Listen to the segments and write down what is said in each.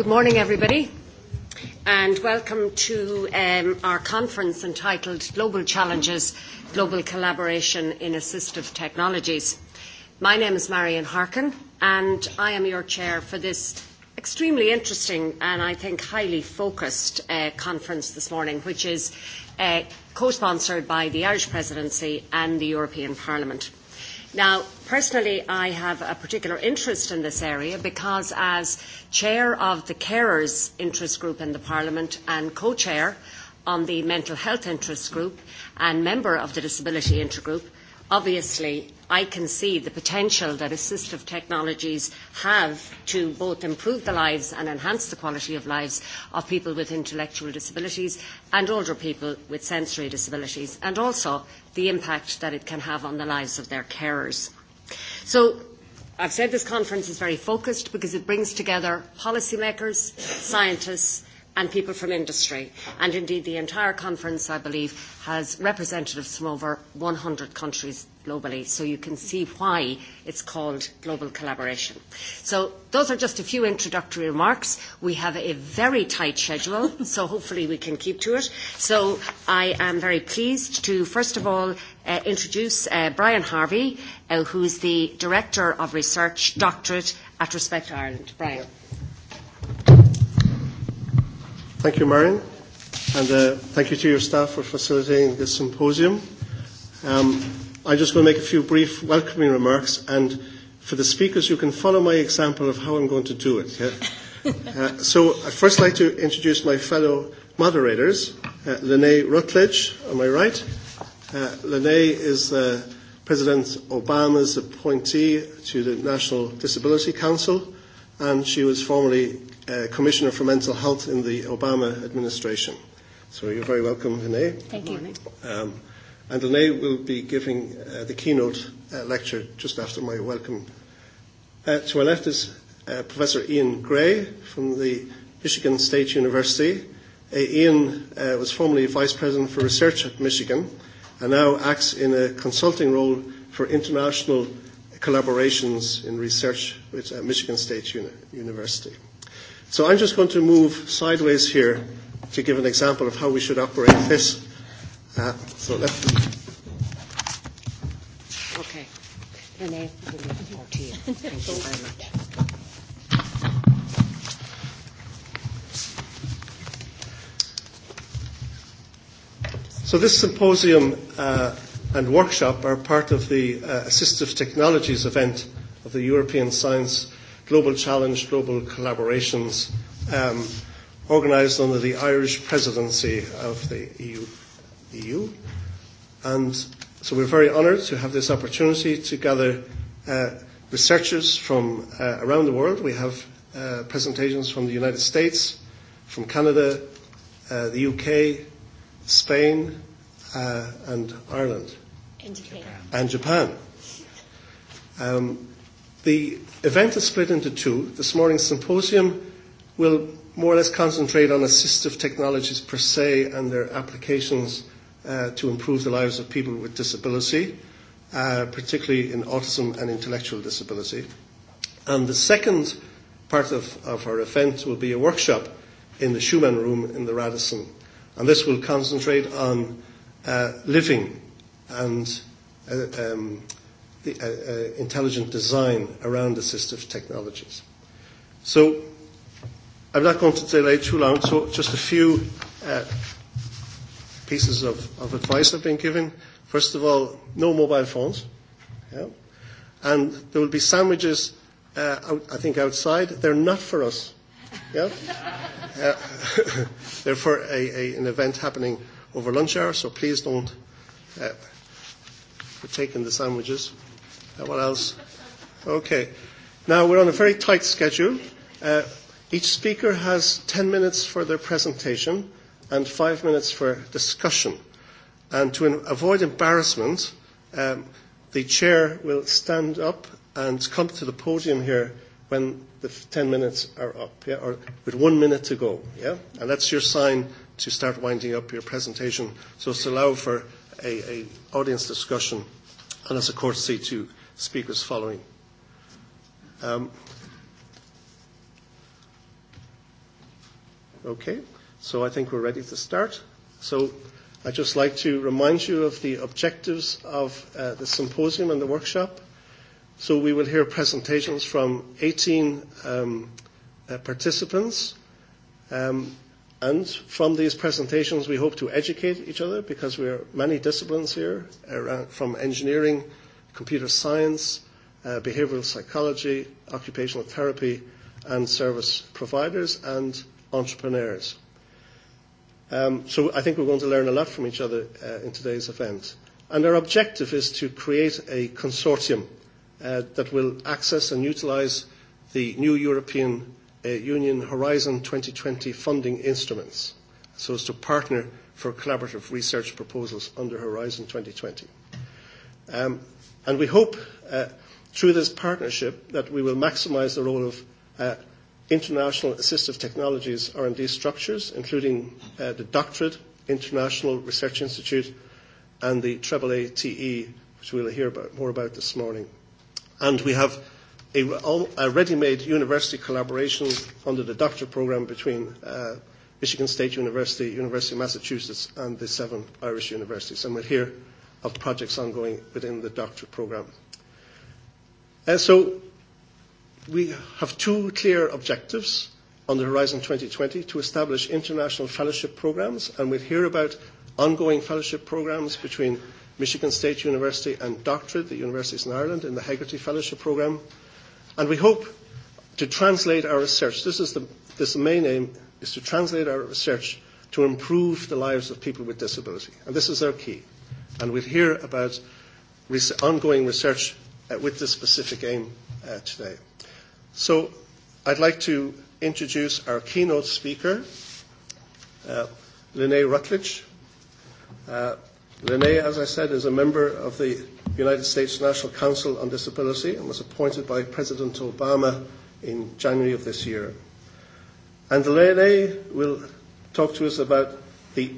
Good morning, everybody, and welcome to our conference entitled Global Challenges, Global Collaboration in Assistive Technologies. My name is Marion Harkin, and I am your chair for this extremely interesting and I think highly focused conference this morning, which is co-sponsored by the Irish Presidency and the European Parliament. Now, personally, I have a particular interest in this area because as chair of the carers interest group in the Parliament and co-chair on the mental health interest group and member of the disability intergroup, obviously I can see the potential that assistive technologies have to both improve the lives and enhance the quality of lives of people with intellectual disabilities and older people with sensory disabilities, and also the impact that it can have on the lives of their carers. So I've said this conference is very focused because it brings together policymakers, scientists, and people from industry. And indeed, the entire conference, I believe, has representatives from over 100 countries globally, so you can see why it's called global collaboration. So those are just a few introductory remarks. We have a very tight schedule, so hopefully we can keep to it. So I am very pleased to, first of all, introduce Brian Harvey, who is the Director of Research Doctorate at Respect Ireland. Brian. Thank you, Marion, and thank you to your staff for facilitating this symposium. Um I just want to make a few brief welcoming remarks, and for the speakers, you can follow my example of how I'm going to do it. So I'd first like to introduce my fellow moderators, Lene Rutledge, on my right. Lene is President Obama's appointee to the National Disability Council, and she was formerly Commissioner for Mental Health in the Obama administration. So you're very welcome, Hene. Thank you. Um, and Hene will be giving the keynote lecture just after my welcome. to my left is Professor Ian Gray from the Michigan State University. Ian was formerly Vice President for Research at Michigan and now acts in a consulting role for international collaborations in research with Michigan State University. So I'm just going to move sideways here to give an example of how we should operate this. So this symposium and workshop are part of the Assistive Technologies event of the European Science Global Challenge, Global Collaborations, organised under the Irish presidency of the EU. EU. And so we're very honoured to have this opportunity to gather researchers from around the world. We have presentations from the United States, from Canada, the UK, Spain, and Ireland. And Japan. And Japan. The event is split into two. This morning's symposium will more or less concentrate on assistive technologies per se and their applications to improve the lives of people with disability, particularly in autism and intellectual disability. And the second part of, of our event will be a workshop in the Schumann Room in the Radisson. And this will concentrate on living and um, the intelligent design around assistive technologies. So I'm not going to delay too long, so just a few pieces of, of advice I've been given. First of all, no mobile phones. Yeah. And there will be sandwiches, I think, outside. They're not for us. Yeah. they're for a, an event happening over lunch hour, so please don't uh, in the sandwiches. What else? Okay. Now we're on a very tight schedule. Each speaker has 10 minutes for their presentation and five minutes for discussion. And to avoid embarrassment, the chair will stand up and come to the podium here when the 10 minutes are up, yeah, or with one minute to go, yeah. And that's your sign to start winding up your presentation, so as to allow for a, audience discussion, and as a courtesy to speakers following. Okay, so I think we're ready to start. So I'd just like to remind you of the objectives of the symposium and the workshop. So we will hear presentations from 18 participants. And from these presentations, we hope to educate each other because we are many disciplines here, from engineering computer science, behavioral psychology, occupational therapy, and service providers and entrepreneurs. So I think we're going to learn a lot from each other in today's event. And our objective is to create a consortium that will access and utilise the new European Union Horizon 2020 funding instruments so as to partner for collaborative research proposals under Horizon 2020. And we hope through this partnership that we will maximize the role of international assistive technologies R&D structures, including the Doctorate, International Research Institute, and the AAATE, which we'll hear more about this morning. And we have a ready-made university collaboration under the Doctor program between Michigan State University, University of Massachusetts, and the seven Irish universities. And we'll hear of projects ongoing within the doctorate programme. So we have two clear objectives on the Horizon 2020 to establish international fellowship programmes, and we'll hear about ongoing fellowship programmes between Michigan State University and Doctorate, the universities in Ireland, in the Hegarty Fellowship Program. And we hope to translate our research. This is the this main aim is to translate our research to improve the lives of people with disability. And this is our key. And we'll hear about ongoing research with this specific aim today. So I'd like to introduce our keynote speaker, Lene Rutledge. Lene, as I said, is a member of the United States National Council on Disability and was appointed by President Obama in January of this year. And Lene will talk to us about the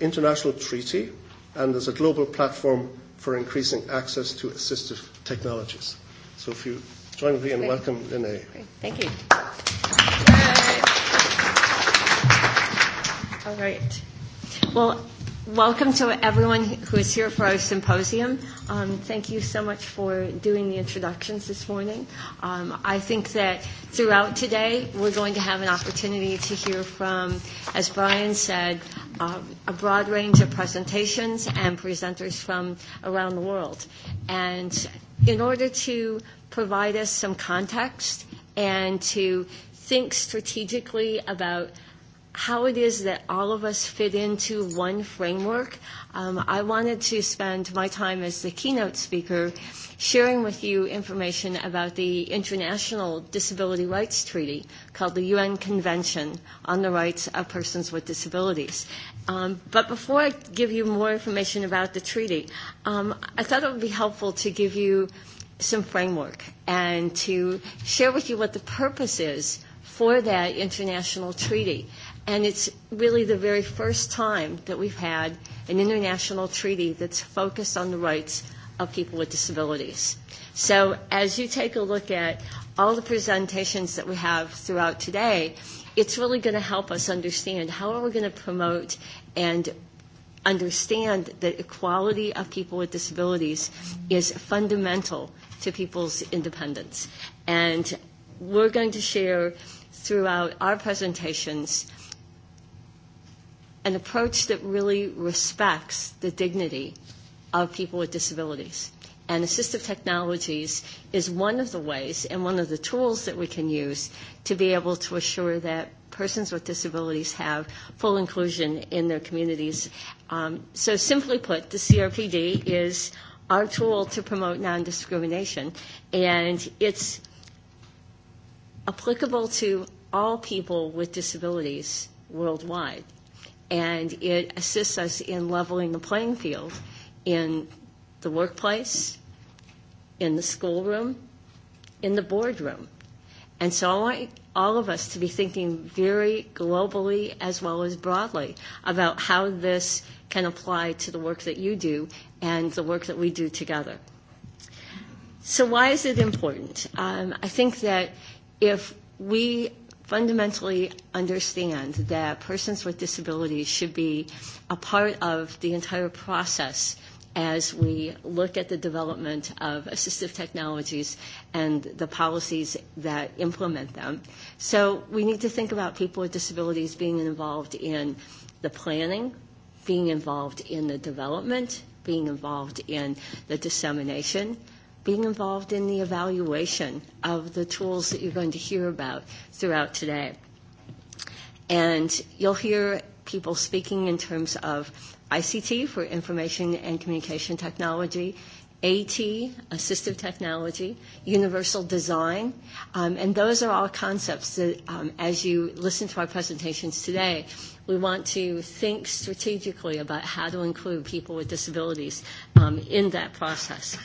international treaty and as a global platform for increasing access to assistive technologies. So if you join me and welcome Great. Thank you. All right. Well, Welcome to everyone who is here for our symposium. Um, thank you so much for doing the introductions this morning. Um, I think that throughout today we're going to have an opportunity to hear from, as Brian said, a broad range of presentations and presenters from around the world. And in order to provide us some context and to think strategically about how it is that all of us fit into one framework. Um, I wanted to spend my time as the keynote speaker sharing with you information about the International Disability Rights Treaty called the UN Convention on the Rights of Persons with Disabilities. Um, but before I give you more information about the treaty, um, I thought it would be helpful to give you some framework and to share with you what the purpose is for that international treaty And it's really the very first time that we've had an international treaty that's focused on the rights of people with disabilities. So as you take a look at all the presentations that we have throughout today, it's really going to help us understand how are we going to promote and understand that equality of people with disabilities is fundamental to people's independence. And we're going to share throughout our presentations an approach that really respects the dignity of people with disabilities. And assistive technologies is one of the ways and one of the tools that we can use to be able to assure that persons with disabilities have full inclusion in their communities. So simply put, the CRPD is our tool to promote non-discrimination, and it's applicable to all people with disabilities worldwide and it assists us in leveling the playing field in the workplace, in the schoolroom, in the boardroom. And so I want all of us to be thinking very globally as well as broadly about how this can apply to the work that you do and the work that we do together. So why is it important? I think that if we fundamentally understand that persons with disabilities should be a part of the entire process as we look at the development of assistive technologies and the policies that implement them. So we need to think about people with disabilities being involved in the planning, being involved in the development, being involved in the dissemination, being involved in the evaluation of the tools that you're going to hear about throughout today. And you'll hear people speaking in terms of ICT for information and communication technology, AT, assistive technology, universal design, and those are all concepts that as you listen to our presentations today, we want to think strategically about how to include people with disabilities in that process.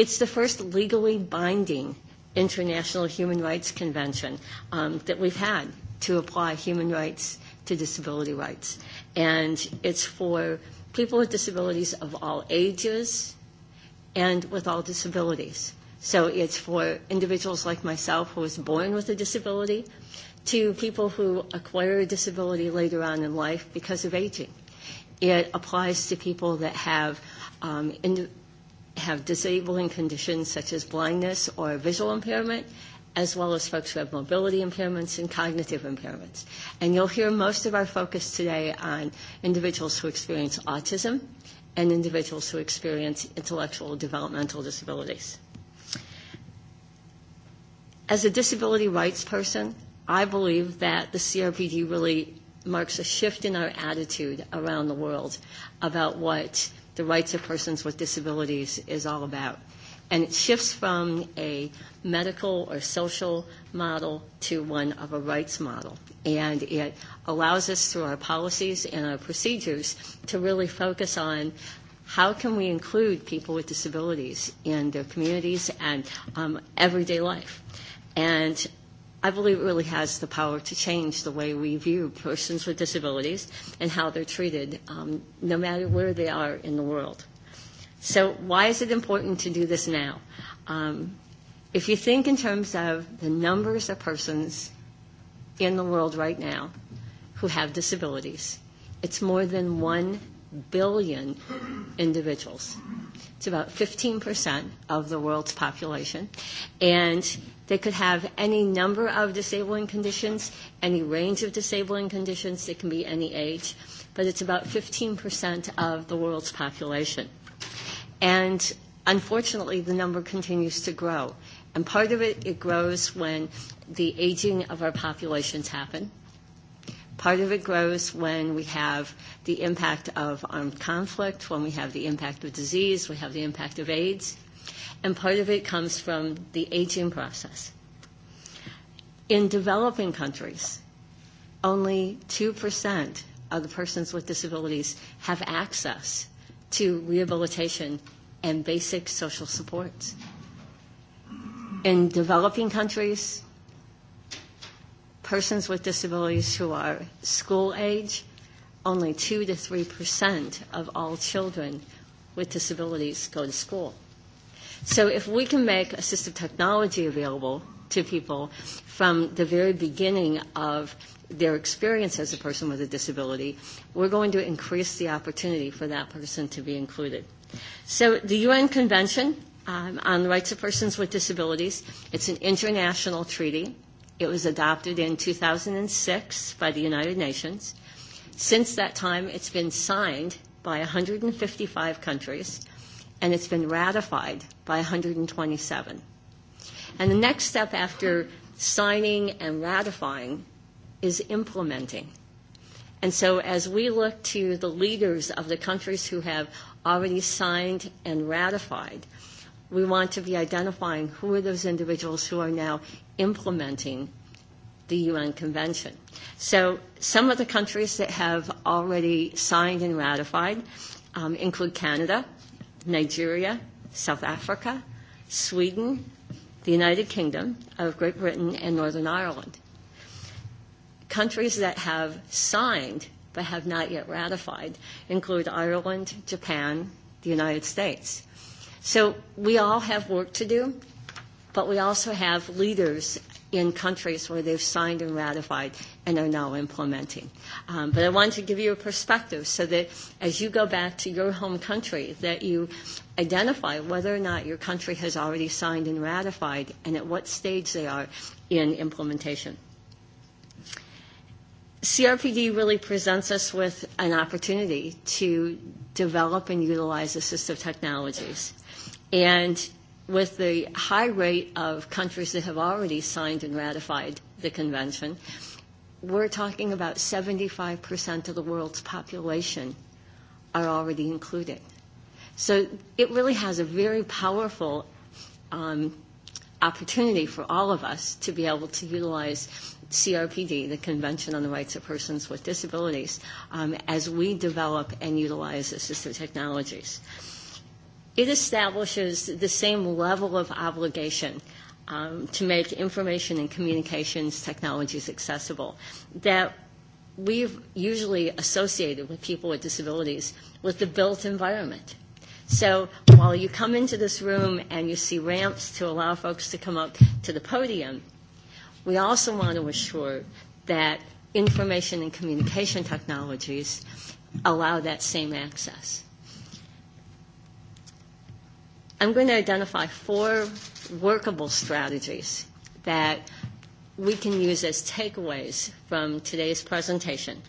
It's the first legally binding international human rights convention that we've had to apply human rights to disability rights. And it's for people with disabilities of all ages and with all disabilities. So it's for individuals like myself who was born with a disability to people who acquire a disability later on in life because of aging. It applies to people that have um have disabling conditions such as blindness or visual impairment, as well as folks who have mobility impairments and cognitive impairments. And you'll hear most of our focus today on individuals who experience autism and individuals who experience intellectual developmental disabilities. As a disability rights person, I believe that the CRPD really marks a shift in our attitude around the world about what the rights of persons with disabilities is all about. And it shifts from a medical or social model to one of a rights model. And it allows us through our policies and our procedures to really focus on how can we include people with disabilities in their communities and everyday life. And I believe it really has the power to change the way we view persons with disabilities and how they're treated, no matter where they are in the world. So why is it important to do this now? If you think in terms of the numbers of persons in the world right now who have disabilities, it's more than one billion individuals. It's about 15% of the world's population. And they could have any number of disabling conditions, any range of disabling conditions. It can be any age. But it's about 15% of the world's population. And unfortunately, the number continues to grow. And part of it, it grows when the aging of our populations happen Part of it grows when we have the impact of armed conflict, when we have the impact of disease, we have the impact of AIDS, and part of it comes from the aging process. In developing countries, only 2% of the persons with disabilities have access to rehabilitation and basic social supports. In developing countries, persons with disabilities who are school age, only 2 to 3 percent of all children with disabilities go to school. So if we can make assistive technology available to people from the very beginning of their experience as a person with a disability, we're going to increase the opportunity for that person to be included. So the UN Convention on the Rights of Persons with Disabilities, it's an international treaty. It was adopted in 2006 by the United Nations. Since that time, it's been signed by 155 countries, and it's been ratified by 127. And the next step after signing and ratifying is implementing. And so as we look to the leaders of the countries who have already signed and ratified, we want to be identifying who are those individuals who are now implementing the UN Convention. So some of the countries that have already signed and ratified include Canada, Nigeria, South Africa, Sweden, the United Kingdom of Great Britain, and Northern Ireland. Countries that have signed but have not yet ratified include Ireland, Japan, the United States. So we all have work to do But we also have leaders in countries where they've signed and ratified and are now implementing. But I wanted to give you a perspective so that as you go back to your home country, that you identify whether or not your country has already signed and ratified and at what stage they are in implementation. CRPD really presents us with an opportunity to develop and utilize assistive technologies. And with the high rate of countries that have already signed and ratified the convention, we're talking about 75% of the world's population are already included. So it really has a very powerful um, opportunity for all of us to be able to utilize CRPD, the Convention on the Rights of Persons with Disabilities, um, as we develop and utilize assistive technologies it establishes the same level of obligation to make information and communications technologies accessible that we've usually associated with people with disabilities with the built environment. So while you come into this room and you see ramps to allow folks to come up to the podium, we also want to assure that information and communication technologies allow that same access. I'm going to identify four workable strategies that we can use as takeaways from today's presentation.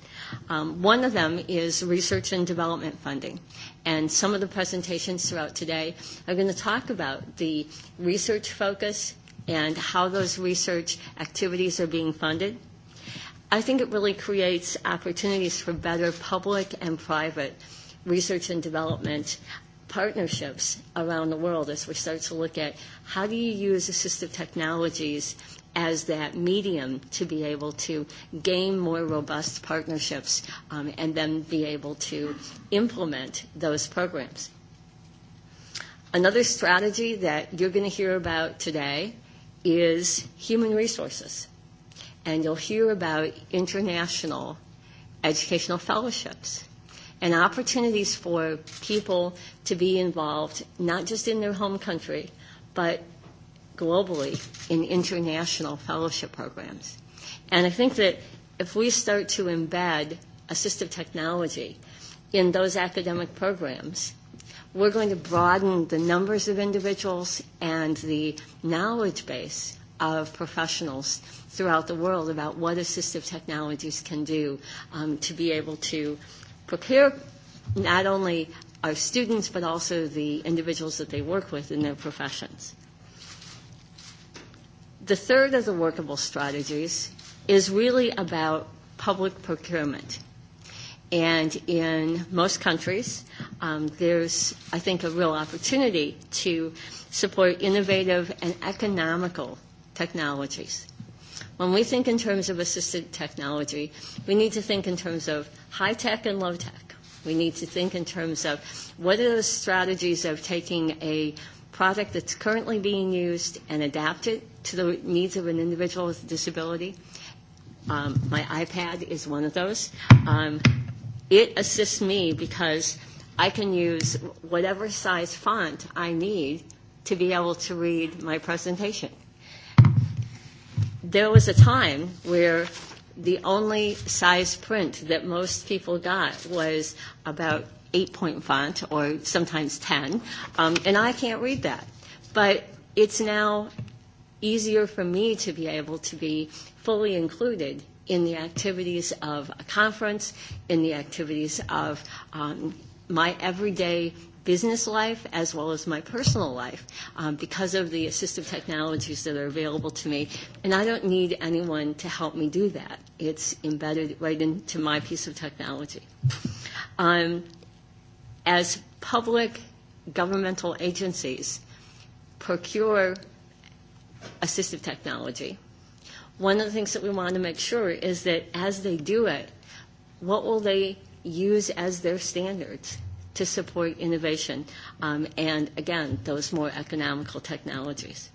One of them is research and development funding. And some of the presentations throughout today are going to talk about the research focus and how those research activities are being funded. I think it really creates opportunities for better public and private research and development partnerships around the world as we start to look at how do you use assistive technologies as that medium to be able to gain more robust partnerships and then be able to implement those programs. Another strategy that you're going to hear about today is human resources. And you'll hear about international educational fellowships and opportunities for people to be involved, not just in their home country, but globally in international fellowship programs. And I think that if we start to embed assistive technology in those academic programs, we're going to broaden the numbers of individuals and the knowledge base of professionals throughout the world about what assistive technologies can do to be able to prepare not only our students but also the individuals that they work with in their professions. The third of the workable strategies is really about public procurement. And in most countries, there's, I think, a real opportunity to support innovative and economical technologies When we think in terms of assisted technology, we need to think in terms of high tech and low tech. We need to think in terms of what are the strategies of taking a product that's currently being used and adapt it to the needs of an individual with a disability. Um, my iPad is one of those. Um, it assists me because I can use whatever size font I need to be able to read my presentation there was a time where the only size print that most people got was about eight point font or sometimes 10 and I can't read that but it's now easier for me to be able to be fully included in the activities of a conference in the activities of my everyday business life as well as my personal life because of the assistive technologies that are available to me. And I don't need anyone to help me do that. It's embedded right into my piece of technology. As public governmental agencies procure assistive technology, one of the things that we want to make sure is that as they do it, what will they use as their standards? to support innovation and, again, those more economical technologies.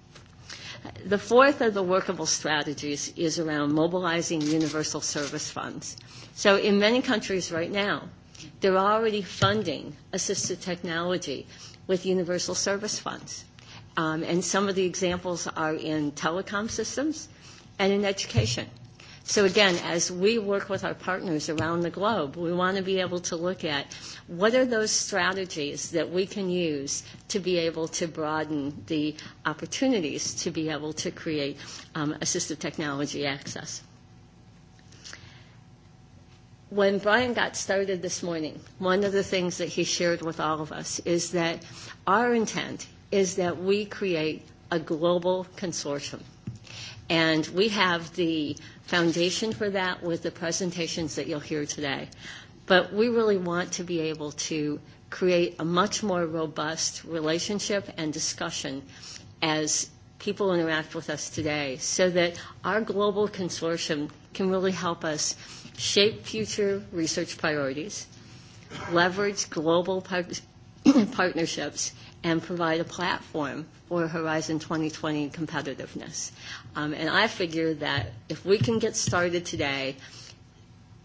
The fourth of the workable strategies is around mobilizing universal service funds. So in many countries right now, they're already funding assisted technology with universal service funds. And some of the examples are in telecom systems and in education. So again, as we work with our partners around the globe, we want to be able to look at what are those strategies that we can use to be able to broaden the opportunities to be able to create assistive technology access. When Brian got started this morning, one of the things that he shared with all of us is that our intent is that we create a global consortium. And we have the foundation for that with the presentations that you'll hear today. But we really want to be able to create a much more robust relationship and discussion as people interact with us today so that our global consortium can really help us shape future research priorities, leverage global partnerships, and provide a platform for Horizon 2020 competitiveness. And I figure that if we can get started today,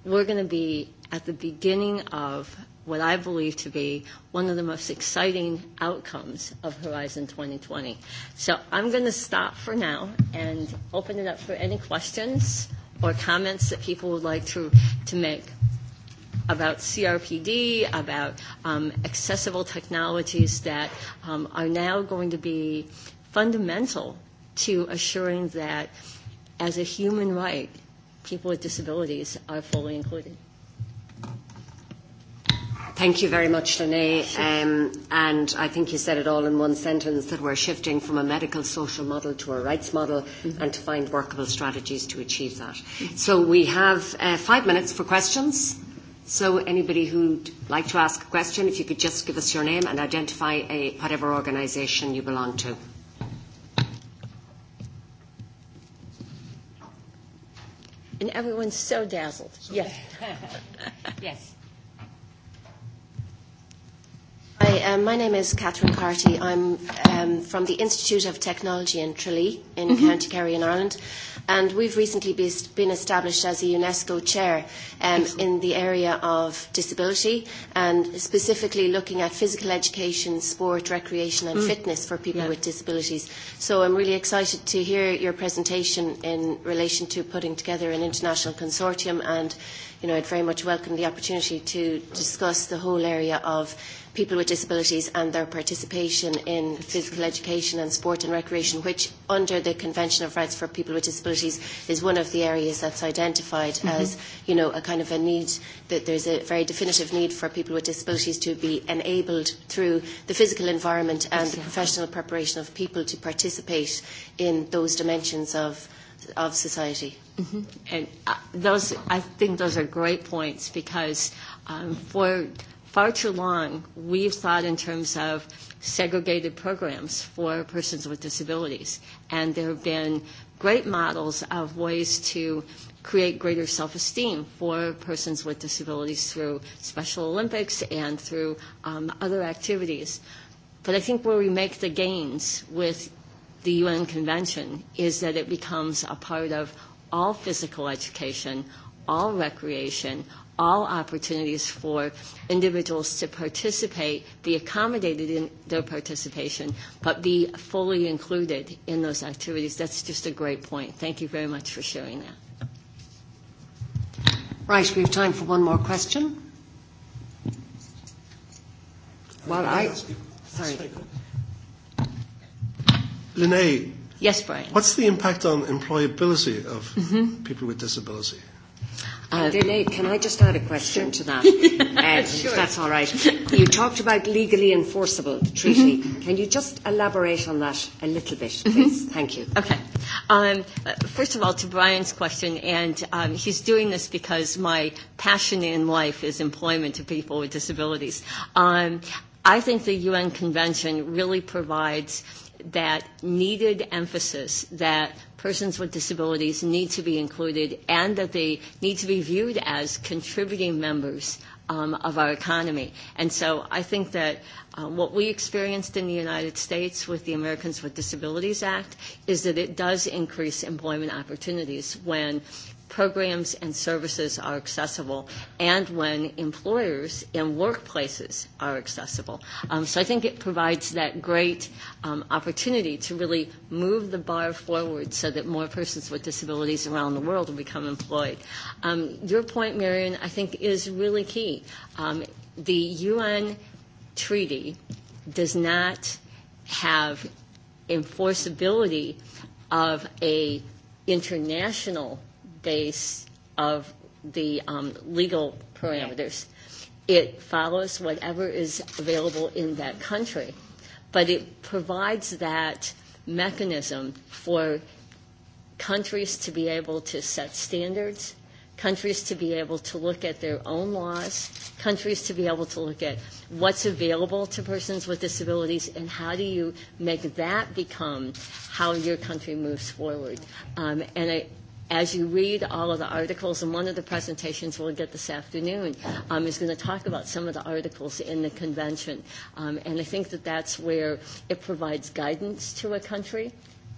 we're going to be at the beginning of what I believe to be one of the most exciting outcomes of Horizon 2020. So I'm going to stop for now and open it up for any questions or comments that people would like to to make about CRPD, about accessible technologies that are now going to be fundamental to assuring that as a human right, people with disabilities are fully included. Thank you very much, Lene. And I think you said it all in one sentence, that we're shifting from a medical social model to a rights model and to find workable strategies to achieve that. So we have five minutes for questions. So anybody who'd like to ask a question, if you could just give us your name and identify a whatever organisation you belong to. And everyone's so dazzled. Yes. yes. Hi, my name is Catherine Carty. I'm um, from the Institute of Technology in Tralee in County Kerry in Ireland and we've recently been established as a UNESCO chair in the area of disability and specifically looking at physical education, sport, recreation and fitness for people with disabilities. So I'm really excited to hear your presentation in relation to putting together an international consortium and you know, I'd very much welcome the opportunity to discuss the whole area of people with disabilities and their participation in physical education and sport and recreation, which under the Convention of Rights for People with Disabilities is one of the areas that's identified as, you know, a kind of a need that there's a very definitive need for people with disabilities to be enabled through the physical environment and the professional preparation of people to participate in those dimensions of of society. And those, I think those are great points because for far too long we've thought in terms of segregated programs for persons with disabilities, and there have been great models of ways to create greater self-esteem for persons with disabilities through Special Olympics and through other activities. But I think where we make the gains with the UN Convention is that it becomes a part of all physical education, all recreation, all opportunities for individuals to participate, be accommodated in their participation, but be fully included in those activities. That's just a great point. Thank you very much for sharing that. Right, we have time for one more question. Well, I, sorry. Linnae. Yes, Brian. What's the impact on employability of people with disability? Dele, can I just add a question to that? If that's all right. You talked about legally enforceable, treaty. Can you just elaborate on that a little bit, please? Thank you. Okay. First of all, to Brian's question, and he's doing this because my passion in life is employment to people with disabilities. I think the UN Convention really provides that needed emphasis that persons with disabilities need to be included and that they need to be viewed as contributing members of our economy. And so I think that what we experienced in the United States with the Americans with Disabilities Act is that it does increase employment opportunities when programs and services are accessible and when employers and workplaces are accessible. So I think it provides that great opportunity to really move the bar forward so that more persons with disabilities around the world will become employed. Your point, Marion, I think is really key. The UN treaty does not have enforceability of a international base of the legal parameters. It follows whatever is available in that country, but it provides that mechanism for countries to be able to set standards, countries to be able to look at their own laws, countries to be able to look at what's available to persons with disabilities and how do you make that become how your country moves forward. And I as you read all of the articles, and one of the presentations we'll get this afternoon um, is going to talk about some of the articles in the convention. Um, and I think that that's where it provides guidance to a country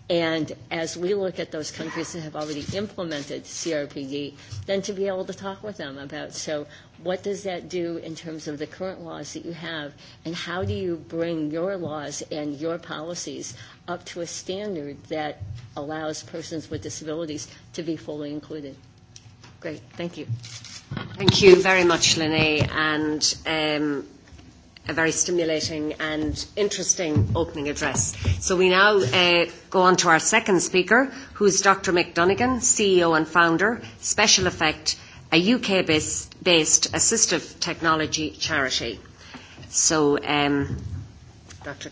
And as we look at those countries that have already implemented CRPD, then to be able to talk with them about, so what does that do in terms of the current laws that you have, and how do you bring your laws and your policies up to a standard that allows persons with disabilities to be fully included? Great. Thank you. Thank you very much, Lene. And a very stimulating and interesting opening address. So we now go on to our second speaker, who is Dr. Mick CEO and founder, Special Effect, a UK-based assistive technology charity. So, Dr.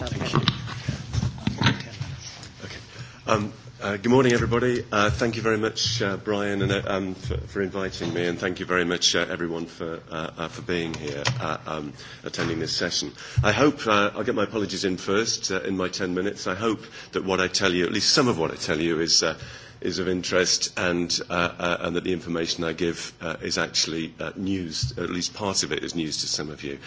Um, Good morning, everybody. Thank you very much, Brian, and for inviting me, and thank you very much, everyone, for for being here, attending this session. I hope I'll get my apologies in first in my 10 minutes. I hope that what I tell you, at least some of what I tell you, is is of interest and and that the information I give is actually news, at least part of it is news to some of you.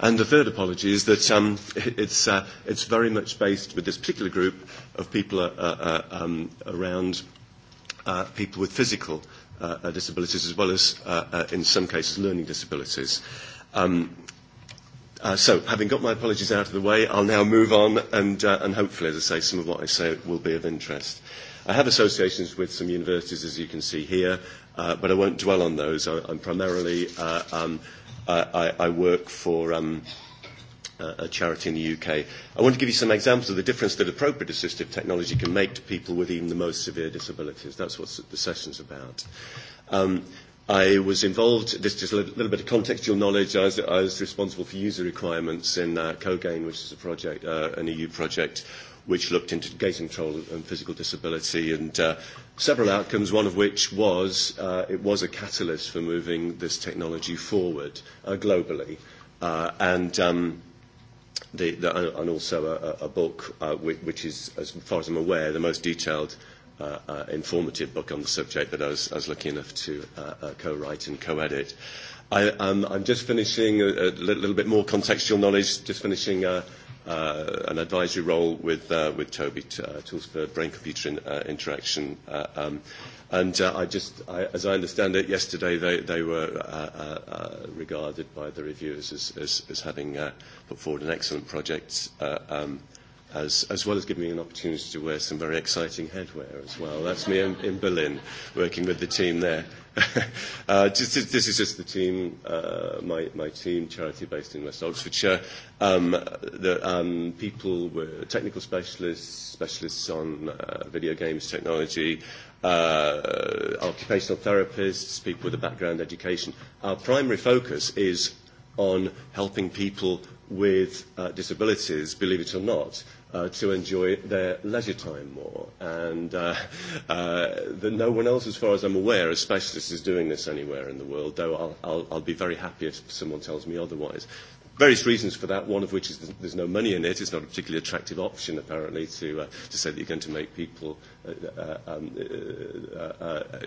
And the third apology is that um it's it's very much based with this particular group of people around people with physical disabilities as well as in some cases learning disabilities. Um So, having got my apologies out of the way, I'll now move on and and hopefully, as I say, some of what I say will be of interest. I have associations with some universities, as you can see here, but I won't dwell on those. I'm primarily, I work for a charity in the UK. I want to give you some examples of the difference that appropriate assistive technology can make to people with even the most severe disabilities. That's what the session's about. I was involved, this is just a little bit of contextual knowledge, I was responsible for user requirements in COGAIN, which is a project, an EU project which looked into gait control and physical disability, and several outcomes, one of which was it was a catalyst for moving this technology forward globally, and and also a book which is, as far as I'm aware, the most detailed informative book on the subject that I was lucky enough to co-write and co-edit. I'm just finishing a little bit more contextual knowledge, just finishing an advisory role with with Toby Tools for Brain Computer Interaction. And I just, as I understand it, yesterday they they were regarded by the reviewers as as having put forward an excellent project as as well as giving me an opportunity to wear some very exciting headwear as well. That's me in Berlin, working with the team there. This is just the team, my my team, charity based in West Oxfordshire. The people were technical specialists, specialists on video games technology, occupational therapists, people with a background education. Our primary focus is on helping people with disabilities, believe it or not to enjoy their leisure time more. And that no one else, as far as I'm aware, a specialist is doing this anywhere in the world, though I'll I'll be very happy if someone tells me otherwise. Various reasons for that, one of which is there's no money in it. It's not a particularly attractive option, apparently, to to say that you're going to make people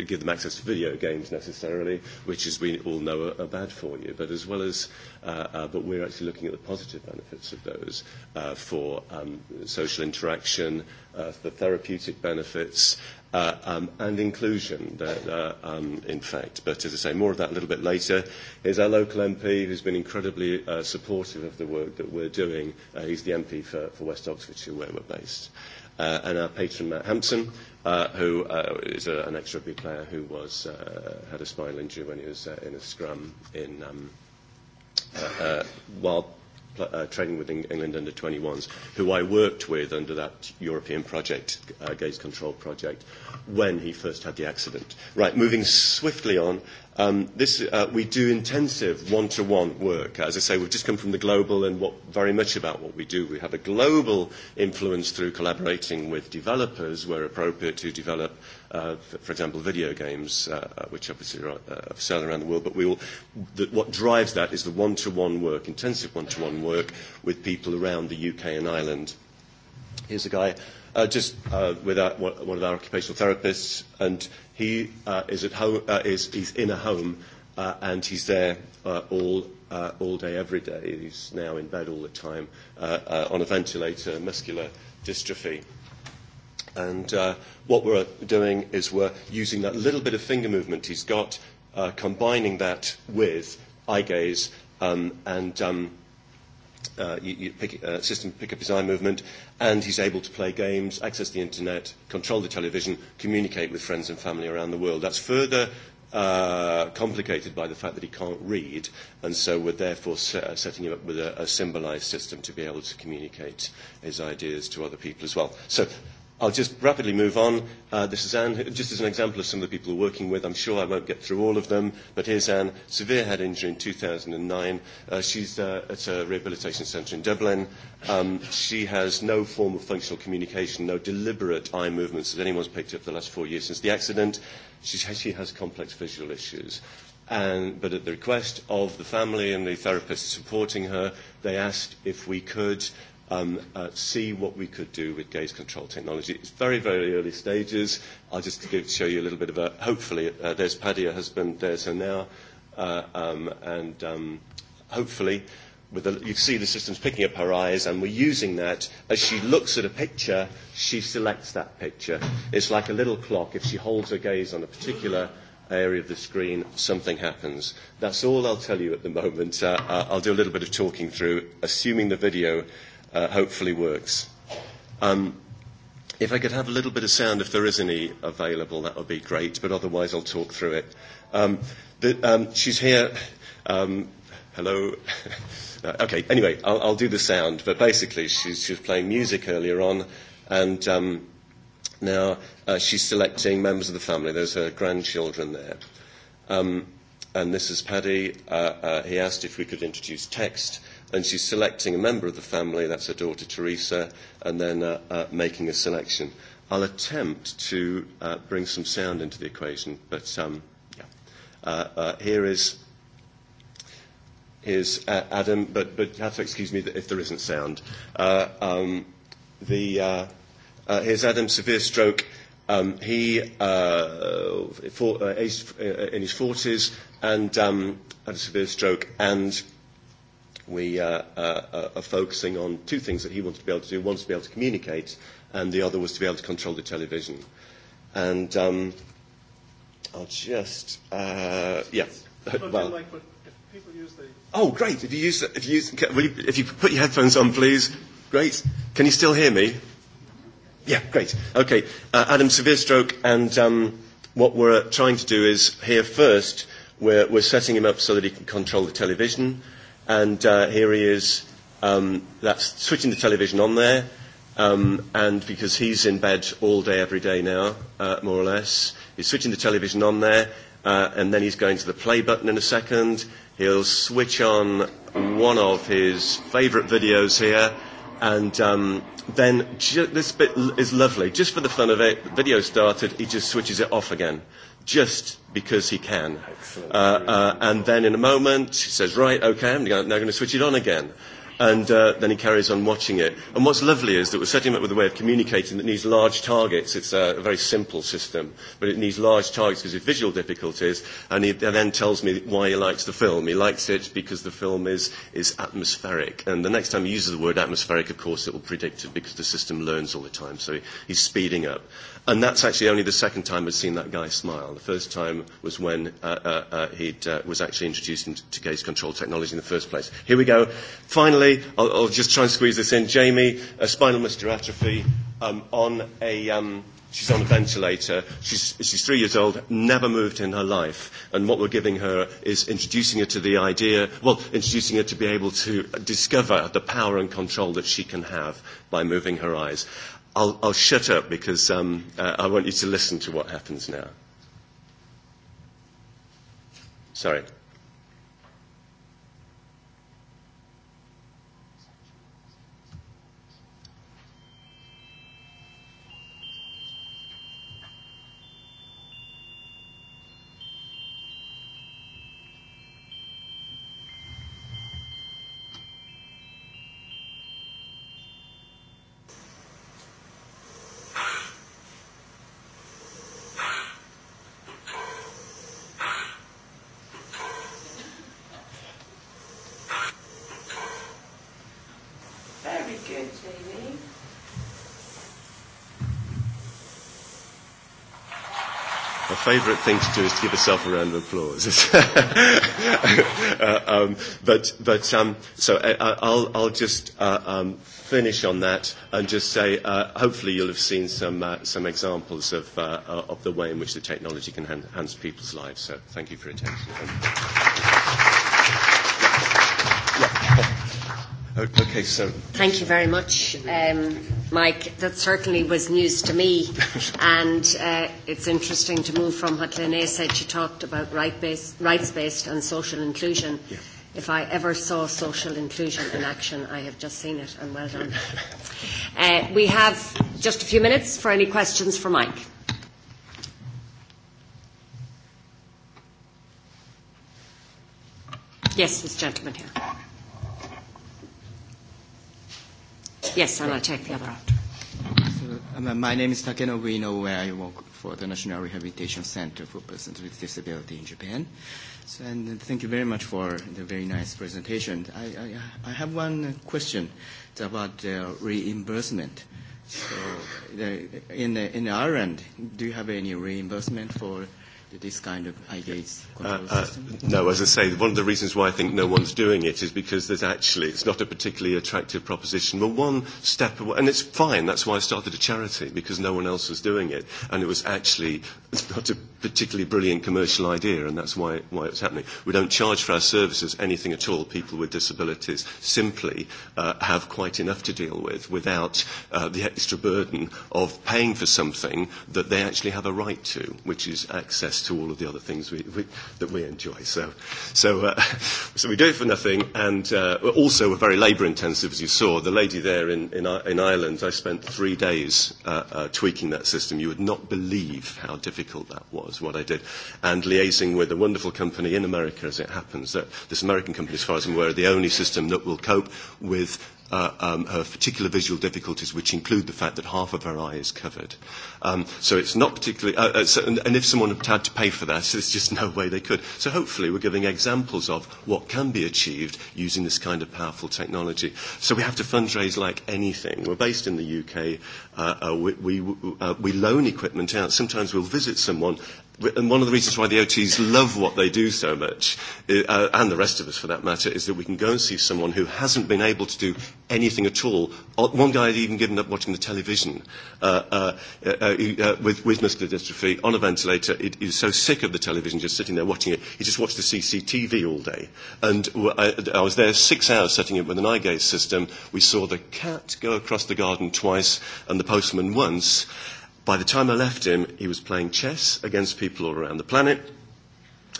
give them access to video games necessarily, which, as we all know, are bad for you. But as well as, but we're actually looking at the positive benefits of those for social interaction, the therapeutic benefits and inclusion, in fact. But as I say, more of that a little bit later. Here's our local MP who's been incredibly supportive of the work that we're doing. He's the MP for West Oxfordshire, where we're based and our patron Matt Hampson, who is an ex-rugby player who was had a spinal injury when he was in a scrum in while training with England under 21s, who I worked with under that European project, Gaze Control Project, when he first had the accident. Right, moving swiftly on. This we do intensive one-to-one work. As I say, we've just come from the global and what very much about what we do. We have a global influence through collaborating with developers where appropriate to develop for example, video games, which obviously are sale around the world. But we what drives that is the one-to-one work, intensive one-to-one work with people around the UK and Ireland. Here's a guy just with one of our occupational therapists, and he is at home, is he's in a home, and he's there all all day, every day. He's now in bed all the time on a ventilator, muscular dystrophy. And what we're doing is we're using that little bit of finger movement he's got, combining that with eye gaze and system pick up his eye movement, and he's able to play games, access the internet, control the television, communicate with friends and family around the world. That's further complicated by the fact that he can't read, and so we're therefore setting him up with a symbolized system to be able to communicate his ideas to other people as well. So I'll just rapidly move on. This is Anne, just as an example of some of the people we're working with. I'm sure I won't get through all of them, but here's Anne, severe head injury in 2009. She's at a rehabilitation centre in Dublin. She has no form of functional communication, no deliberate eye movements that anyone's picked up the last four years since the accident. She has complex visual issues. And But at the request of the family and the therapists supporting her, they asked if we could see what we could do with gaze control technology. It's very, very early stages. I'll just give, show you a little bit of a, hopefully, uh, there's Paddy, her husband, there's her now, uh, um, and um, hopefully, with you see the system's picking up her eyes, and we're using that. As she looks at a picture, she selects that picture. It's like a little clock. If she holds her gaze on a particular area of the screen, something happens. That's all I'll tell you at the moment. Uh, I'll do a little bit of talking through, assuming the video hopefully works. If I could have a little bit of sound, if there is any available, that would be great, but otherwise I'll talk through it. She's here. Hello. Okay, anyway, I'll do the sound, but basically she was playing music earlier on, and now she's selecting members of the family. There's her grandchildren there. And this is Paddy. He asked if we could introduce text and she's selecting a member of the family, that's her daughter Teresa, and then making a selection. I'll attempt to bring some sound into the equation, but um, yeah. here is is Adam, but but you have to excuse me if there isn't sound. Uh, um, the uh, uh, here's Adam, severe stroke. Um, he uh, for, uh, in his 40s and um, had a severe stroke and we are focusing on two things that he wanted to be able to do. One was to be able to communicate, and the other was to be able to control the television. And I'll just, yeah. Oh, great. If you use, if you use, if you put your headphones on, please. Great. Can you still hear me? Yeah, great. Okay. Adam, severe stroke, and what we're trying to do is here first, we're, we're setting him up so that he can control the television. And here he is. That's switching the television on there, and because he's in bed all day, every day now, more or less, he's switching the television on there, and then he's going to the play button in a second. He'll switch on one of his favourite videos here, and then this bit is lovely. Just for the fun of it, the video started, he just switches it off again. Just because he can. And then in a moment, he says, right, okay, I'm now going to switch it on again. And then he carries on watching it. And what's lovely is that we're setting him up with a way of communicating that needs large targets. It's a very simple system, but it needs large targets because of visual difficulties. And he then tells me why he likes the film. He likes it because the film is is atmospheric. And the next time he uses the word atmospheric, of course, it will predict it because the system learns all the time. So he's speeding up. And that's actually only the second time I've seen that guy smile. The first time was when he was actually introduced into gaze control technology in the first place. Here we go. Finally, I'll just try and squeeze this in. Jamie, spinal muscular atrophy, on a. She's on a ventilator. She's, she's three years old, never moved in her life. And what we're giving her is introducing her to the idea, well, introducing her to be able to discover the power and control that she can have by moving her eyes. I'll, I'll shut up because um, I want you to listen to what happens now. Sorry. Favorite thing to do is to give yourself a round of applause. um, but but um, so I, I'll I'll just um, finish on that and just say uh, hopefully you'll have seen some some examples of of the way in which the technology can enhance people's lives. So thank you for your attention. Okay, so. Thank you very much, um, Mike. That certainly was news to me, and it's interesting to move from what Lene said. She talked about rights-based and social inclusion. If I ever saw social inclusion in action, I have just seen it, and well done. we have just a few minutes for any questions for Mike. Yes, this gentleman here. Yes, and I'll take the other after. My name is Takeno know where I work for the National Rehabilitation Center for Persons with Disability in Japan. So And thank you very much for the very nice presentation. I I I have one question about reimbursement. So in the in Ireland, do you have any reimbursement for this kind of ideas No, as I say, one of the reasons why I think no one's doing it is because there's actually, it's not a particularly attractive proposition. But one step, and it's fine, that's why I started a charity, because no one else was doing it. And it was actually not a particularly brilliant commercial idea, and that's why, why it's happening. We don't charge for our services anything at all. People with disabilities simply have quite enough to deal with without the extra burden of paying for something that they actually have a right to, which is access to all of the other things we, we, that we enjoy. So, so, uh, so we do it for nothing, and uh, also we're very labour-intensive, as you saw. The lady there in, in, in Ireland, I spent three days uh, uh, tweaking that system. You would not believe how difficult that was, what I did, and liaising with a wonderful company in America, as it happens. That this American company, as far as I'm aware, the only system that will cope with um her particular visual difficulties, which include the fact that half of her eye is covered. Um So it's not particularly, and if someone had to pay for that, there's just no way they could. So hopefully we're giving examples of what can be achieved using this kind of powerful technology. So we have to fundraise like anything. We're based in the UK. we We loan equipment out. Sometimes we'll visit someone and one of the reasons why the OTs love what they do so much, and the rest of us for that matter, is that we can go and see someone who hasn't been able to do anything at all. One guy had even given up watching the television with with muscular dystrophy on a ventilator. He was so sick of the television, just sitting there watching it, he just watched the CCTV all day. And I was there six hours setting it with an eye gaze system. We saw the cat go across the garden twice and the postman once By the time I left him, he was playing chess against people all around the planet,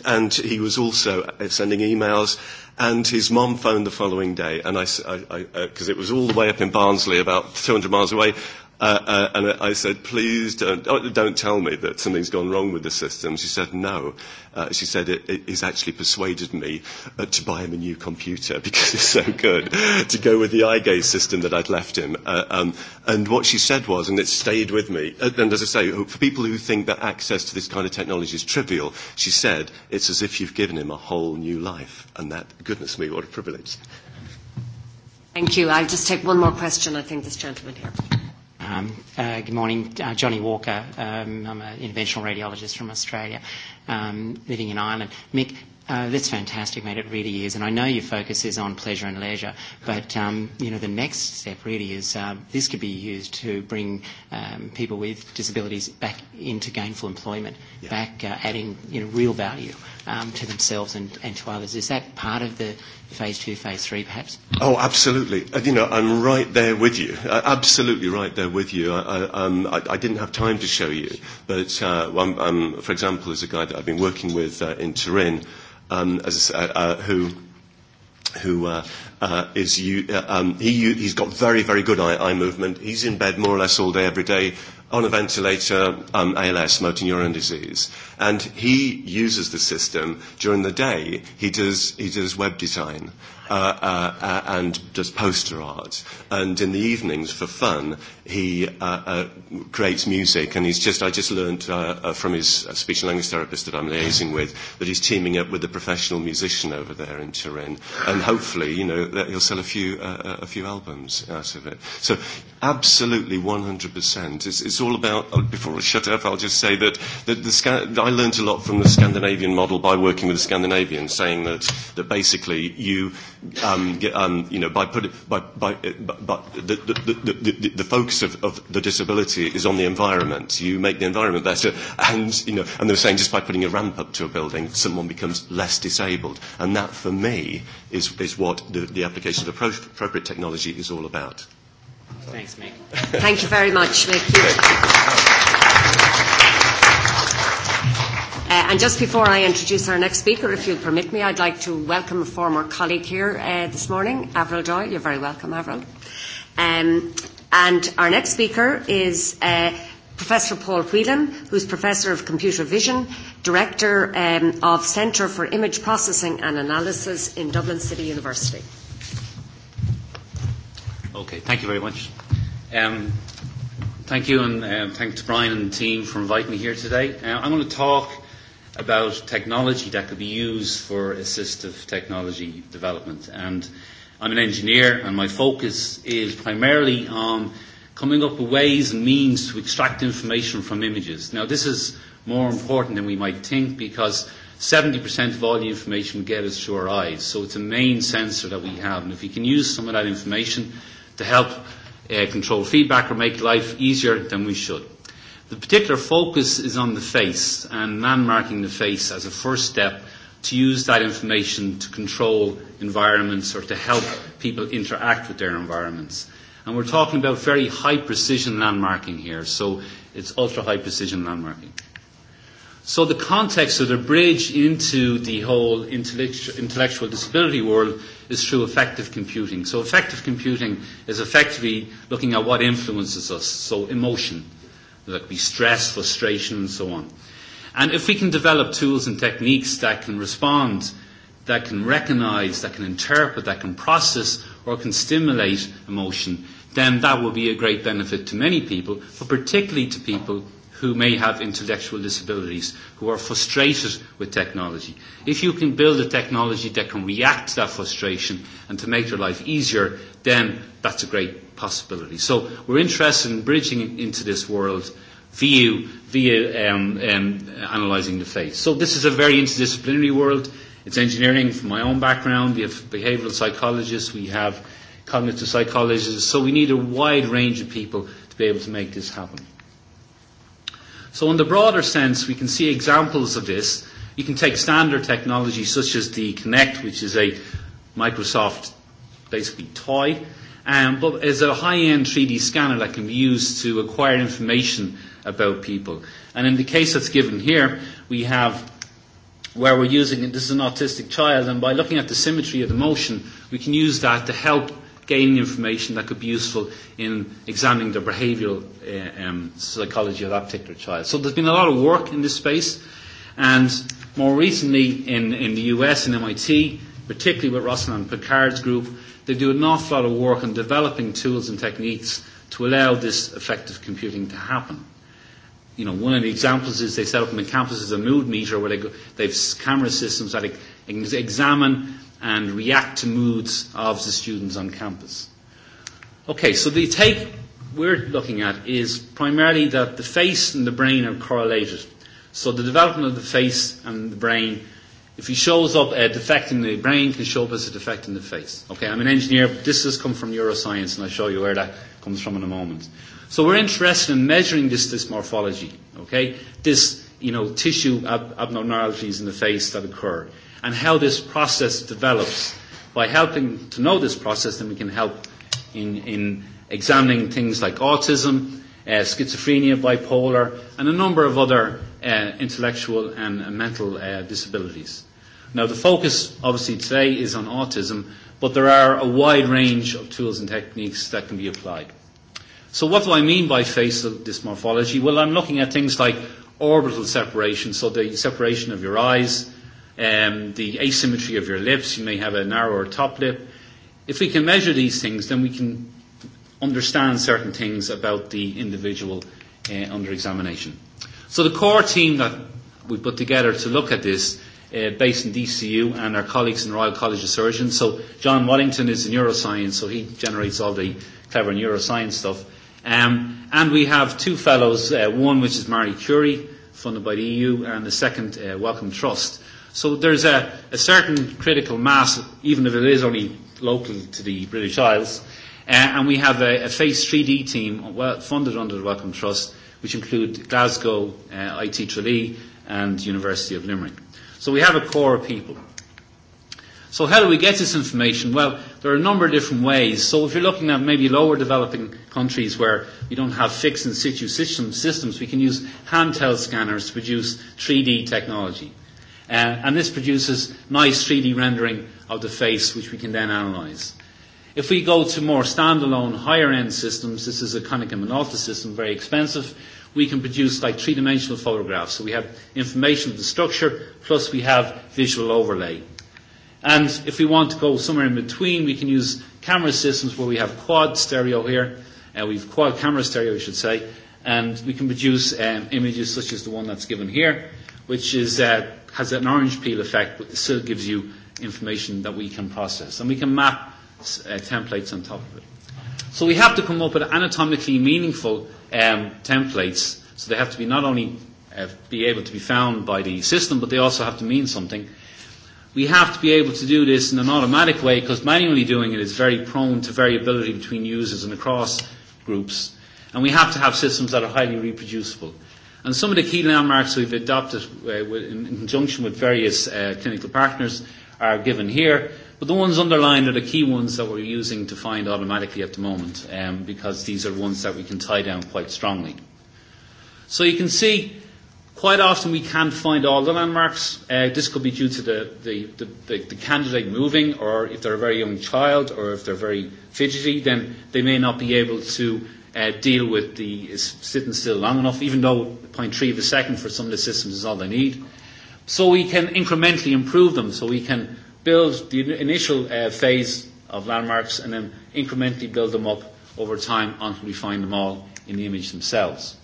and he was also sending emails. And his mom phoned the following day, and I, because it was all the way up in Barnsley, about 200 miles away, And I said, please don't don't tell me that something's gone wrong with the system. She said, no. She said, it has actually persuaded me to buy him a new computer because it's so good, to go with the eye gaze system that I'd left him. And what she said was, and it stayed with me, and as I say, for people who think that access to this kind of technology is trivial, she said, it's as if you've given him a whole new life. And that, goodness me, what a privilege. Thank you. I'll just take one more question. I think this gentleman here. Good morning. Johnny Walker. I'm an interventional radiologist from Australia, living in Ireland. Mick, that's fantastic, mate. It really is. And I know your focus is on pleasure and leisure, but you know the next step really is this could be used to bring people with disabilities back into gainful employment, back adding you know real value to themselves and, and to others. Is that part of the phase two, phase three, perhaps? Oh, absolutely. You know, I'm right there with you. Absolutely right there with you. I, um, I, I didn't have time to show you, but uh, um, for example, there's a guy that I've been working with in Turin, um, as uh, who who uh, uh, is you, um, he, he's got very, very good eye, eye movement. He's in bed more or less all day, every day on a ventilator, um, ALS, motor neuron disease. And he uses the system during the day. He does, he does web design and does poster art. And in the evenings, for fun, he creates music. And he's just, I just learned from his speech and language therapist that I'm liaising with that he's teaming up with a professional musician over there in Turin. And hopefully, you know, he'll sell a few, a few albums out of it. So absolutely 100%. It's, it's all about, before I shut up, I'll just say that, that the, I learned a lot from the Scandinavian model by working with the Scandinavians, saying that, that basically you um, um, you know, by, put, by, by, but the, the, the, the focus of, of the disability is on the environment. You make the environment better, and you know, and they were saying just by putting a ramp up to a building, someone becomes less disabled, and that for me is, is what the, the application of appropriate technology is all about. Thanks, Mick. Thank you very much, Mick. And just before I introduce our next speaker, if you'll permit me, I'd like to welcome a former colleague here this morning, Avril Doyle. You're very welcome, Avril. And our next speaker is Professor Paul Whelan, who is Professor of Computer Vision, Director of Centre for Image Processing and Analysis in Dublin City University. Okay, thank you very much. Thank you and thanks to Brian and the team for inviting me here today. I'm going to talk about technology that could be used for assistive technology development. And I'm an engineer, and my focus is primarily on coming up with ways and means to extract information from images. Now, this is more important than we might think because 70% of all the information we get is through our eyes. So it's a main sensor that we have. And if we can use some of that information to help control feedback or make life easier, then we should. The particular focus is on the face and landmarking the face as a first step to use that information to control environments or to help people interact with their environments. And we're talking about very high precision landmarking here, so it's ultra high precision landmarking. So the context of the bridge into the whole intellectual disability world is through effective computing. So effective computing is effectively looking at what influences us, so emotion That could be stress, frustration, and so on. And if we can develop tools and techniques that can respond, that can recognize, that can interpret, that can process, or can stimulate emotion, then that will be a great benefit to many people, but particularly to people who may have intellectual disabilities, who are frustrated with technology. If you can build a technology that can react to that frustration and to make their life easier, then that's a great possibility. So we're interested in bridging into this world via, via um, um, analysing the face. So this is a very interdisciplinary world. It's engineering from my own background. We have behavioural psychologists. We have cognitive psychologists. So we need a wide range of people to be able to make this happen. So in the broader sense, we can see examples of this. You can take standard technology such as the Kinect, which is a Microsoft basically toy but is a high-end 3D scanner that can be used to acquire information about people. And in the case that's given here, we have where we're using it, this is an autistic child, and by looking at the symmetry of the motion, we can use that to help gain information that could be useful in examining the behavioural um, psychology of that particular child. So there's been a lot of work in this space, and more recently in, in the US and MIT, particularly with Rosalind Picard's group, They do an awful lot of work on developing tools and techniques to allow this effective computing to happen. You know, one of the examples is they set up on the as a mood meter where they go, they've camera systems that examine and react to moods of the students on campus. Okay, so the take we're looking at is primarily that the face and the brain are correlated. So the development of the face and the brain If he shows up a defect in the brain, can show up as a defect in the face. Okay, I'm an engineer, but this has come from neuroscience, and I'll show you where that comes from in a moment. So we're interested in measuring this this morphology, okay, this you know tissue abnormalities in the face that occur, and how this process develops. By helping to know this process, then we can help in in examining things like autism schizophrenia, bipolar, and a number of other intellectual and mental disabilities. Now, the focus, obviously, today is on autism, but there are a wide range of tools and techniques that can be applied. So what do I mean by facial dysmorphology? Well, I'm looking at things like orbital separation, so the separation of your eyes, the asymmetry of your lips. You may have a narrower top lip. If we can measure these things, then we can understand certain things about the individual under examination. So the core team that we put together to look at this based in DCU and our colleagues in the Royal College of Surgeons. So John Wellington is a neuroscience, so he generates all the clever neuroscience stuff. And we have two fellows, one which is Marie Curie, funded by the EU, and the second, Welcome Trust. So there's a certain critical mass, even if it is only local to the British Isles, And we have a FACE 3D team funded under the Wellcome Trust, which include Glasgow, IT Tralee and University of Limerick. So we have a core of people. So how do we get this information? Well, there are a number of different ways. So if you're looking at maybe lower developing countries where you don't have fixed in situ systems, we can use handheld scanners to produce 3D technology. And this produces nice 3D rendering of the face, which we can then analyze. If we go to more standalone, higher-end systems, this is a Konica Minolta system, very expensive, we can produce like three-dimensional photographs. So we have information of the structure, plus we have visual overlay. And if we want to go somewhere in between, we can use camera systems where we have quad stereo here, and we have quad camera stereo, we should say, and we can produce images such as the one that's given here, which is has an orange peel effect, but still gives you information that we can process. And we can map templates on top of it. So we have to come up with anatomically meaningful templates. So they have to be not only be able to be found by the system, but they also have to mean something. We have to be able to do this in an automatic way because manually doing it is very prone to variability between users and across groups. And we have to have systems that are highly reproducible. And some of the key landmarks we've adopted in conjunction with various clinical partners are given here. But the ones underlined are the key ones that we're using to find automatically at the moment, because these are ones that we can tie down quite strongly. So you can see quite often we can't find all the landmarks. This could be due to the the candidate moving, or if they're a very young child, or if they're very fidgety, then they may not be able to deal with the sitting still long enough, even though 0.3 of a second for some of the systems is all they need. So we can incrementally improve them, so we can build the initial phase of landmarks and then incrementally build them up over time until we find them all in the image themselves.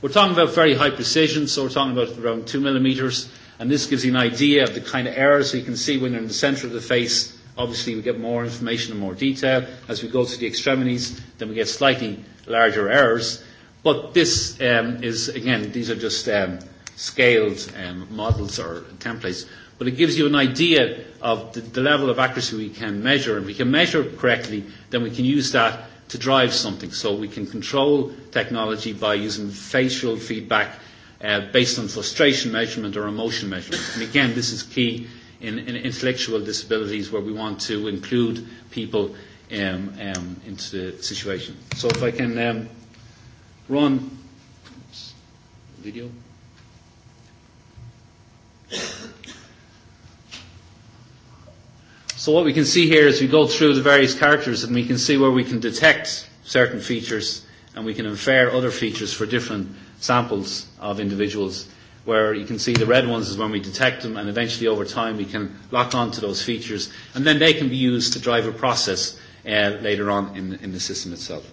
We're talking about very high precision, so we're talking about around two millimeters, and this gives you an idea of the kind of errors. you can see when they're in the center of the face, obviously we get more information and more detail. As we go to the extremities, then we get slightly larger errors. But this is, again, these are just scaled models or templates but it gives you an idea of the level of accuracy we can measure. And if we can measure correctly, then we can use that to drive something. So we can control technology by using facial feedback based on frustration measurement or emotion measurement. And again, this is key in intellectual disabilities where we want to include people into the situation. So if I can run video. So what we can see here is we go through the various characters and we can see where we can detect certain features and we can infer other features for different samples of individuals where you can see the red ones is when we detect them and eventually over time we can lock on to those features and then they can be used to drive a process later on in in the system itself.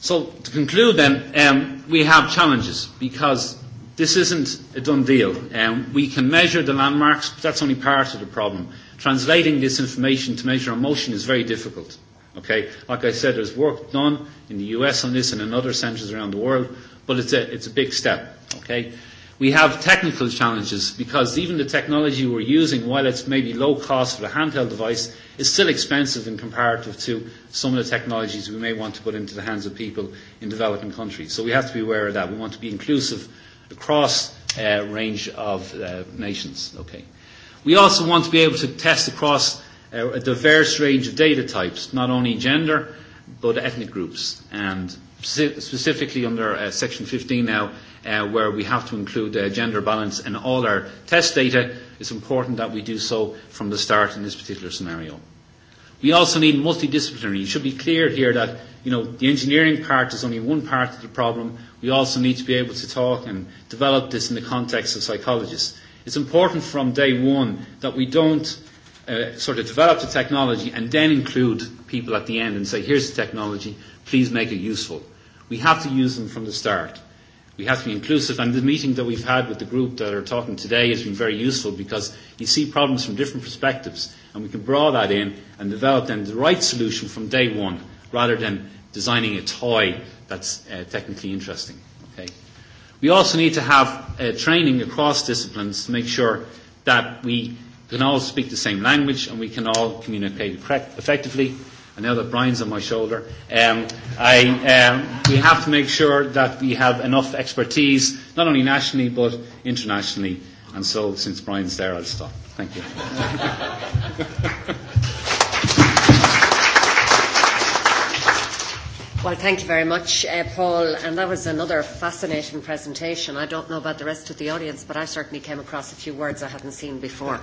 So to conclude then, um, we have challenges because This isn't a done deal. We can measure the landmarks, but that's only part of the problem. Translating this information to measure motion is very difficult. Okay, like I said, there's work done in the US on this and in other centres around the world, but it's a it's a big step. Okay, we have technical challenges because even the technology we're using, while it's maybe low cost for a handheld device, is still expensive in comparative to some of the technologies we may want to put into the hands of people in developing countries. So we have to be aware of that. We want to be inclusive across a range of nations. Okay. We also want to be able to test across a diverse range of data types, not only gender, but ethnic groups, and specifically under Section 15 now, where we have to include gender balance in all our test data, it's important that we do so from the start in this particular scenario. We also need multidisciplinary. It should be clear here that, you know, the engineering part is only one part of the problem, We also need to be able to talk and develop this in the context of psychologists. It's important from day one that we don't sort of develop the technology and then include people at the end and say, here's the technology, please make it useful. We have to use them from the start. We have to be inclusive, and the meeting that we've had with the group that are talking today has been very useful because you see problems from different perspectives, and we can draw that in and develop then the right solution from day one rather than designing a toy that's technically interesting. We also need to have training across disciplines to make sure that we can all speak the same language and we can all communicate effectively. And now that Brian's on my shoulder. we have to make sure that we have enough expertise, not only nationally but internationally. And so, since Brian's there, I'll stop. Thank you. Well, thank you very much, Paul. And that was another fascinating presentation. I don't know about the rest of the audience, but I certainly came across a few words I hadn't seen before.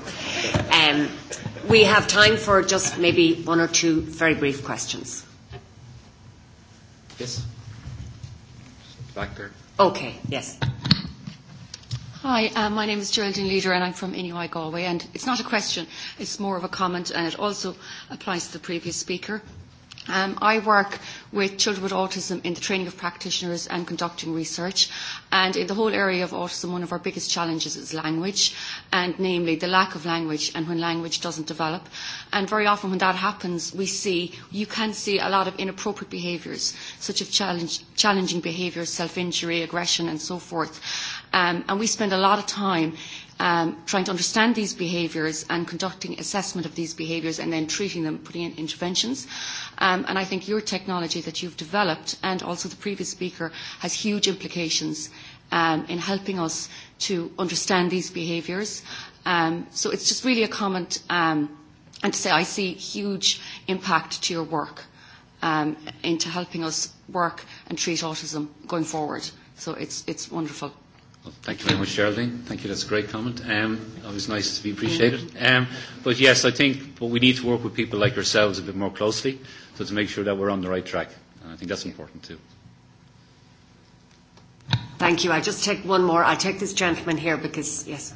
We have time for just maybe one or two very brief questions. Yes. Back there. Okay. Yes. Hi, my name is Geraldine Leader and I'm from Inuit Galway. And it's not a question; it's more of a comment, and it also applies to the previous speaker. I work with children with autism in the training of practitioners and conducting research. And in the whole area of autism, one of our biggest challenges is language, and namely the lack of language and when language doesn't develop. And very often when that happens, we see, you can see a lot of inappropriate behaviours, such as challenging behaviours, self-injury, aggression, and so forth. And we spend a lot of time trying to understand these behaviours and conducting assessment of these behaviours and then treating them, putting in interventions. And I think your technology that you've developed and also the previous speaker has huge implications in helping us to understand these behaviours. So it's just really a comment and to say I see huge impact to your work into helping us work and treat autism going forward. So it's wonderful. Thank you very much, Geraldine. Thank you. That's a great comment. Um, always nice to be appreciated. Um, but yes, I think but we need to work with people like yourselves a bit more closely, so to make sure that we're on the right track. And I think that's important too. Thank you. I'll just take one more. I'll take this gentleman here because yes.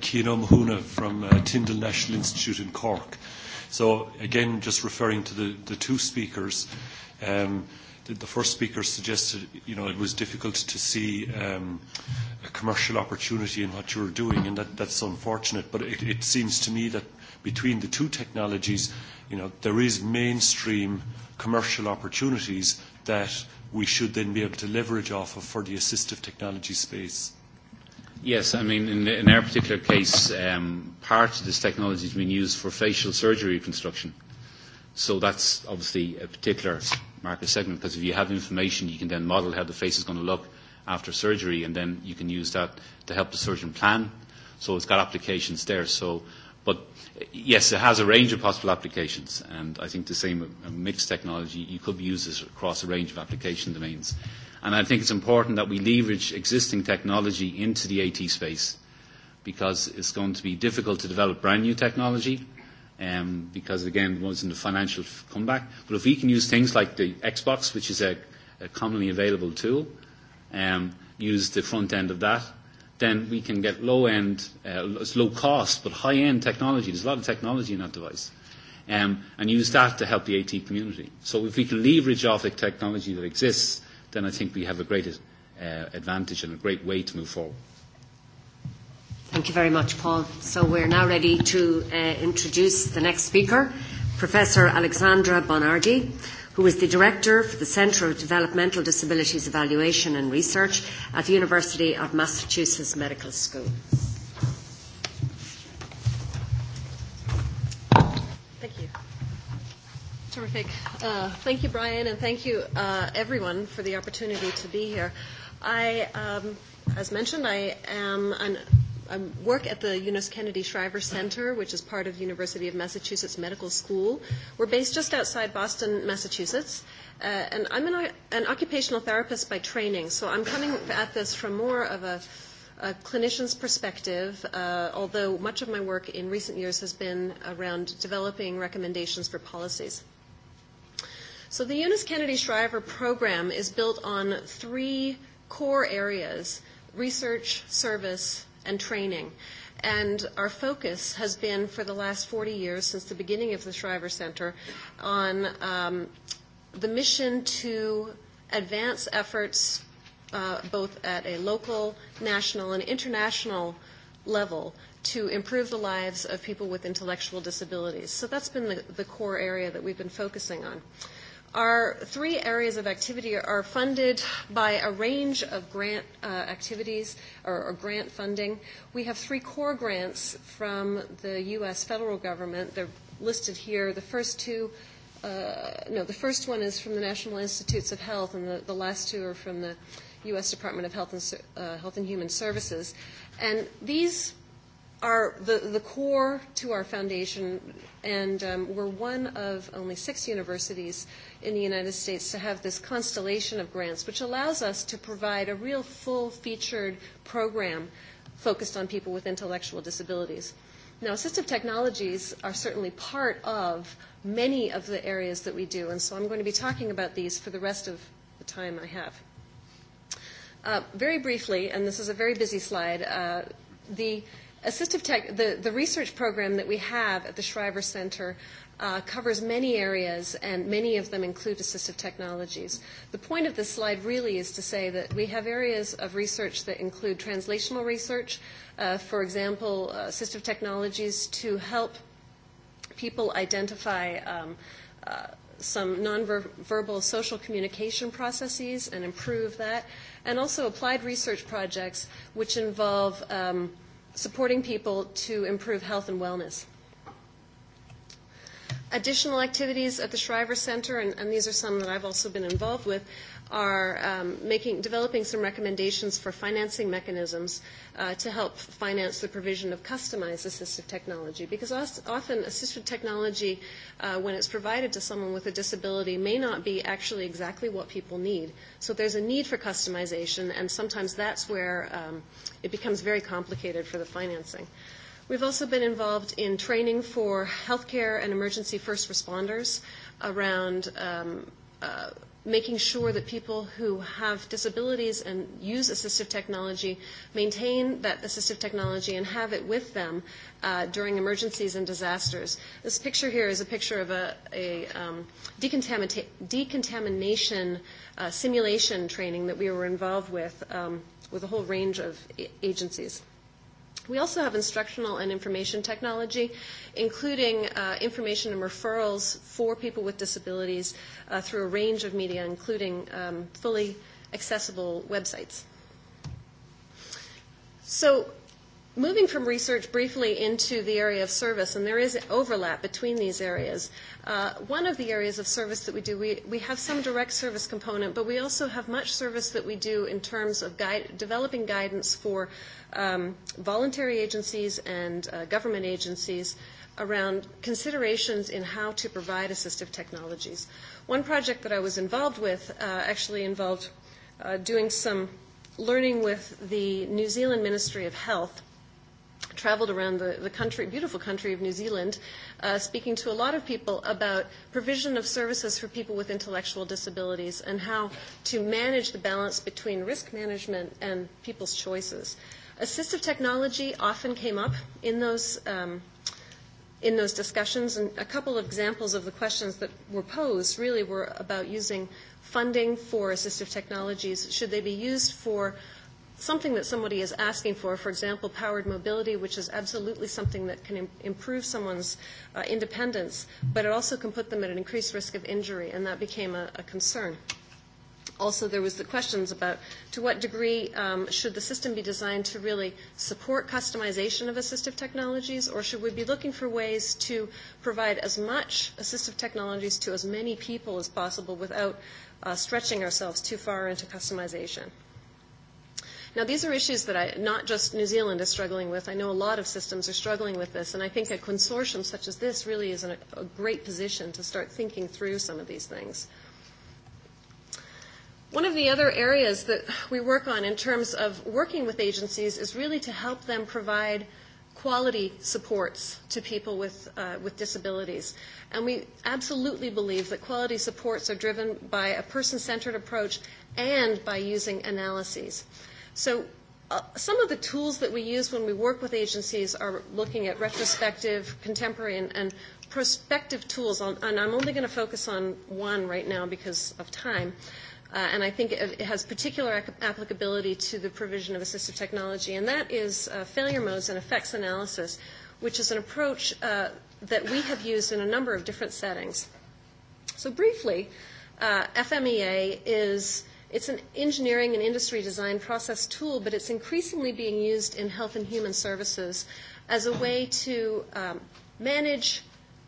Kino Mahuna from Tyndall National Institute in Cork. So again, just referring to the two speakers. Um, the first speaker suggested, you know, it was difficult to see a commercial opportunity in what you were doing, and that, that's unfortunate. But it, it seems to me that between the two technologies, you know, there is mainstream commercial opportunities that we should then be able to leverage off of for the assistive technology space. Yes, I mean, in, our particular case, part of this technology has been used for facial surgery construction. So that's obviously a particular market segment because if you have information, you can then model how the face is going to look after surgery, and then you can use that to help the surgeon plan. So it's got applications there. So, but yes, it has a range of possible applications, and I think the same mixed technology you could use this across a range of application domains. And I think it's important that we leverage existing technology into the AT space, because it's going to be difficult to develop brand new technology because again it wasn't a financial comeback. But if we can use things like the Xbox, which is a commonly available tool, use the front end of that, then we can get low end, low cost but high end technology. There's a lot of technology in that device, and use that to help the AT community. So if we can leverage off the technology that exists, then I think we have a great advantage and a great way to move forward. Thank you very much, Paul. So we're now ready to introduce the next speaker, Professor Alexandra Bonardi, who is the Director for the Centre of Developmental Disabilities Evaluation and Research at the University of Massachusetts Medical School. Thank you. Terrific. Thank you, Brian, and thank you, everyone, for the opportunity to be here. I, um as mentioned, I am an I work at the Eunice Kennedy Shriver Center, which is part of University of Massachusetts Medical School. We're based just outside Boston, Massachusetts. And I'm an occupational therapist by training, so I'm coming at this from more of a clinician's perspective, although much of my work in recent years has been around developing recommendations for policies. So the Eunice Kennedy Shriver program is built on three core areas, research, service, and training. And our focus has been for the last 40 years, since the beginning of the Shriver Center, on the mission to advance efforts both at a local, national, and international level to improve the lives of people with intellectual disabilities. So that's been the core area that we've been focusing on. Our three areas of activity are funded by a range of grant activities or grant funding. We have three core grants from the U.S. federal government. They're listed here. The first two, no, the first one is from the National Institutes of Health, and the last two are from the U.S. Department of Health and Human Services. And these are the core to our foundation, and we're one of only six universities in the United States to have this constellation of grants, which allows us to provide a real full-featured program focused on people with intellectual disabilities. Now, assistive technologies are certainly part of many of the areas that we do, and so I'm going to be talking about these for the rest of the time I have. Very briefly, and this is a very busy slide, the assistive tech, the research program that we have at the Shriver Center covers many areas, and many of them include assistive technologies. The point of this slide really is to say that we have areas of research that include translational research, for example, assistive technologies to help people identify some nonverbal social communication processes and improve that, and also applied research projects which involve supporting people to improve health and wellness. Additional activities at the Shriver Center, and these are some that I've also been involved with, are making, developing some recommendations for financing mechanisms to help finance the provision of customized assistive technology, because often assistive technology, when it's provided to someone with a disability, may not be actually exactly what people need. So there's a need for customization, and sometimes that's where it becomes very complicated for the financing. We've also been involved in training for healthcare and emergency first responders around making sure that people who have disabilities and use assistive technology maintain that assistive technology and have it with them during emergencies and disasters. This picture here is a picture of a decontamination simulation training that we were involved with with a whole range of agencies. We also have instructional and information technology, including information and referrals for people with disabilities through a range of media, including fully accessible websites. So Moving from research briefly into the area of service, and there is overlap between these areas. One of the areas of service that we do, we have some direct service component, but we also have much service that we do in terms of developing guidance for voluntary agencies and government agencies around considerations in how to provide assistive technologies. One project that I was involved with actually involved doing some learning with the New Zealand Ministry of Health traveled around the, the country, beautiful country of New Zealand, speaking to a lot of people about provision of services for people with intellectual disabilities and how to manage the balance between risk management and people's choices. Assistive technology often came up in those in those discussions, and a couple of examples of the questions that were posed really were about using funding for assistive technologies. Should they be used for something that somebody is asking for, for example, powered mobility, which is absolutely something that can improve someone's independence, but it also can put them at an increased risk of injury, and that became a concern. Also, there was the questions about to what degree should the system be designed to really support customization of assistive technologies, or should we be looking for ways to provide as much assistive technologies to as many people as possible without stretching ourselves too far into customization? Now, these are issues that I, not just New Zealand is struggling with. I know a lot of systems are struggling with this, and I think a consortium such as this really is in a great position to start thinking through some of these things. One of the other areas that we work on in terms of working with agencies is really to help them provide quality supports to people with with disabilities and we absolutely believe that quality supports are driven by a person centered approach and by using analyses So some of the tools that we use when we work with agencies are looking at retrospective, contemporary, and prospective tools. And I'm only going to focus on one right now because of time. And I think it has particular applicability to the provision of assistive technology, and that is failure modes and effects analysis, which is an approach that we have used in a number of different settings. So briefly, FMEA is It's an engineering and industry design process tool, but it's increasingly being used in health and human services as a way to manage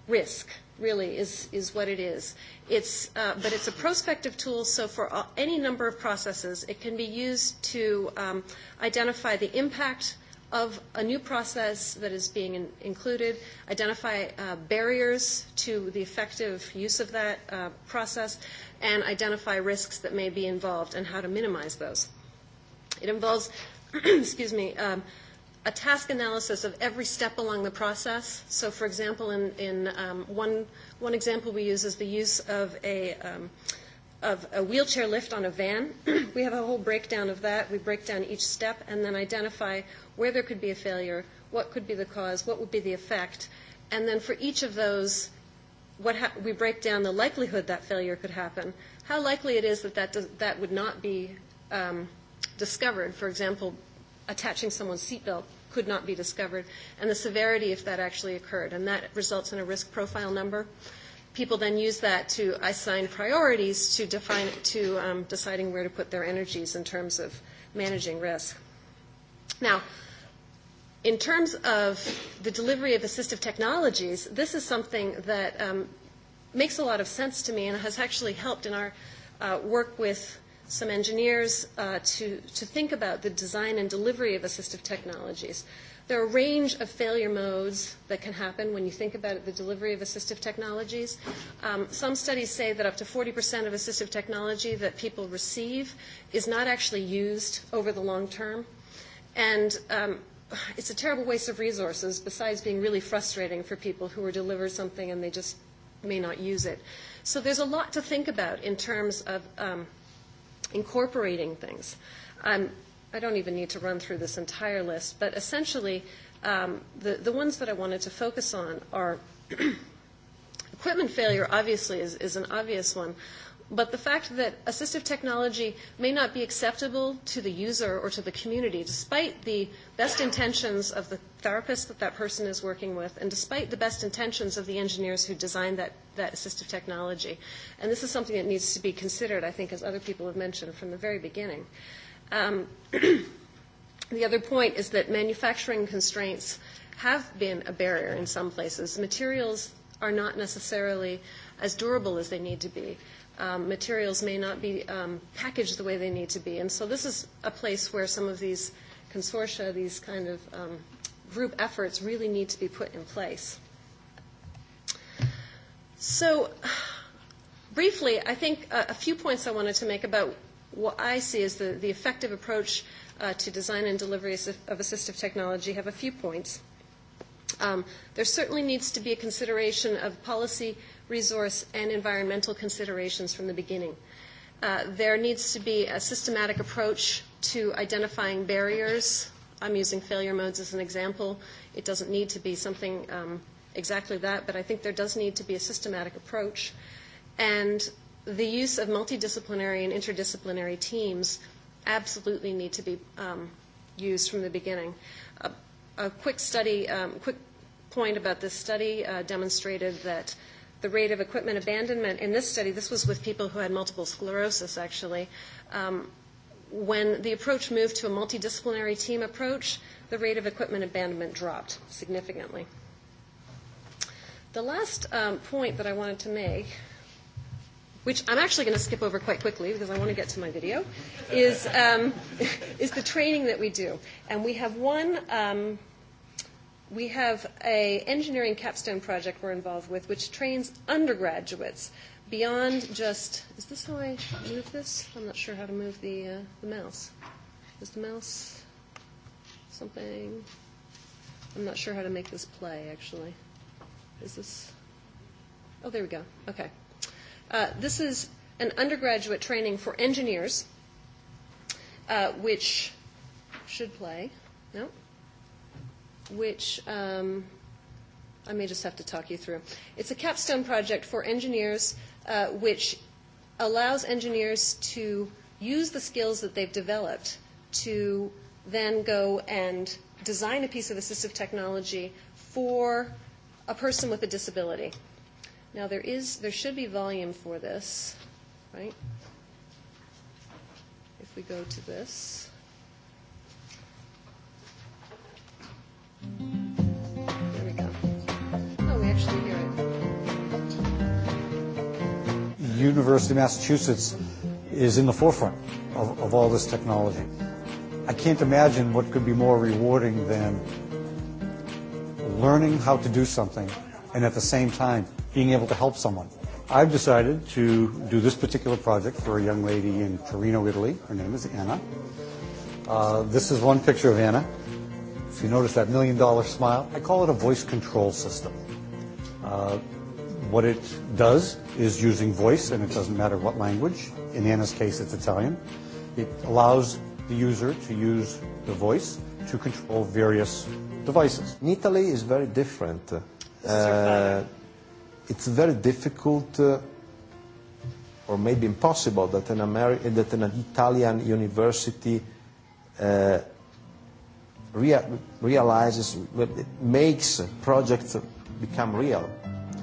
risk, really, is, is what it is. It's, but it's a prospective tool, so for any number of processes, it can be used to um identify the impact of a new process that is being included, identify barriers to the effective use of that process, and identify risks that may be involved and how to minimize those. It involves, excuse me, a task analysis of every step along the process. So, for example, in, in um, one, one example we use is the use of a um, of a wheelchair lift on a van. we have a whole breakdown of that. We break down each step and then identify where there could be a failure, what could be the cause, what would be the effect, and then for each of those, what we break down the likelihood that failure could happen, how likely it is that that, would not be discovered. For example, attaching someone's seatbelt could not be discovered, and the severity if that actually occurred. And that results in a risk profile number. People then use that to assign priorities to, define, to um, deciding where to put their energies in terms of managing risk. Now, in terms of the delivery of assistive technologies, this is something that makes a lot of sense to me and has actually helped in our work with some engineers to to think about the design and delivery of assistive technologies. There are a range of failure modes that can happen when you think about the delivery of assistive technologies. Some studies say that up to 40% of assistive technology that people receive is not actually used over the long term. And it's a terrible waste of resources besides being really frustrating for people who are delivered something and they just may not use it. So there's a lot to think about in terms of um, incorporating things. Um, I don't even need to run through this entire list, but essentially um, the, the ones that I wanted to focus on are equipment failure obviously is, is an obvious one, But the fact that assistive technology may not be acceptable to the user or to the community, despite the best intentions of the therapist that that person is working with, and despite the best intentions of the engineers who designed that assistive technology. And this is something that needs to be considered, I think, as other people have mentioned from the very beginning. The other point is that manufacturing constraints have been a barrier in some places. Materials are not necessarily as durable as they need to be materials may not be packaged the way they need to be. And so this is a place where some of these consortia, these kind of group efforts really need to be put in place. So briefly, I think a few points I wanted to make about what I see as the effective approach to design and delivery of assistive technology have a few points. There certainly needs to be a consideration of policy, resource, and environmental considerations from the beginning. There needs to be a systematic approach to identifying barriers. I'm using failure modes as an example. It doesn't need to be something exactly that, but I think there does need to be a systematic approach. And the use of multidisciplinary and interdisciplinary teams absolutely need to be used from the beginning. A quick study, quick point about this study demonstrated that the rate of equipment abandonment in this study, this was with people who had multiple sclerosis actually, when the approach moved to a multidisciplinary team approach, the rate of equipment abandonment dropped significantly. The last point that I wanted to make, which I'm actually going to skip over quite quickly because I want to get to my video, is the training that we do. And we have one we have an engineering capstone project we're involved with, which trains undergraduates beyond just. Is this how I move this? I'm not sure how to move the, uh, the mouse. Is the mouse something? I'm not sure how to make this play, actually. Is this. Oh, there we go. Okay. Uh, this is an undergraduate training for engineers, uh, which should play. No? which I may just have to talk you through. It's a capstone project for engineers which allows engineers to use the skills that they've developed to then go and design a piece of assistive technology for a person with a disability. Now there is there should be volume for this, right? If we go to this. University of Massachusetts is in the forefront of, of all this technology. I can't imagine what could be more rewarding than learning how to do something and at the same time being able to help someone. I've decided to do this particular project for a young lady in Torino, Italy. Her name is Anna. Uh, this is one picture of Anna. If you notice that million dollar smile, I call it a voice control system. What it does is using voice, and it doesn't matter what language. In Anna's case, it's Italian. It allows the user to use the voice to control various devices. In Italy is very different. It's very difficult or maybe impossible that that an Italian university realizes, makes projects become real.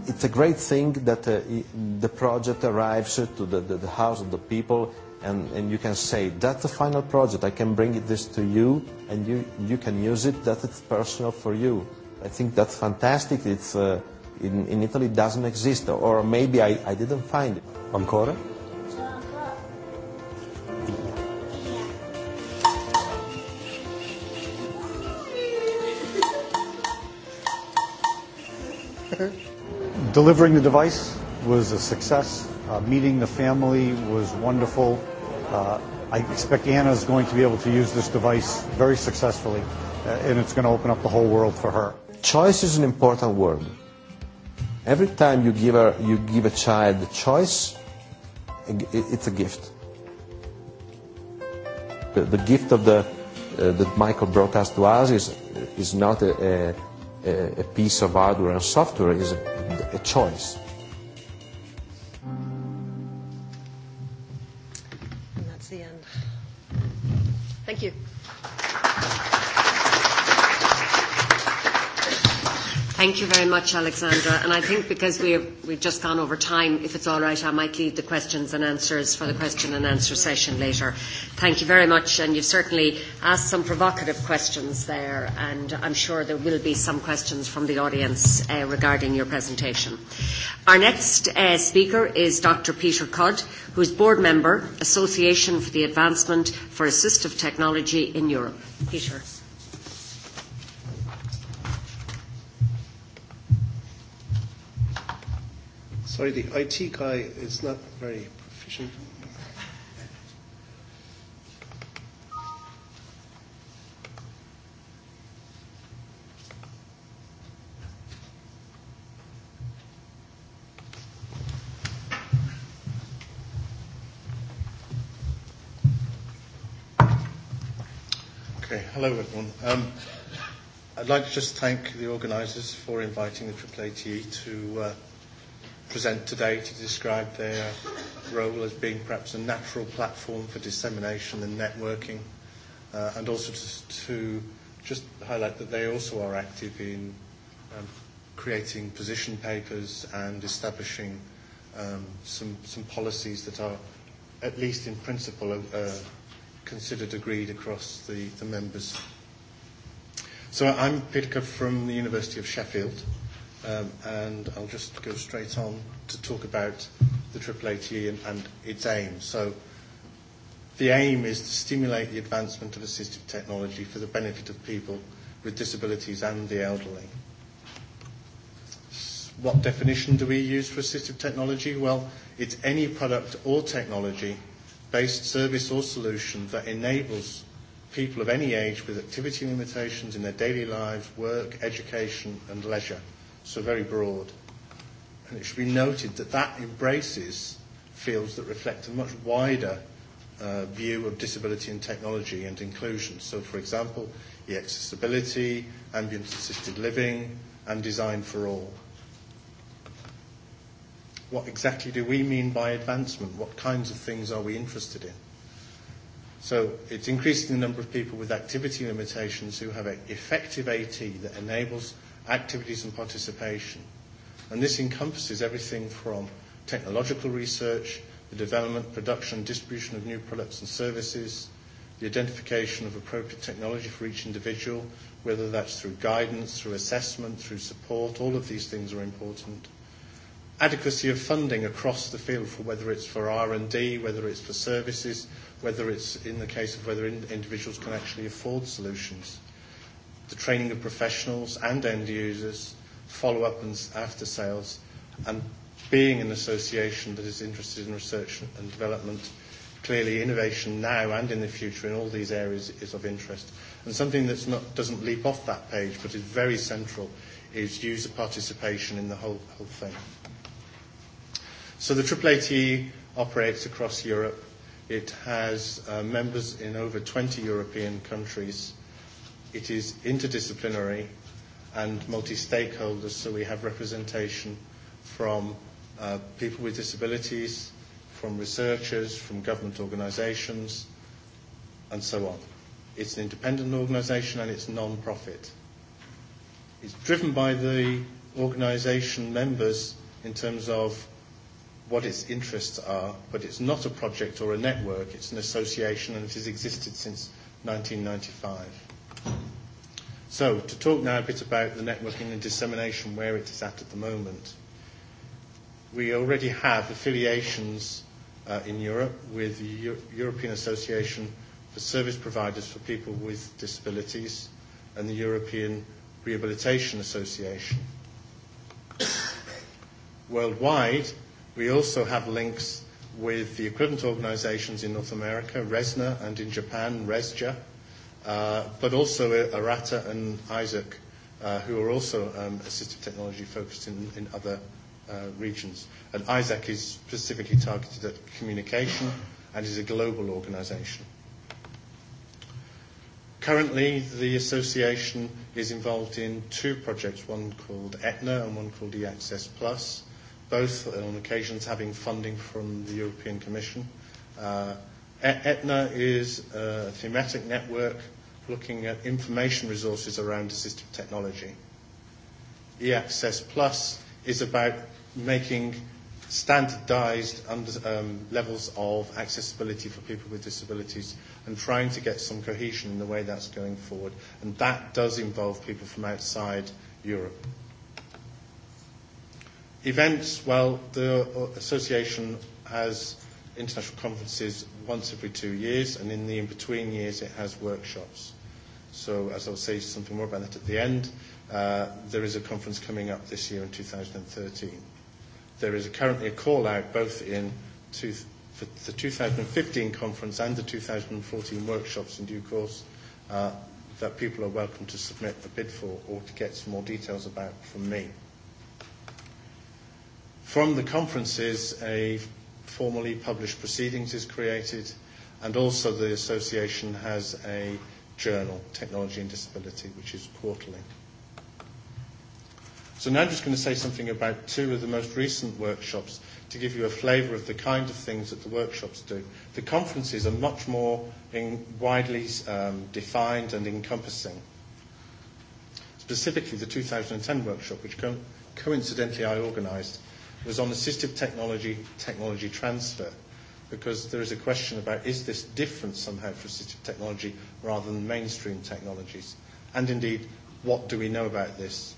It's a great thing that the project arrives to the house of the people and and you can say, that's the final project, I can bring this to you and you you can use it, that it's personal for you. I think that's fantastic, it's in in Italy doesn't exist, or maybe I didn't find it. Ancora? Delivering the device was a success. Meeting the family was wonderful. I expect Anna is going to be able to use this device very successfully, and it's going to open up the whole world for her. Choice is an important word. Every time you give a, you give a child the choice, it's a gift. The, gift of the, that Michael brought us to us is, is not a, a piece of hardware and software is a choice. And that's the end. Thank you. Thank you very much, Alexandra. And I think because we have, we've just gone over time, if it's all right, I might leave the questions and answers for the question and answer session later. Thank you very much. And you've certainly asked some provocative questions there, and I'm sure there will be some questions from the audience regarding your presentation. Our next speaker is Dr. Peter Cudd, who is board member, Association for the Advancement for Assistive Technology in Europe. Peter. Sorry, the IT guy is not very proficient. Okay, hello everyone. Um, I'd like to just thank the organisers for inviting the AAAT to uh, present today to describe their role as being perhaps a natural platform for dissemination and networking, and also to just highlight that they also are active in creating position papers and establishing some some policies that are, at least in principle, considered agreed across the the members. So I'm Peter from the University of Sheffield and I'll just go straight on to talk about the AAATE and, and its aim. So the aim is to stimulate the advancement of assistive technology for the benefit of people with disabilities and the elderly. What definition do we use for assistive technology? Well, it's any product or technology based service or solution that enables people of any age with activity limitations in their daily lives, work, education and leisure so very broad. And it should be noted that that embraces fields that reflect a much wider view of disability and technology and inclusion. So, for example, e-accessibility, ambient-assisted living, and design for all. What exactly do we mean by advancement? What kinds of things are we interested in? So it's increasing the number of people with activity limitations who have an effective AT that enables activities and participation. And this encompasses everything from technological research, the development, production and distribution of new products and services, the identification of appropriate technology for each individual, whether that's through guidance, through assessment, through support, all of these things are important. Adequacy of funding across the field, for whether it's for R&D, whether it's for services, whether it's in the case of whether individuals can actually afford solutions the training of professionals and end users, follow-up and after sales, and being an association that is interested in research and development, clearly innovation now and in the future in all these areas is of interest. And something that doesn't leap off that page but is very central is user participation in the whole whole thing. So the AAAT operates across Europe. It has members in over 20 European countries It is interdisciplinary and multi-stakeholders, so we have representation from uh people with disabilities, from researchers, from government organisations, and so on. It's an independent organisation and it's non-profit. It's driven by the organisation members in terms of what its interests are, but it's not a project or a network, it's an association and it has existed since 1995. So to talk now a bit about the networking and dissemination, where it is at at the moment. We already have affiliations in Europe with the European Association for Service Providers for People with Disabilities and the European Rehabilitation Association. Worldwide, we also have links with the equivalent organisations in North America, RESNA, and in Japan, RESJA but also Arata and Isaac, who are also um assistive technology focused in, in other regions. And Isaac is specifically targeted at communication and is a global organization. Currently, the association is involved in two projects, one called ETNA and one called eAccess Plus, both on occasions having funding from the European Commission. ETNA is a thematic network looking at information resources around assistive technology. E-Access Plus is about making standardized levels of accessibility for people with disabilities and trying to get some cohesion in the way that's going forward. And that does involve people from outside Europe. Events, well, the association has international conferences once every two years, and in the in-between years it has workshops. So as I'll say something more about that at the end, there is a conference coming up this year in 2013. There is currently a call out both in for the 2015 conference and the 2014 workshops in due course that people are welcome to submit a bid for or to get some more details about from me. From the conferences, a formally published proceedings is created and also the association has a journal, Technology and Disability, which is quarterly. So now I'm just going to say something about two of the most recent workshops to give you a flavour of the kind of things that the workshops do. The conferences are much more in widely um, defined and encompassing. Specifically, the 2010 workshop, which coincidentally I organised, was on assistive technology, technology transfer because there is a question about is this different somehow for assistive technology rather than mainstream technologies? And indeed, what do we know about this?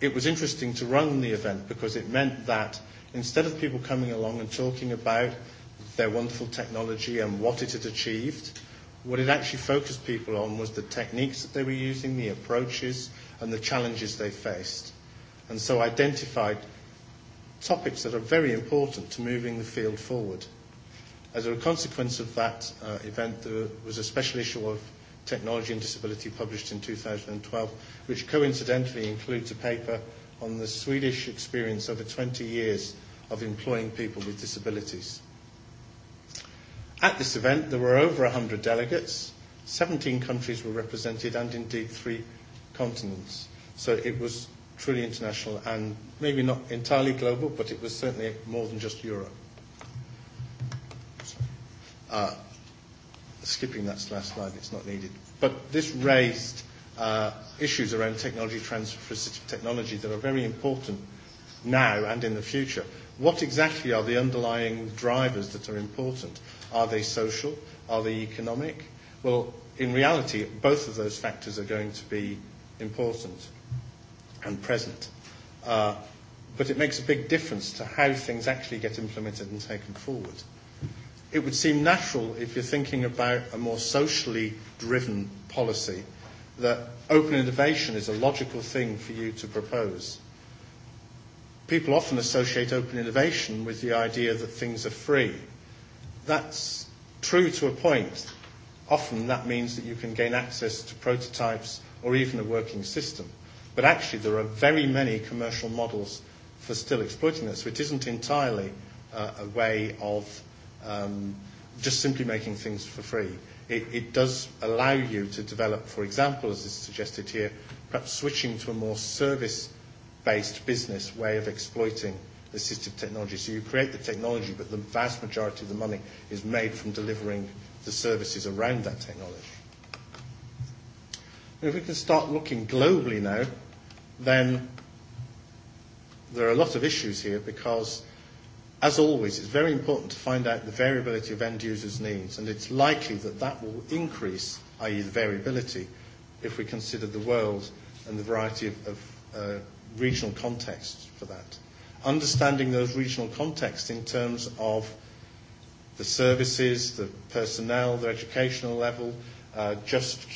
It was interesting to run the event because it meant that instead of people coming along and talking about their wonderful technology and what it had achieved, what it actually focused people on was the techniques that they were using, the approaches, and the challenges they faced. And so identified topics that are very important to moving the field forward. As a consequence of that event, there was a special issue of Technology and Disability published in 2012, which coincidentally includes a paper on the Swedish experience over 20 years of employing people with disabilities. At this event, there were over 100 delegates, 17 countries were represented, and indeed three continents. So it was truly international and maybe not entirely global, but it was certainly more than just Europe skipping that last slide, it's not needed. But this raised issues around technology transfer for technology that are very important now and in the future. What exactly are the underlying drivers that are important? Are they social? Are they economic? Well, in reality, both of those factors are going to be important and present. But it makes a big difference to how things actually get implemented and taken forward it would seem natural if you're thinking about a more socially driven policy that open innovation is a logical thing for you to propose. People often associate open innovation with the idea that things are free. That's true to a point. Often that means that you can gain access to prototypes or even a working system. But actually there are very many commercial models for still exploiting this, which isn't entirely a way of um, just simply making things for free. It, it does allow you to develop, for example, as is suggested here, perhaps switching to a more service-based business way of exploiting assistive technology. So you create the technology, but the vast majority of the money is made from delivering the services around that technology. If we can start looking globally now, then there are a lot of issues here because As always, it's very important to find out the variability of end users' needs, and it's likely that that will increase, i.e. the variability, if we consider the world and the variety of regional contexts for that. Understanding those regional contexts in terms of the services, the personnel, the educational level, just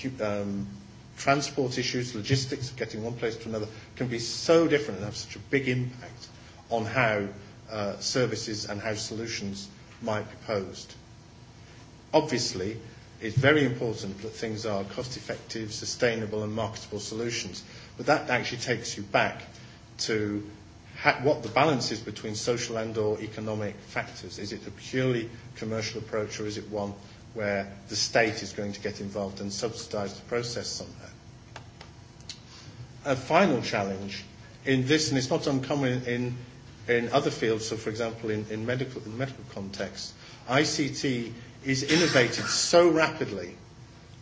transport issues, logistics getting one place to another, can be so different and have such a big impact on how services and how solutions might be posed. Obviously, it's very important that things are cost-effective, sustainable and marketable solutions, but that actually takes you back to what the balance is between social and or economic factors. Is it a purely commercial approach or is it one where the state is going to get involved and subsidise the process somehow? A final challenge in this, and it's not uncommon in in other fields, so for example in, in medical in medical context, ICT is innovated so rapidly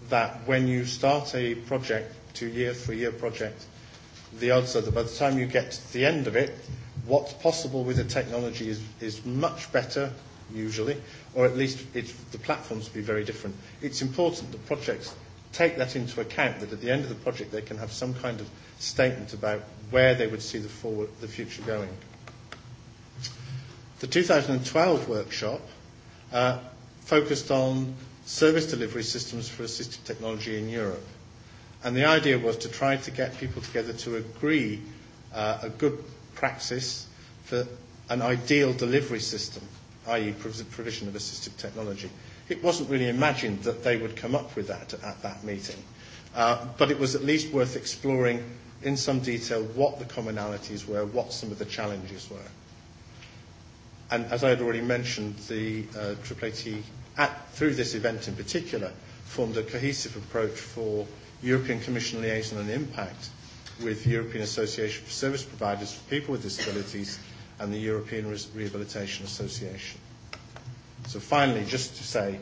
that when you start a project, two year, three year project, the odds are that by the time you get to the end of it, what's possible with the technology is, is much better, usually, or at least it's, the platforms will be very different. It's important that projects take that into account, that at the end of the project they can have some kind of statement about where they would see the, forward, the future going. The 2012 workshop focused on service delivery systems for assistive technology in Europe. And the idea was to try to get people together to agree a good praxis for an ideal delivery system, i.e. provision of assistive technology. It wasn't really imagined that they would come up with that at that meeting, but it was at least worth exploring in some detail what the commonalities were, what some of the challenges were. And as I had already mentioned, the AAAT, at, through this event in particular, formed a cohesive approach for European Commission liaison and impact with the European Association for Service Providers for People with Disabilities and the European Rehabilitation Association. So finally, just to say,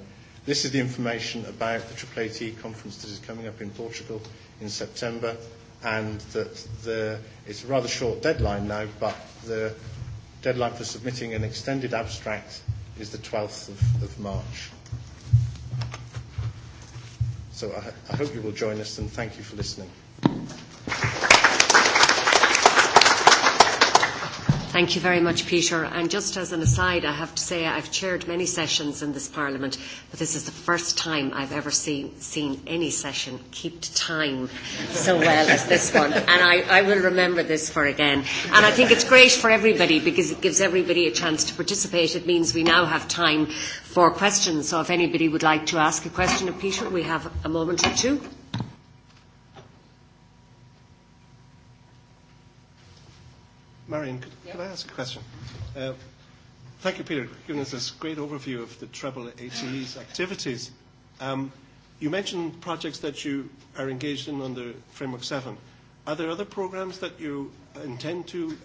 this is the information about the AAAT conference that is coming up in Portugal in September and that the, it's a rather short deadline now, but the Deadline for submitting an extended abstract is the 12th of March. So I hope you will join us and thank you for listening. Thank you very much, Peter. And just as an aside, I have to say I've chaired many sessions in this Parliament, but this is the first time I've ever seen seen any session keep to time so well as this one. And I will remember this for again. And I think it's great for everybody because it gives everybody a chance to participate. It means we now have time for questions. So if anybody would like to ask a question of Peter, we have a moment or two. Marion, could I ask a question? Thank you, Peter, for giving us this great overview of the Treble ATE's activities. You mentioned projects that you are engaged in under Framework 7. Are there other programs that you intend to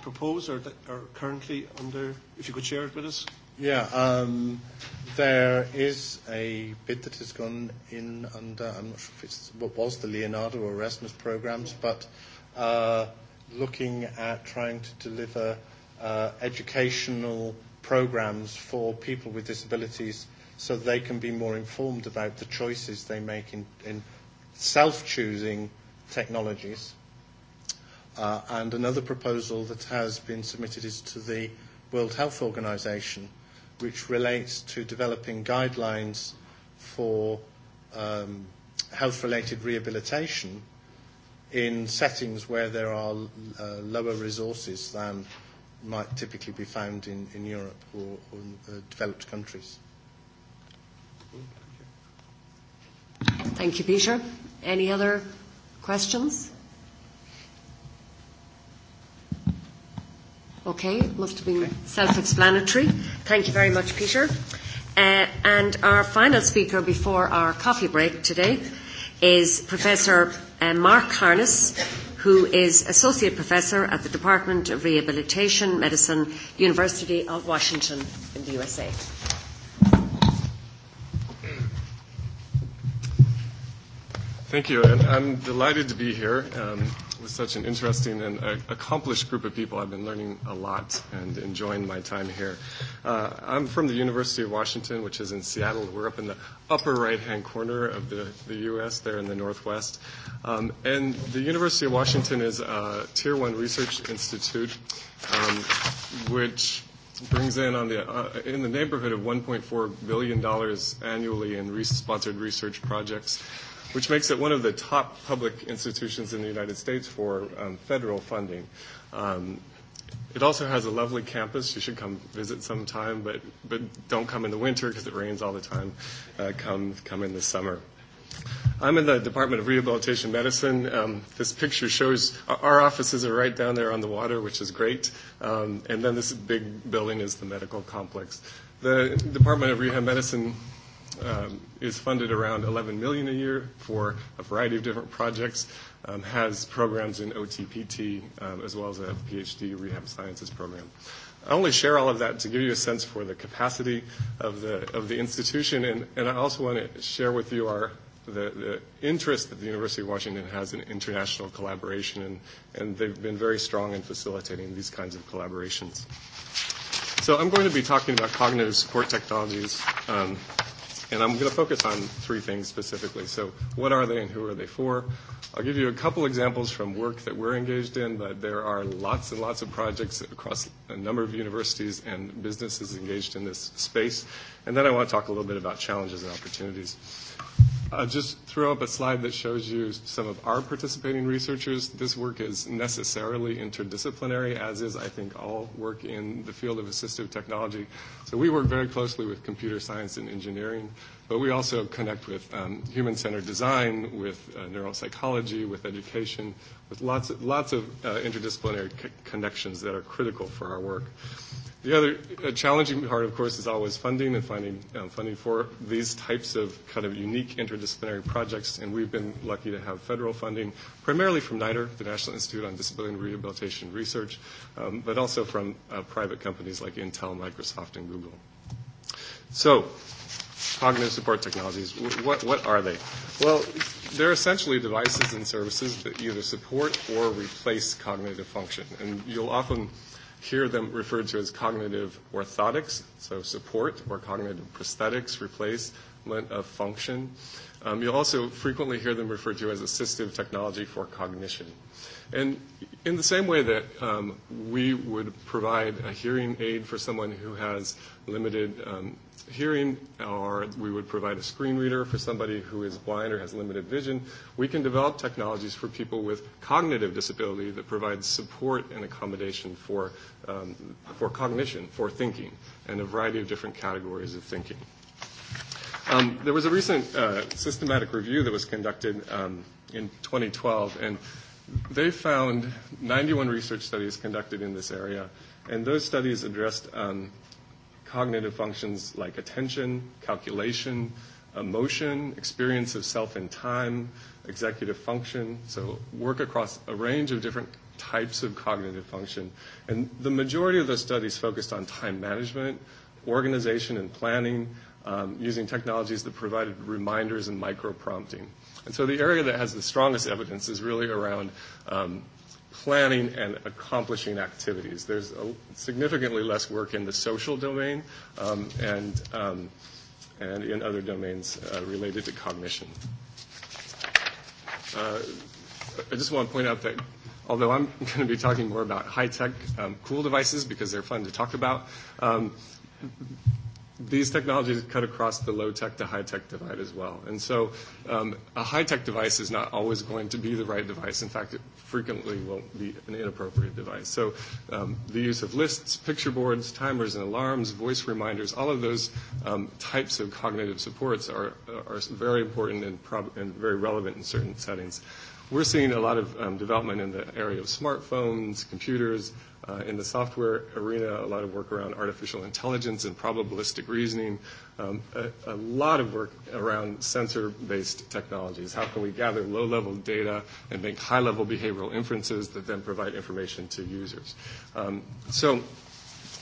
propose or that are currently under, if you could share it with us? Yeah, um, there is a bid that has gone in under, I'm not sure if it's what was the Leonardo or Erasmus programs, but uh, looking at trying to deliver educational programs for people with disabilities so they can be more informed about the choices they make in, in self-choosing technologies. and another proposal that has been submitted is to the World Health Organization, which relates to developing guidelines for um, health-related rehabilitation in settings where there are lower resources than might typically be found in in Europe or developed countries. Thank you, Peter. Any other questions? Okay, must have been self-explanatory. Thank you very much, Peter. And our final speaker before our coffee break today is Professor Mark Harness, who is Associate Professor at the Department of Rehabilitation Medicine, University of Washington in the USA. Thank you, and I'm delighted to be here such an interesting and accomplished group of people. I've been learning a lot and enjoying my time here. I'm from the University of Washington, which is in Seattle. We're up in the upper right-hand corner of the the U.S. there in the northwest. And the University of Washington is a Tier 1 research institute, which brings in on the in the neighborhood of 1.4 billion annually in sponsored research projects which makes it one of the top public institutions in the United States for federal funding. It also has a lovely campus. You should come visit sometime, but but don't come in the winter because it rains all the time. Come come in the summer. I'm in the Department of Rehabilitation Medicine. This picture shows our offices are right down there on the water, which is great. And then this big building is the medical complex. The Department of Rehab Medicine is funded around 11 million a year for a variety of different projects, has programs in OTPT as well as a PhD rehab sciences program. I only share all of that to give you a sense for the capacity of the of the institution, and and I also want to share with you our the the interest that the University of Washington has in international collaboration, and and they've been very strong in facilitating these kinds of collaborations. So I'm going to be talking about cognitive support technologies. Um, And I'm going to focus on three things specifically. So what are they and who are they for? I'll give you a couple examples from work that we're engaged in, but there are lots and lots of projects across a number of universities and businesses engaged in this space. And then I want to talk a little bit about challenges and opportunities. I'll just throw up a slide that shows you some of our participating researchers. This work is necessarily interdisciplinary, as is, I think, all work in the field of assistive technology. So we work very closely with computer science and engineering But we also connect with human-centered design, with neuropsychology, with education, with lots of, lots of interdisciplinary connections that are critical for our work. The other challenging part, of course, is always funding and finding funding for these types of kind of unique interdisciplinary projects. And we've been lucky to have federal funding, primarily from NIDER, the National Institute on Disability and Rehabilitation Research, but also from private companies like Intel, Microsoft, and Google. So cognitive support technologies, what, what are they? Well, they're essentially devices and services that either support or replace cognitive function. And you'll often hear them referred to as cognitive orthotics, so support or cognitive prosthetics, replacement of function. Um, you'll also frequently hear them referred to as assistive technology for cognition. And in the same way that um, we would provide a hearing aid for someone who has limited um, hearing or we would provide a screen reader for somebody who is blind or has limited vision. We can develop technologies for people with cognitive disability that provides support and accommodation for, um, for cognition, for thinking, and a variety of different categories of thinking. Um, there was a recent uh, systematic review that was conducted um, in 2012, and they found 91 research studies conducted in this area, and those studies addressed um, cognitive functions like attention, calculation, emotion, experience of self in time, executive function. So work across a range of different types of cognitive function. And the majority of those studies focused on time management, organization and planning, um, using technologies that provided reminders and micro-prompting. And so the area that has the strongest evidence is really around um, planning and accomplishing activities. There's significantly less work in the social domain and, um, and in other domains related to cognition. Uh, I just want to point out that although I'm going to be talking more about high-tech um, cool devices because they're fun to talk about, um, these technologies cut across the low-tech to high-tech divide as well. And so um, a high-tech device is not always going to be the right device. In fact, it frequently won't be an inappropriate device. So um, the use of lists, picture boards, timers and alarms, voice reminders, all of those um, types of cognitive supports are, are very important and, and very relevant in certain settings. We're seeing a lot of development in the area of smartphones, computers, in the software arena, a lot of work around artificial intelligence and probabilistic reasoning, a lot of work around sensor-based technologies. How can we gather low-level data and make high-level behavioral inferences that then provide information to users? So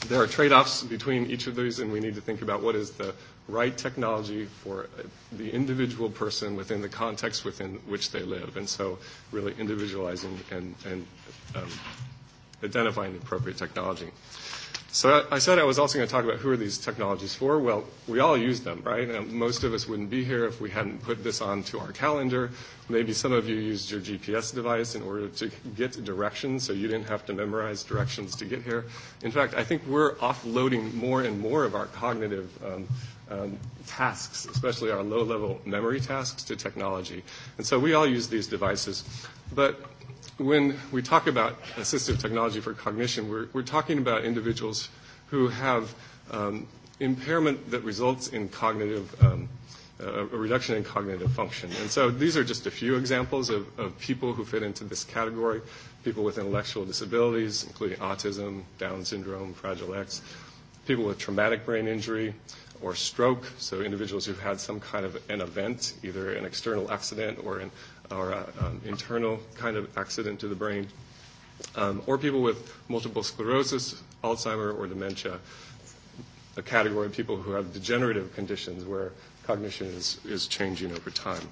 there are trade-offs between each of these, and we need to think about what is the right technology for the individual person within the context within which they live. And so really individualizing and, and um, identifying the appropriate technology. So I said I was also going to talk about who are these technologies for. Well, we all use them, right? And most of us wouldn't be here if we hadn't put this onto our calendar. Maybe some of you used your GPS device in order to get directions, so you didn't have to memorize directions to get here. In fact, I think we're offloading more and more of our cognitive um tasks, especially our low-level memory tasks, to technology. And so we all use these devices. But when we talk about assistive technology for cognition, we're, we're talking about individuals who have um, impairment that results in cognitive, um, a reduction in cognitive function. And so these are just a few examples of, of people who fit into this category, people with intellectual disabilities, including autism, Down syndrome, Fragile X, people with traumatic brain injury or stroke, so individuals who've had some kind of an event, either an external accident or an or an internal kind of accident to the brain, Um or people with multiple sclerosis, Alzheimer, or dementia, a category of people who have degenerative conditions where cognition is, is changing over time.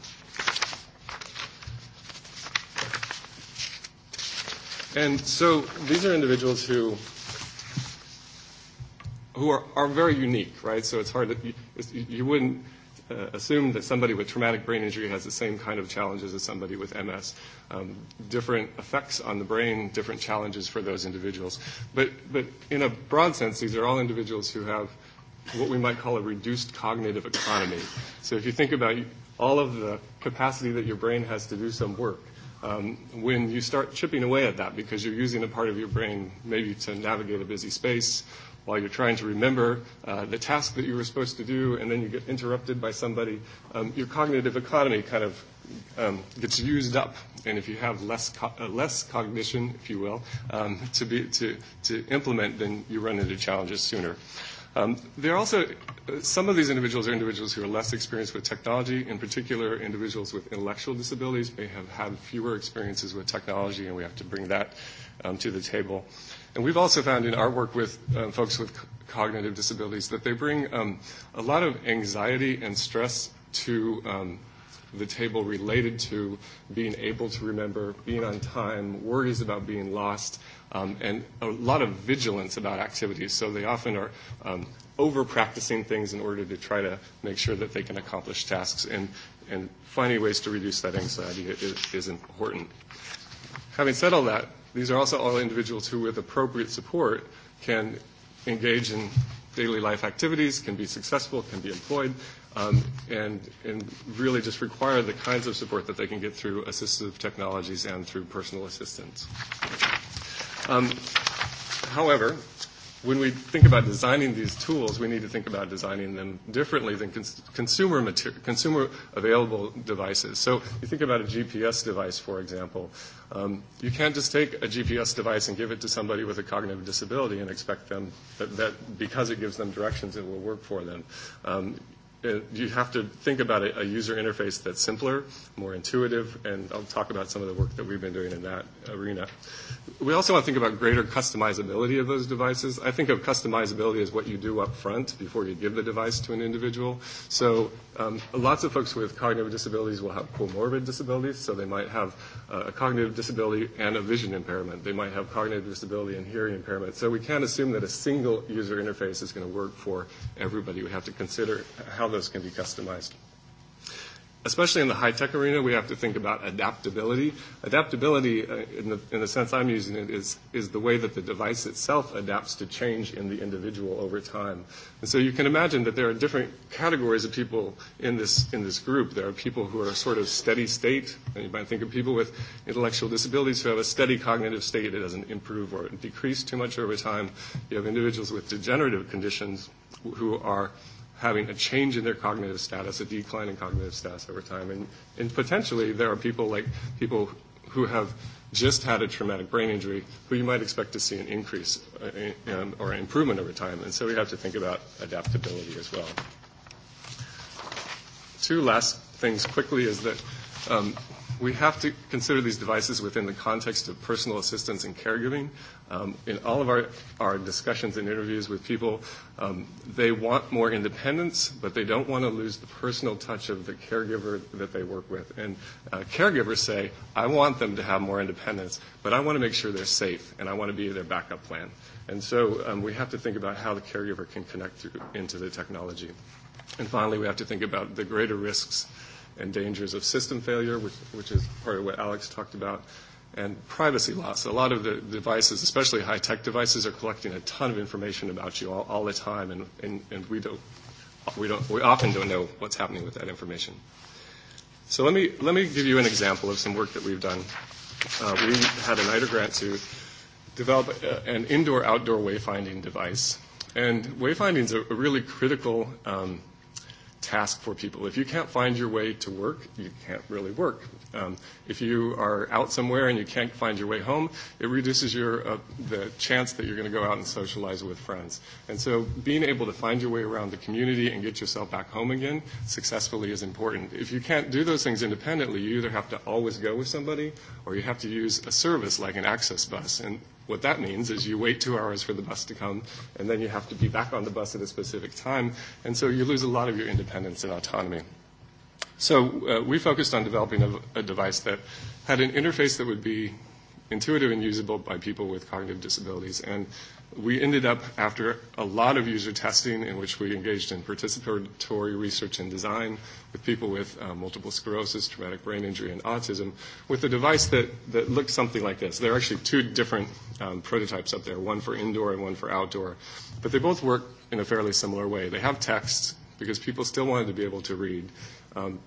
And so these are individuals who who are, are very unique, right? So it's hard that you, you wouldn't assume that somebody with traumatic brain injury has the same kind of challenges as somebody with MS. Um, different effects on the brain, different challenges for those individuals. But, but in a broad sense, these are all individuals who have what we might call a reduced cognitive economy. So if you think about all of the capacity that your brain has to do some work, um, when you start chipping away at that because you're using a part of your brain maybe to navigate a busy space while you're trying to remember the task that you were supposed to do, and then you get interrupted by somebody, your cognitive economy kind of gets used up. And if you have less less cognition, if you will, to be to to implement, then you run into challenges sooner. There are also some of these individuals are individuals who are less experienced with technology. In particular, individuals with intellectual disabilities may have had fewer experiences with technology, and we have to bring that to the table. And we've also found in our work with folks with cognitive disabilities that they bring a lot of anxiety and stress to the table related to being able to remember, being on time, worries about being lost, and a lot of vigilance about activities. So they often are over-practicing things in order to try to make sure that they can accomplish tasks. And, and finding ways to reduce that anxiety is important. Having said all that, These are also all individuals who, with appropriate support, can engage in daily life activities, can be successful, can be employed, and really just require the kinds of support that they can get through assistive technologies and through personal assistance. However, when we think about designing these tools, we need to think about designing them differently than consumer consumer available devices. So you think about a GPS device, for example. Um, you can't just take a GPS device and give it to somebody with a cognitive disability and expect them that, that because it gives them directions, it will work for them. Um, you have to think about a user interface that's simpler, more intuitive, and I'll talk about some of the work that we've been doing in that arena. We also want to think about greater customizability of those devices. I think of customizability as what you do up front before you give the device to an individual. So lots of folks with cognitive disabilities will have comorbid disabilities, so they might have a cognitive disability and a vision impairment. They might have cognitive disability and hearing impairment. So we can't assume that a single user interface is going to work for everybody. We have to consider how Those can be customized. Especially in the high-tech arena, we have to think about adaptability. Adaptability, in the, in the sense I'm using it, is, is the way that the device itself adapts to change in the individual over time. And so you can imagine that there are different categories of people in this, in this group. There are people who are sort of steady state. And you might think of people with intellectual disabilities who have a steady cognitive state. It doesn't improve or decrease too much over time. You have individuals with degenerative conditions who are having a change in their cognitive status, a decline in cognitive status over time. And, and potentially there are people like people who have just had a traumatic brain injury who you might expect to see an increase or improvement over time. And so we have to think about adaptability as well. Two last things quickly is that um, we have to consider these devices within the context of personal assistance and caregiving. Um, in all of our, our discussions and interviews with people, um, they want more independence, but they don't want to lose the personal touch of the caregiver that they work with. And caregivers say, I want them to have more independence, but I want to make sure they're safe, and I want to be their backup plan. And so um, we have to think about how the caregiver can connect into the technology. And finally, we have to think about the greater risks and dangers of system failure, which, which is part of what Alex talked about, and privacy loss. A lot of the devices, especially high-tech devices, are collecting a ton of information about you all, all the time, and, and, and we, don't, we, don't, we often don't know what's happening with that information. So let me, let me give you an example of some work that we've done. Uh, we had an ITER grant to develop an indoor-outdoor wayfinding device. And wayfinding is a really critical um, task for people. If you can't find your way to work, you can't really work. Um, if you are out somewhere and you can't find your way home, it reduces your, uh, the chance that you're going to go out and socialize with friends. And so being able to find your way around the community and get yourself back home again successfully is important. If you can't do those things independently, you either have to always go with somebody or you have to use a service like an access bus. And What that means is you wait two hours for the bus to come, and then you have to be back on the bus at a specific time, and so you lose a lot of your independence and autonomy. So we focused on developing a device that had an interface that would be intuitive and usable by people with cognitive disabilities and we ended up, after a lot of user testing in which we engaged in participatory research and design with people with multiple sclerosis, traumatic brain injury, and autism, with a device that, that looks something like this. There are actually two different prototypes up there, one for indoor and one for outdoor, but they both work in a fairly similar way. They have text because people still wanted to be able to read.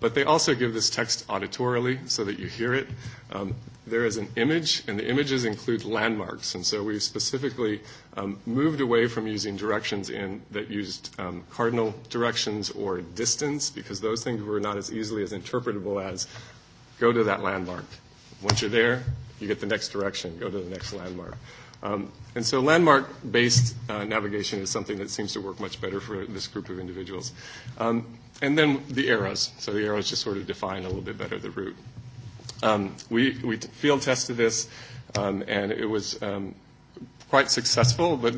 But they also give this text auditorily so that you hear it. There is an image, and the images include landmarks. And so we specifically moved away from using directions in that used cardinal directions or distance, because those things were not as easily as interpretable as go to that landmark. Once you're there, you get the next direction, go to the next landmark. And so landmark-based navigation is something that seems to work much better for this group of individuals. Um And then the arrows. So the arrows just sort of define a little bit better the route. we, field tested this, and it was um, quite successful, but,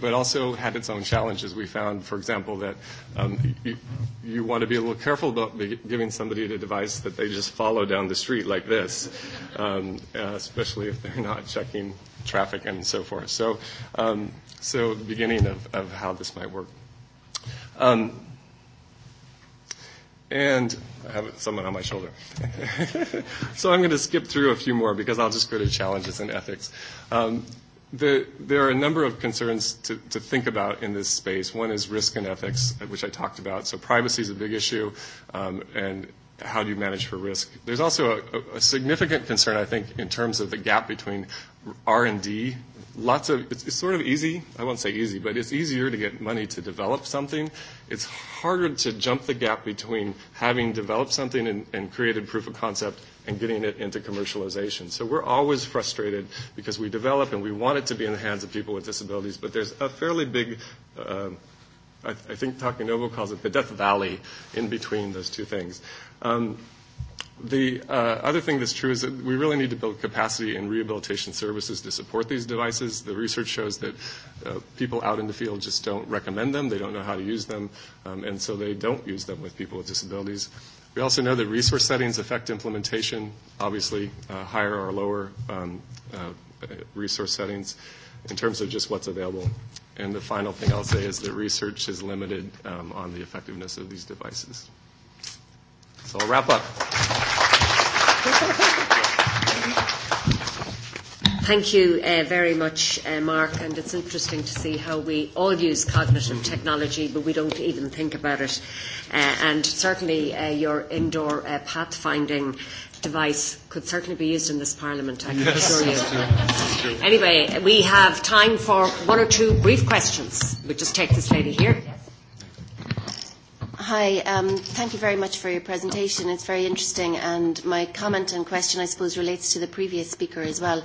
but also had its own challenges. We found, for example, that um, you, you want to be a little careful about giving somebody a device that they just follow down the street like this, um, especially if they're not checking traffic and so forth. So, um, so beginning of, of how this might work. Um, And I have someone on my shoulder. so I'm going to skip through a few more because I'll just go to challenges and ethics. Um, the, there are a number of concerns to, to think about in this space. One is risk and ethics, which I talked about. So privacy is a big issue, um, and how do you manage for risk? There's also a, a significant concern, I think, in terms of the gap between R&D lots of it's, it's sort of easy i won't say easy but it's easier to get money to develop something it's harder to jump the gap between having developed something and, and created proof of concept and getting it into commercialization so we're always frustrated because we develop and we want it to be in the hands of people with disabilities but there's a fairly big I, I think Takanobo calls it the death valley in between those two things. Um, The other thing that's true is that we really need to build capacity and rehabilitation services to support these devices. The research shows that people out in the field just don't recommend them. They don't know how to use them, and so they don't use them with people with disabilities. We also know that resource settings affect implementation, obviously higher or lower resource settings in terms of just what's available. And the final thing I'll say is that research is limited on the effectiveness of these devices. So I'll wrap up. Thank you very much, Mark. And it's interesting to see how we all use cognitive technology, but we don't even think about it. And certainly your indoor pathfinding device could certainly be used in this Parliament, I can assure you. Anyway, we have time for one or two brief questions. We'll just take this lady here. Hi. Thank you very much for your presentation. It's very interesting, and my comment and question, I suppose, relates to the previous speaker as well.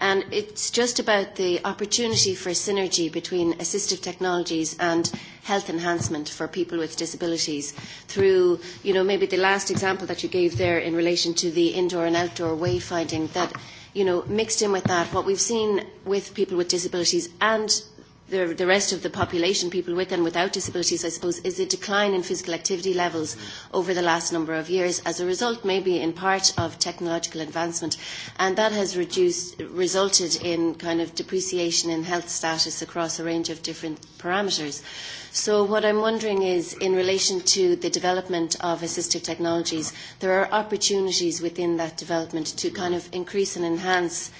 And it's just about the opportunity for synergy between assistive technologies and health enhancement for people with disabilities through, you know, maybe the last example that you gave there in relation to the indoor and outdoor wayfinding that, you know, mixed in with that, what we've seen with people with disabilities and the rest of the population, people with and without disabilities, I suppose, is a decline in physical activity levels over the last number of years as a result maybe in part of technological advancement. And that has resulted in kind of depreciation in health status across a range of different parameters. So what I'm wondering is, in relation to the development of assistive technologies, there are opportunities within that development to kind of increase and enhance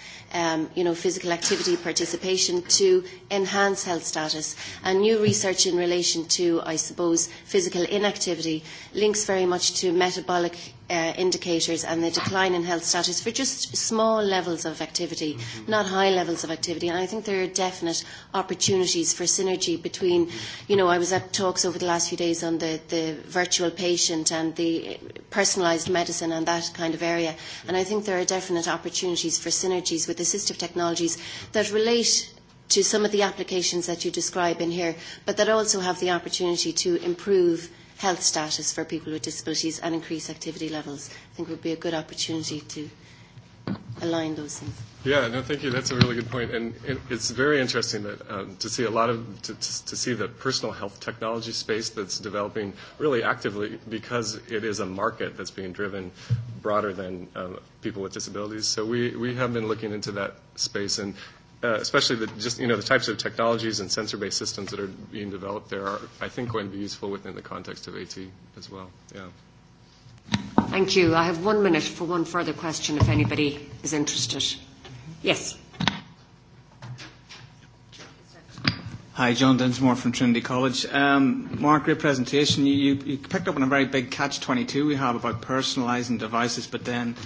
you physical activity participation to enhance health status. And new research in relation to, I suppose, physical inactivity links very much to metabolic indicators and the decline in health status for just small levels of activity, not high levels of activity. And I think there are definite opportunities for synergy between, you know, I was at talks over the last few days on the virtual patient and the personalised medicine and that kind of area. And I think there are definite opportunities for synergies with assistive technologies that relate to some of the applications that you describe in here, but that also have the opportunity to improve health status for people with disabilities and increase activity levels. I think would be a good opportunity to align those things. Yeah, no, thank you. That's a really good point, and it's very interesting that to see a lot of to to see the personal health technology space that's developing really actively because it is a market that's being driven broader than people with disabilities. So we we have been looking into that space, and especially the just you know the types of technologies and sensor-based systems that are being developed there are, I think, going to be useful within the context of AT as well. Yeah. Thank you. I have one minute for one further question, if anybody is interested. Yes. Hi, John Dinsmore from Trinity College. Um, Mark, great presentation. You, you, picked up on a very big catch-22 we have about personalising devices, but then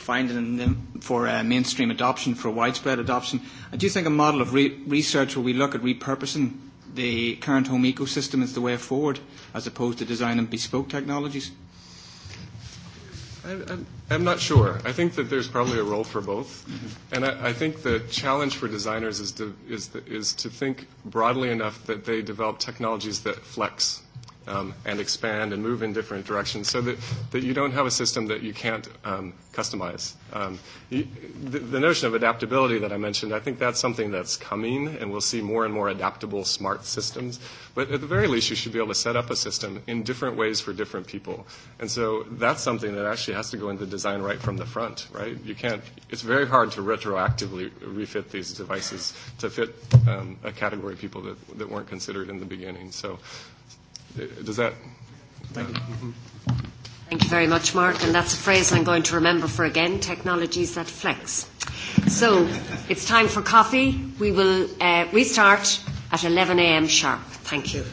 finding them for mainstream adoption, for widespread adoption. Do you think a model of research where we look at repurposing the current home ecosystem is the way forward, as opposed to designing bespoke technologies. I'm not sure. I think that there's probably a role for both, and I think the challenge for designers is to think broadly enough that they develop technologies that flex and expand and move in different directions so that, that you don't have a system that you can't um, customize. Um, the, notion of adaptability that I mentioned, I think that's something that's coming, and we'll see more and more adaptable smart systems. But at the very least, you should be able to set up a system in different ways for different people. And so that's something that actually has to go into design right from the front, right? You can't, it's very hard to retroactively refit these devices to fit um, a category of people that, that weren't considered in the beginning. So Does that? Thank you. Thank you very much, Mark. And that's a phrase I'm going to remember for again, technologies that flex. So it's time for coffee. We will restart at 11 a.m. sharp. Thank you.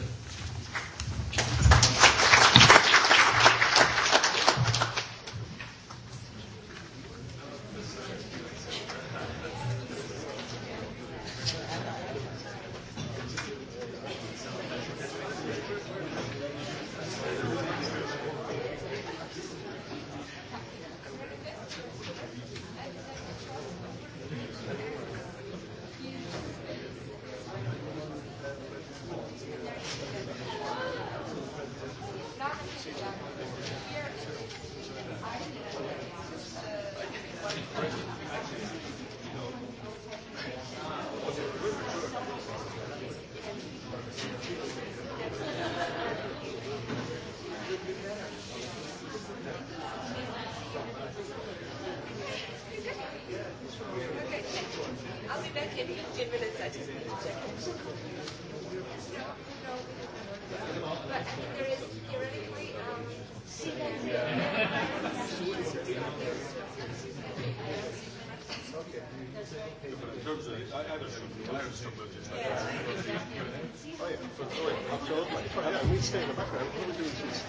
I, if I, I, we'd stay in the background. What we do is just,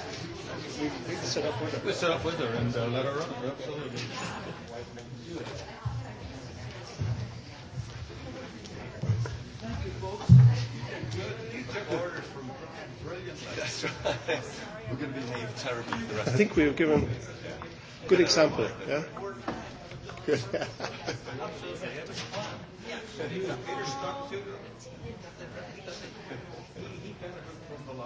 we, we'd set up with her. We'd set up with her and uh, let her run. Absolutely. Thank you, folks. You good. You took orders from brilliant. That's right. We're going to behave terribly for the rest. I think we have given good example. Yeah. Good. Peter stuck to he, he better the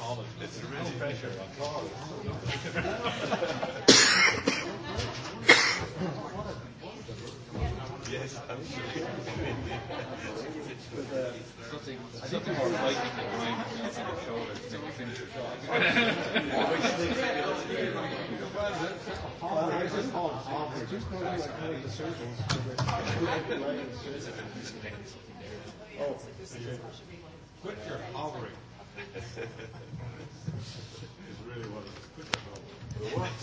Of a are pressure Yes, absolutely. I think more the shoulder to make quit your hovering. it's really what quit your What?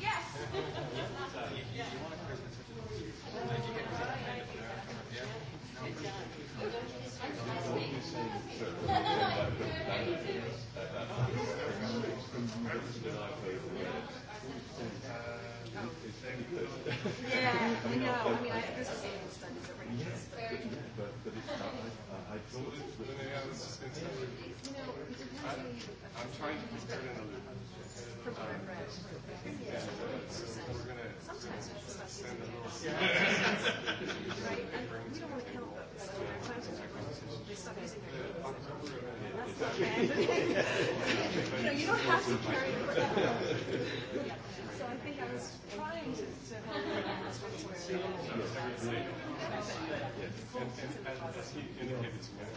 Yes. I'm trying to turn another. Sometimes you don't have to So I think I was trying to, to I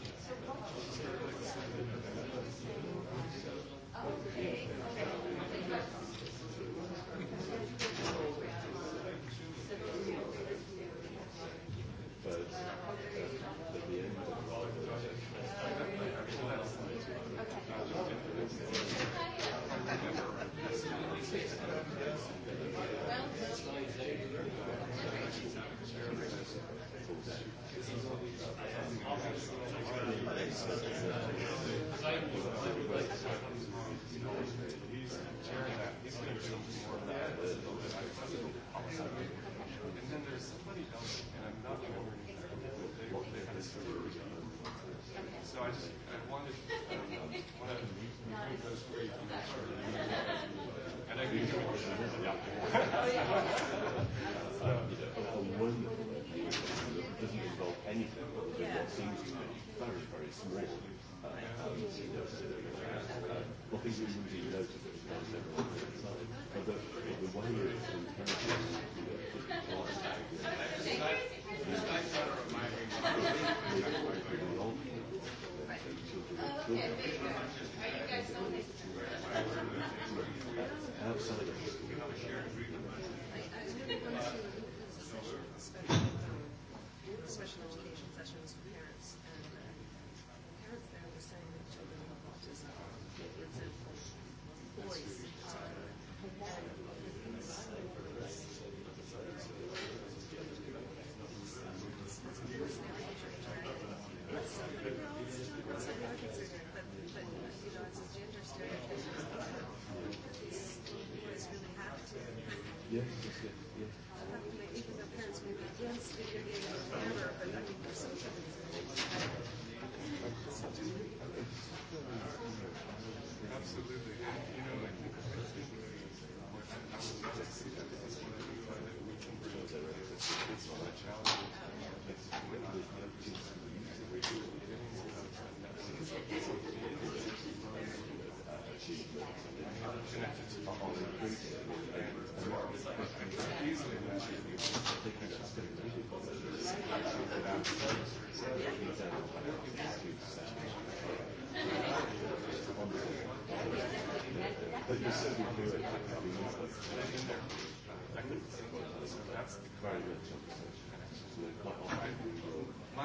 My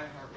heart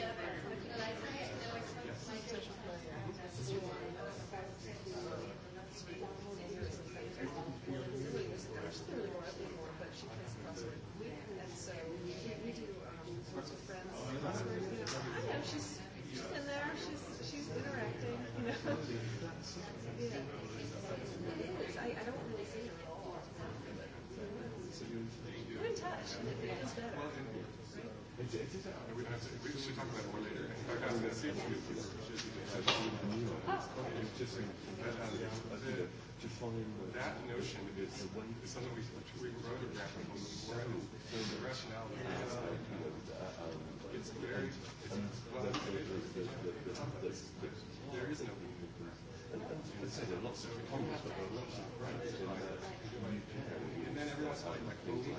That notion is something we wrote the it's very, there is lots but there Unfortunately,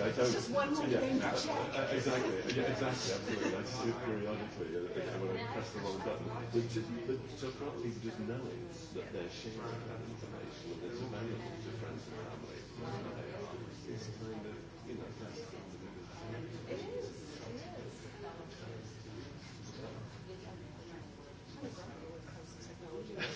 I don't. It's just one more thing to check. Exactly. Yeah, exactly. Absolutely. I just do it periodically when I press the wrong button. But just, but so perhaps people just knowing that they're sharing that information, that it's available to friends and family.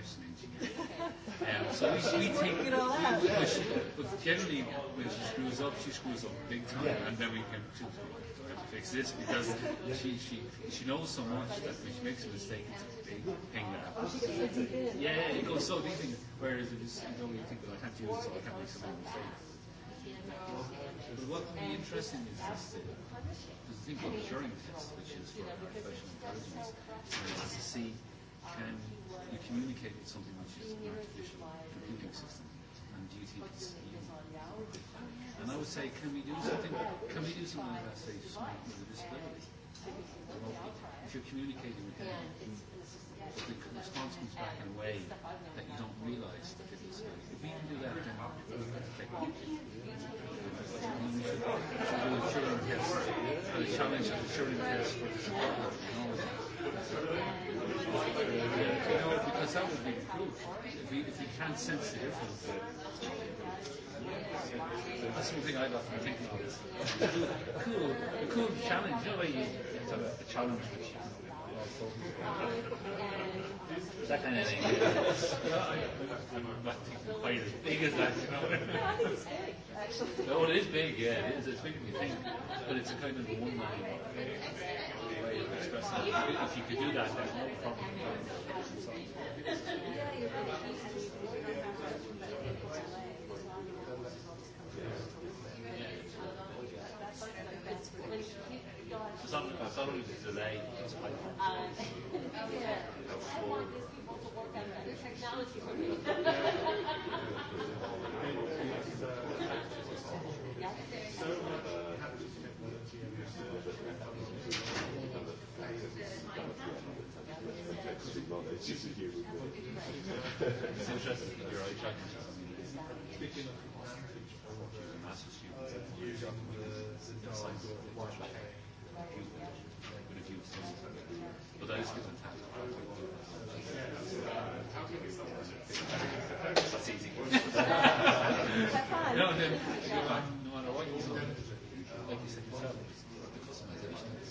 listening to me. so we, we take it all out. But, she, but generally, when she screws up, she screws up big time, and then we can to, to fix this because she, she she knows so much that when she makes a mistake, it's a big thing that happens. Yeah, it goes so deep. In, whereas if you know you think, well, I can't do this, so I can't make some mistakes. But what would be interesting is this the thing about Turing test, which is for artificial intelligence, is to see can you communicate with something which is an artificial computing system. And do you think it's And I would say, can we do something? Can we do something about, say, someone with a disability? If you're communicating with them, the response comes back in a way that you don't realize that it is. If we can do that, then we should do a Turing test, a challenge of the Turing test for because that would be the If sense the difference. That's thing I got from cool, cool challenge. You know, a challenge which that kind of thing. big as it is big, yeah. It is. It's bigger than you think. But it's a kind of one line. If you could do that, then no problem. delay. I want these people to work out better technology not. It's just a human being. it's interesting that you're Speaking of the I want you okay students you the of white But that is given time. That's easy. no, no, no matter what you like you said the customization is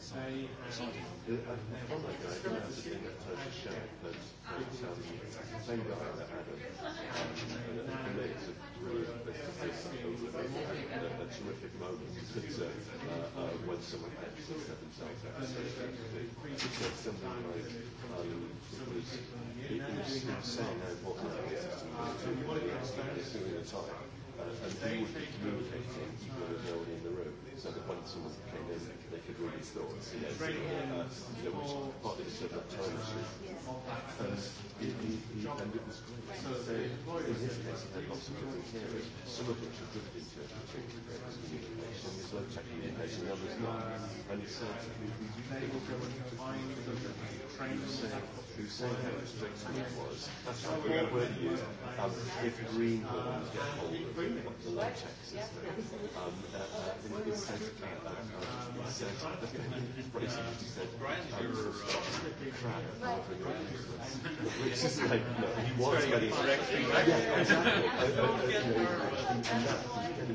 say terrific moment when someone set themselves in the room so that when someone came in February And it was of And who said how was. That's how we were used um, if green horns get hold of the latex is Um, uh, said, he said, basically said, um, he said, crap after Which is like, no, he was getting... Yeah, exactly. And that's the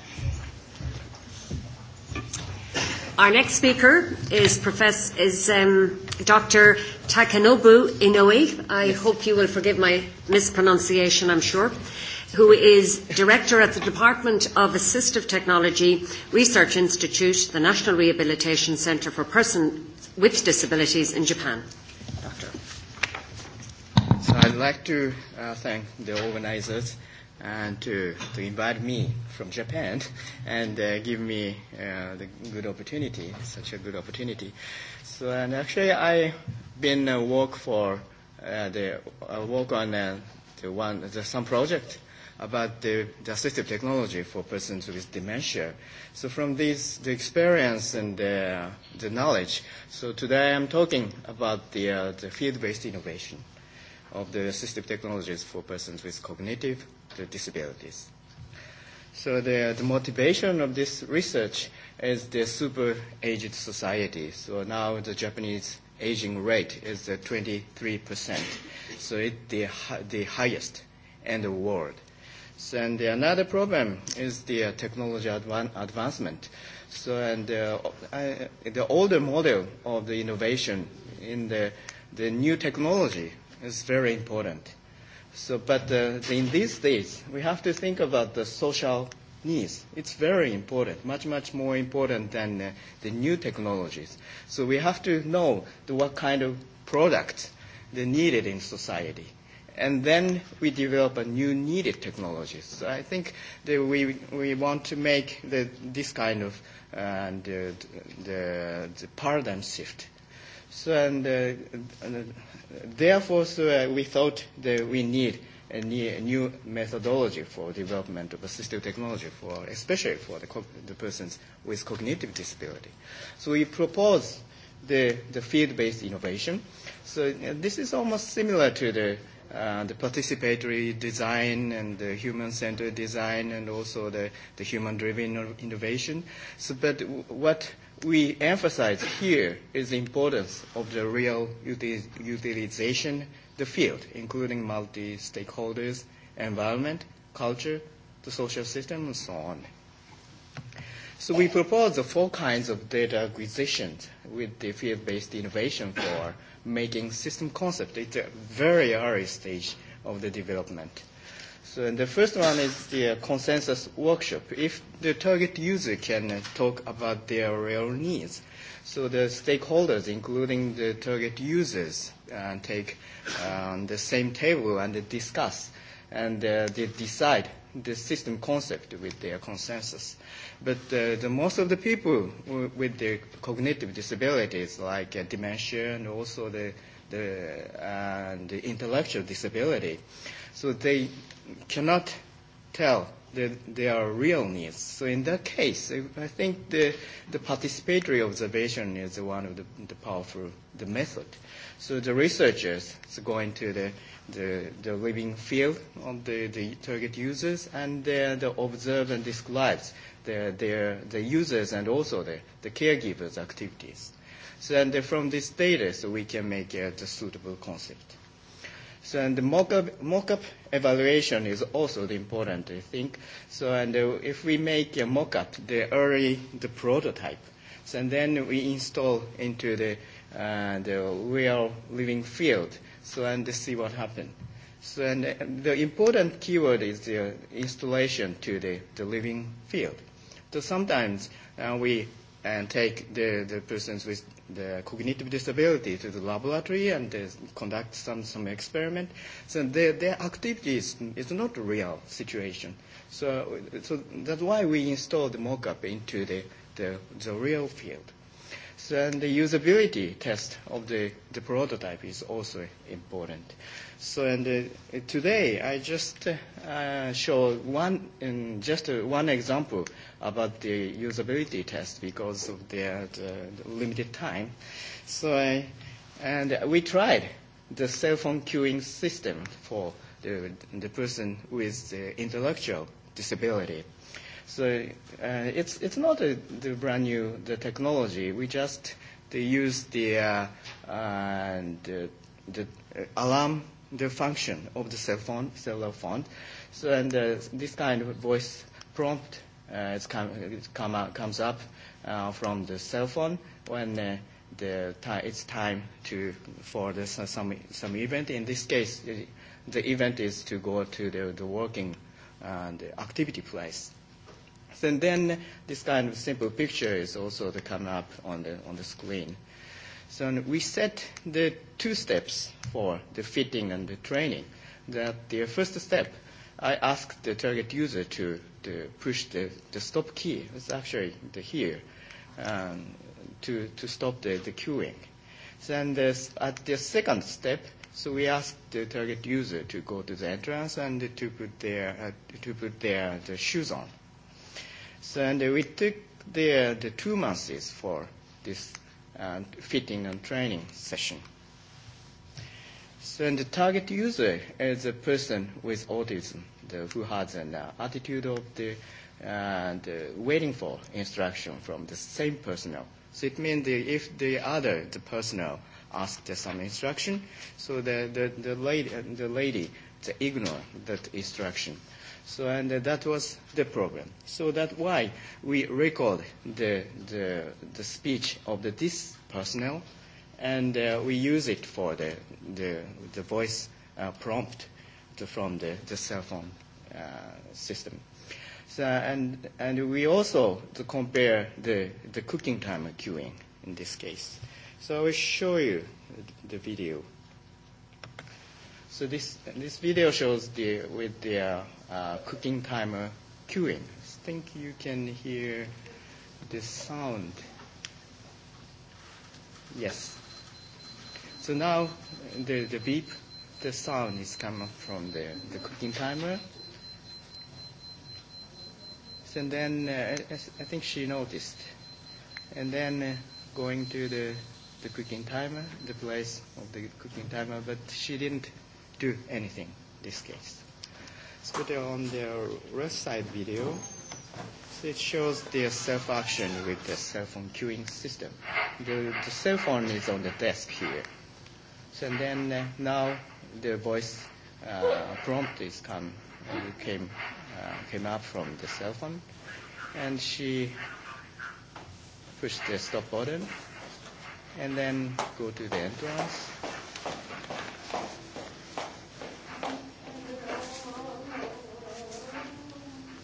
Our next speaker is Professor is Dr. Takanobu Inoue. I hope you will forgive my mispronunciation, I'm sure who is Director at the Department of Assistive Technology Research Institute, the National Rehabilitation Centre for Persons with Disabilities in Japan. Doctor. So I'd like to thank the organisers and to, to invite me from Japan and give me uh, the good opportunity, such a good opportunity. So, and actually, I been uh, work for the uh, work on the one some project about the, assistive technology for persons with dementia. So from this, the experience and uh, the knowledge, so today I'm talking about the, the field-based innovation of the assistive technologies for persons with cognitive the disabilities. So the, the motivation of this research is the super-aged society. So now the Japanese aging rate is 23%. So it's the, the highest in the world. And the another problem is the technology advancement. So and the older model of the innovation in the the new technology is very important. So, but in these days, we have to think about the social needs. It's very important, much, much more important than the new technologies. So we have to know what kind of products they needed in society. And then we develop a new needed technologies. So I think that we, we want to make the, this kind of the, the, the paradigm shift. So and Therefore, we thought that we need a new methodology for development of assistive technology, for especially for the persons with cognitive disability. So we propose the the field-based innovation. So this is almost similar to the the participatory design and the human-centered design and also the the human-driven innovation. So, but what we emphasize here is the importance of the real utilization the field, including multi-stakeholders, environment, culture, the social system, and so on. So we propose the four kinds of data acquisitions with the field-based innovation for making system concept. It's a very early stage of the development. So the first one is the consensus workshop. If the target user can talk about their real needs, so the stakeholders, including the target users, take the same table and discuss and they decide the system concept with their consensus. But the most of the people with their cognitive disabilities like dementia and also the the intellectual disability, so they cannot tell their real needs. So in that case, I think the the participatory observation is one of the the powerful the method. So the researchers go into the the the living field of the the target users and they observe and describe their their the users and also the the caregivers' activities. So and from this data, so we can make a suitable concept. So and the mock-up evaluation is also the important, I think. So and if we make a mock-up, the early the prototype, So and then we install into the the real living field, so and see what happens. So and the important keyword is the installation to the the living field. So sometimes we and take the the persons with the cognitive disability to the laboratory and conduct some some experiment. So their their activities is not a real situation. So so that's why we installed the mock-up into the the the real field. Then the usability test of the the prototype is also important. So and today I just show one just one example about the usability test because of the limited time. So I and we tried the cell phone queuing system for the the person with the intellectual disability. So it's it's not a the brand new the technology. We just use the the the alarm the function of the cell phone cellular phone. So and this kind of voice prompt it's come it come comes up from the cell phone when the it's time to for the some some event. In this case the event is to go to the the working and activity place. And then this kind of simple picture is also to come up on the on the screen. So we set the two steps for the fitting and the training. That the first step, I asked the target user to to push the the stop key. It's actually the here, um to to stop the the queuing. Then at the second step, so we asked the target user to go to the entrance and to put their to put their the shoes on. So and we took the the two months for this fitting and training session. So and the target user is a person with autism the who has an attitude of the and waiting for instruction from the same personnel. So it means if the other the personnel asked some instruction, so the the the lady the lady to ignore that instruction. So and that was the problem. So that why we record the the the speech of the this personnel, and we use it for the the the voice prompt from the the cell phone system. So and and we also to compare the the cooking time queuing in this case. So I will show you the video. So this this video shows the with the uh, cooking timer queuing. I think you can hear the sound. Yes. So now the, the beep, the sound is coming from the, the cooking timer. And then I think she noticed. And then going to the, the cooking timer, the place of the cooking timer, but she didn't do anything this case. So they're on the left side video. So it shows their self-action with the cell phone queuing system. The, the cell phone is on the desk here. So and then uh, now the voice uh, prompt is come, came, uh, came up from the cell phone. And she pushed the stop button and then go to the entrance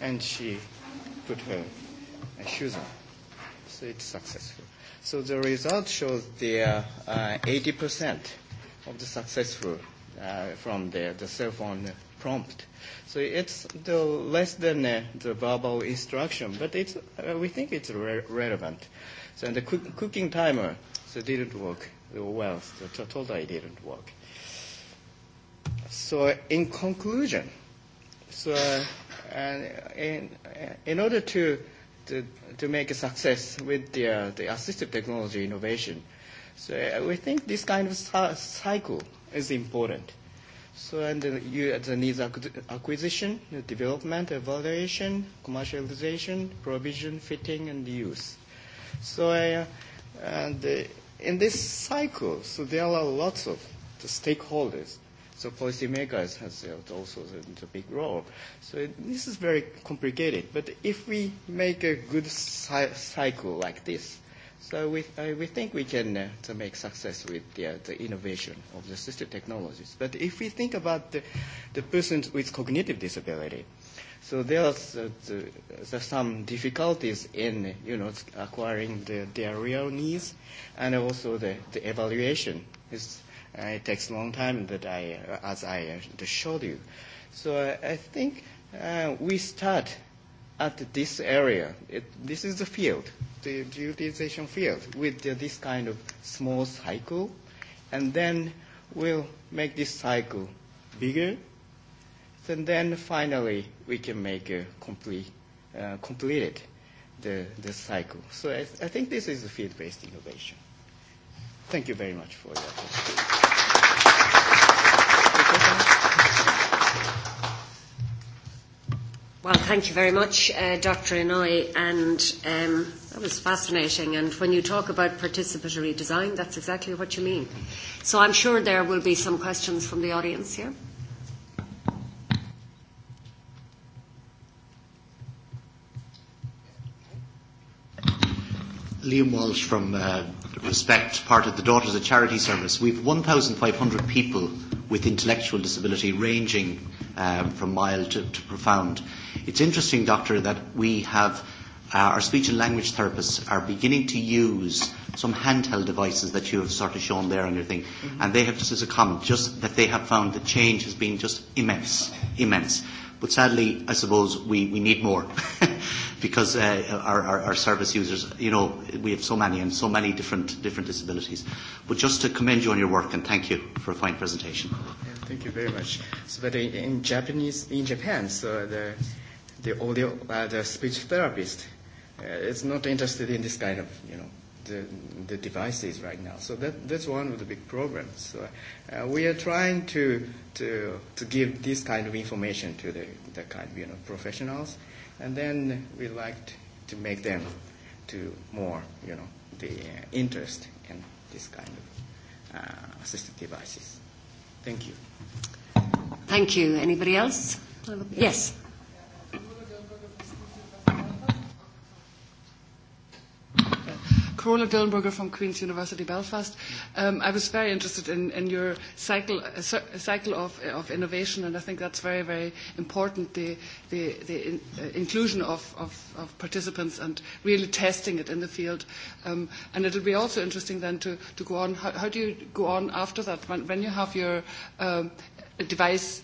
and she put her shoes on. So it's successful. So the result shows the uh, 80% of the successful from the, the cell phone prompt. So it's the less than the verbal instruction, but it's, we think it's relevant. So the cooking timer so didn't work well. So totally didn't work. So in conclusion, so And in order to to make a success with the the assistive technology innovation, so we think this kind of cycle is important. So and you the needs acquisition, development, evaluation, commercialization, provision, fitting and use. So and in this cycle, so there are lots of stakeholders So policymakers has also a big role. So this is very complicated. But if we make a good cycle like this, so we we think we can to make success with the the innovation of the assistive technologies. But if we think about the the persons with cognitive disability, so there are some difficulties in you know acquiring the their real needs, and also the the evaluation is It takes a long time that I, as I showed you. So I think we start at this area. This is the field, the utilization field, with this kind of small cycle, and then we'll make this cycle bigger, and then finally we can make a complete, completed the the cycle. So I think this is a field-based innovation. Thank you very much for your Well, thank you very much, uh Dr. Inouye, and um that was fascinating. And when you talk about participatory design, that's exactly what you mean. So I'm sure there will be some questions from the audience here. Liam Walsh from respect part of the Daughters of Charity service. We have 1,500 people with intellectual disability ranging from mild to, to profound. It's interesting, Doctor, that we have our speech and language therapists are beginning to use some handheld devices that you have sort of shown there and your thing. And they have, just as a comment, just that they have found the change has been just immense, immense. But sadly, I suppose we, we need more because uh, our, our, our service users, you know, we have so many and so many different, different disabilities. But just to commend you on your work and thank you for a fine presentation. thank you very much. So, but in, Japanese, in Japan, so the, the audio, the speech therapist is not interested in this kind of, you know, the, the devices right now. So that, that's one of the big problems. So, we are trying to to to give this kind of information to the the kind of you know professionals and then we like to make them to more you know the interest in this kind of uh, assistive devices. Thank you. Thank you. Anybody else? Yes. Corona Dillenberger from Queen's University Belfast. I was very interested in your cycle cycle of innovation, and I think that's very, very important, the the inclusion of of participants and really testing it in the field. And it'll be also interesting then to go on. How do you go on after that? When you have your device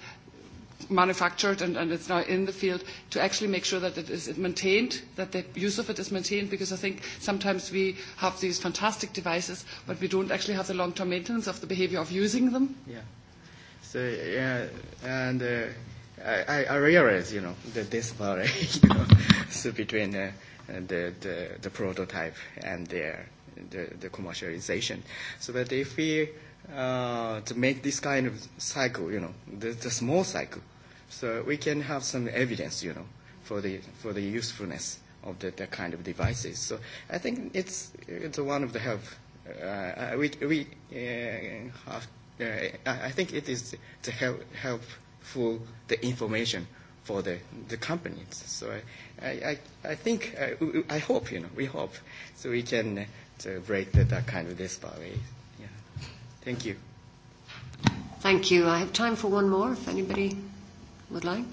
manufactured and it's now in the field to actually make sure that it is maintained, that the use of it is maintained, because I think sometimes we have these fantastic devices, but we don't actually have the long-term maintenance of the behavior of using them. Yeah. So, yeah, and I I realize, you know, the disparity, you know, so between the the the prototype and the the commercialization. So, that if we to make this kind of cycle, you know, the, the small cycle, So we can have some evidence, you know, for the for the usefulness of that kind of devices. So I think it's it's one of the help. Uh, we we uh, have. I think it is to help helpful the information for the the companies. So I I I think I hope you know we hope so we can to break that that kind of barrier. Yeah. Thank you. Thank you. I have time for one more if anybody would like.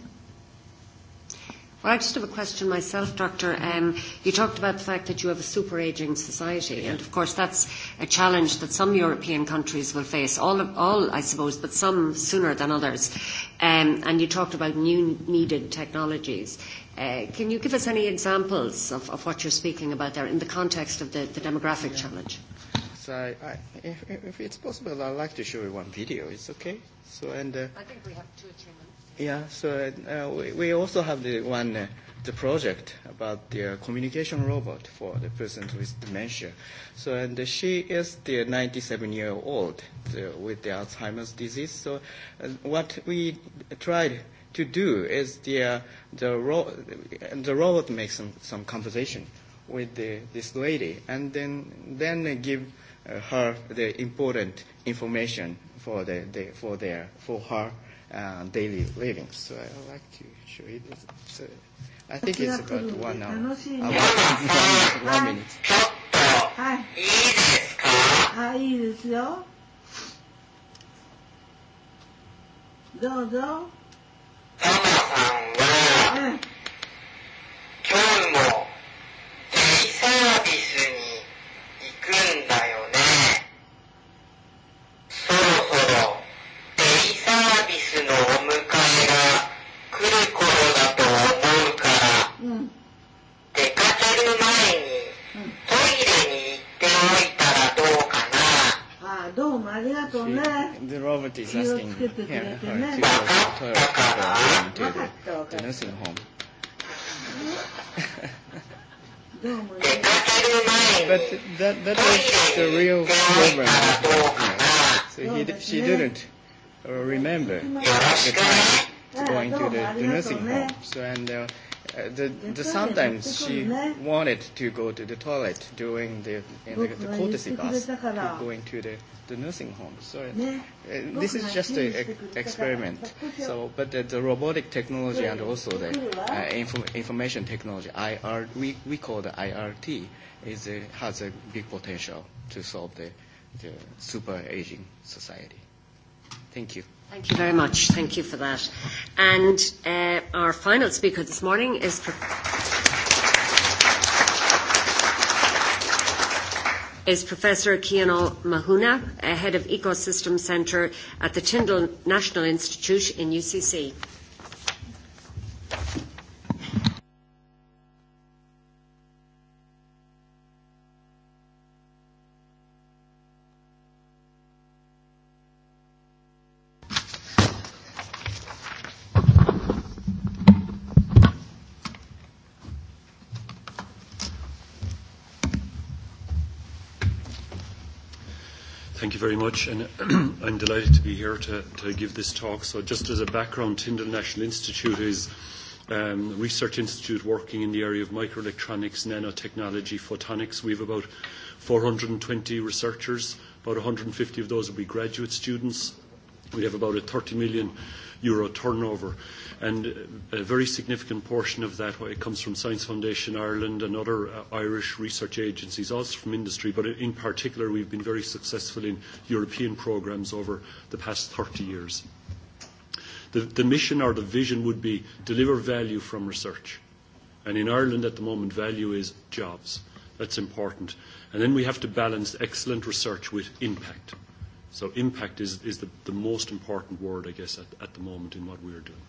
Well, I just have a question myself, Doctor. Um, you talked about the fact that you have a super aging society, and of course that's a challenge that some European countries will face, all, all I suppose, but some sooner than others. Um, and you talked about new needed technologies. Uh, can you give us any examples of, of what you're speaking about there in the context of the, the demographic challenge? So I, I, if, if it's possible, I'd like to show you one video. It's okay? So, and, uh, I think we have two or Yeah, so we also have the one the project about the communication robot for the person with dementia. So and she is the 97 year old with the Alzheimer's disease. So what we tried to do is the the, robot makes some, conversation with this lady and then then give her the important information for the for their for her daily living. So I like to show you this. I think it's about one hour. One minute. is her to her to the nursing home. But that that was the real problem. So he she didn't remember the time going to the, the nursing home. So and the, the sometimes she wanted to go to the toilet during the, the, courtesy bus going to the, the nursing home. So this is just an experiment. So, but the, the robotic technology and also the information technology, IR, we, we call the IRT, is has a big potential to solve the, the super aging society. Thank you. Thank you very much. Thank you for that. And our final speaker this morning is. is Professor Kiano Mahuna, Head of Ecosystem Centre at the Tyndall National Institute in UCC. very much, and I'm delighted to be here to to give this talk. So just as a background, Tyndall National Institute is a research institute working in the area of microelectronics, nanotechnology, photonics. We have about 420 researchers. About 150 of those will be graduate students. We have about a 30 million euro turnover, and a very significant portion of that it comes from Science Foundation Ireland and other Irish research agencies, also from industry, but in particular we've been very successful in European programs over the past 30 years. The mission or the vision would be deliver value from research, and in Ireland at the moment value is jobs. That's important. And then we have to balance excellent research with impact. So impact is, is the, the most important word, I guess, at, at the moment in what we're doing.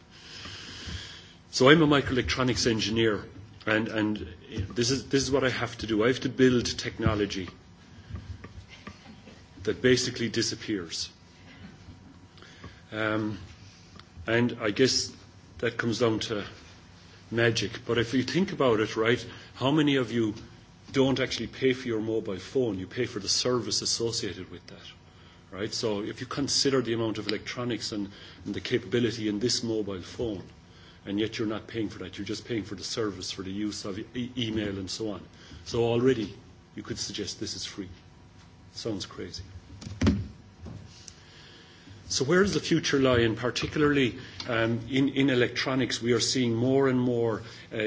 So I'm a microelectronics engineer, and, and this, is, this is what I have to do. I have to build technology that basically disappears. Um, and I guess that comes down to magic. But if you think about it, right, how many of you don't actually pay for your mobile phone? You pay for the service associated with that right? So if you consider the amount of electronics and the capability in this mobile phone, and yet you're not paying for that, you're just paying for the service, for the use of email and so on. So already you could suggest this is free. Sounds crazy. So where does the future lie? In particularly in electronics, we are seeing more and more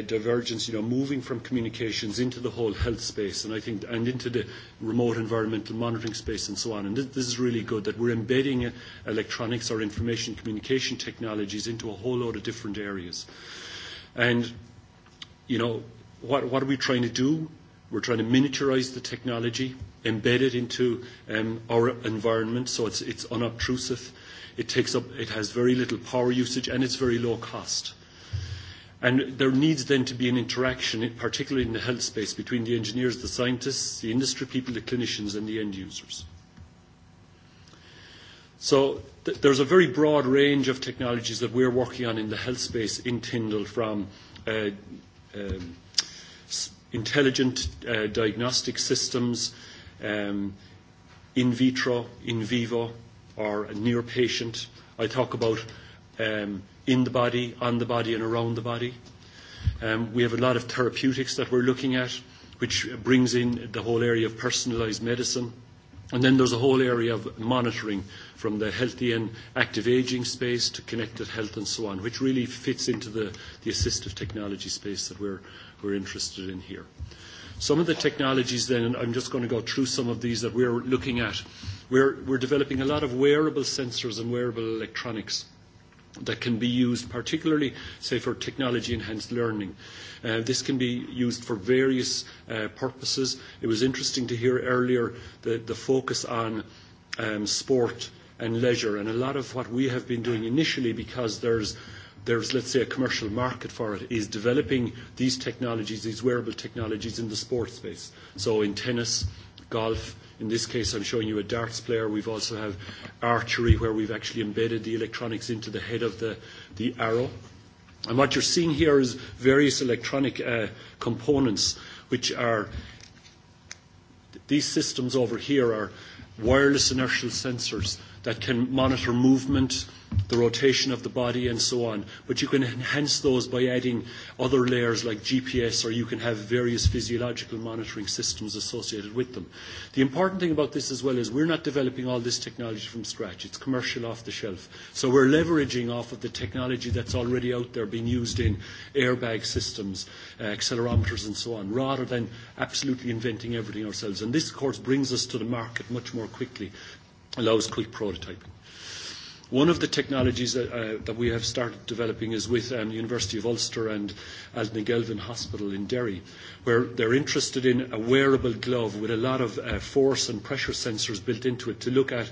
divergence, you know, moving from communications into the whole health space, and I think, and into the remote environmental monitoring space and so on. And this is really good that we're embedding electronics or information communication technologies into a whole lot of different areas. And, you know, what what are we trying to do? We're trying to miniaturize the technology, embed it into our environment so it's unobtrusive. It takes up it has very little power usage and it's very low cost. And there needs then to be an interaction, particularly in the health space, between the engineers, the scientists, the industry people, the clinicians and the end users. So there's a very broad range of technologies that we're working on in the health space in Tyndall from intelligent diagnostic systems, in vitro, in vivo, or near patient. I talk about in the body, on the body, and around the body. We have a lot of therapeutics that we're looking at, which brings in the whole area of personalized medicine. And then there's a whole area of monitoring from the healthy and active aging space to connected health and so on, which really fits into the assistive technology space that we're we're interested in here. Some of the technologies then, and I'm just going to go through some of these that we're looking at. We're developing a lot of wearable sensors and wearable electronics that can be used particularly, say, for technology-enhanced learning. This can be used for various purposes. It was interesting to hear earlier the focus on sport and leisure, and a lot of what we have been doing initially because there's there's, let's say, a commercial market for it, is developing these technologies, these wearable technologies in the sports space. So in tennis, golf, in this case, I'm showing you a darts player. We've also have archery, where we've actually embedded the electronics into the head of the arrow. And what you're seeing here is various electronic components, which are these systems over here are wireless inertial sensors that can monitor movement the rotation of the body and so on. But you can enhance those by adding other layers like GPS or you can have various physiological monitoring systems associated with them. The important thing about this as well is we're not developing all this technology from scratch. It's commercial off the shelf. So we're leveraging off of the technology that's already out there being used in airbag systems, accelerometers and so on, rather than absolutely inventing everything ourselves. And this, of course, brings us to the market much more quickly, allows quick prototyping. One of the technologies that we have started developing is with the University of Ulster and Gelvin Hospital in Derry, where they're interested in a wearable glove with a lot of force and pressure sensors built into it to look at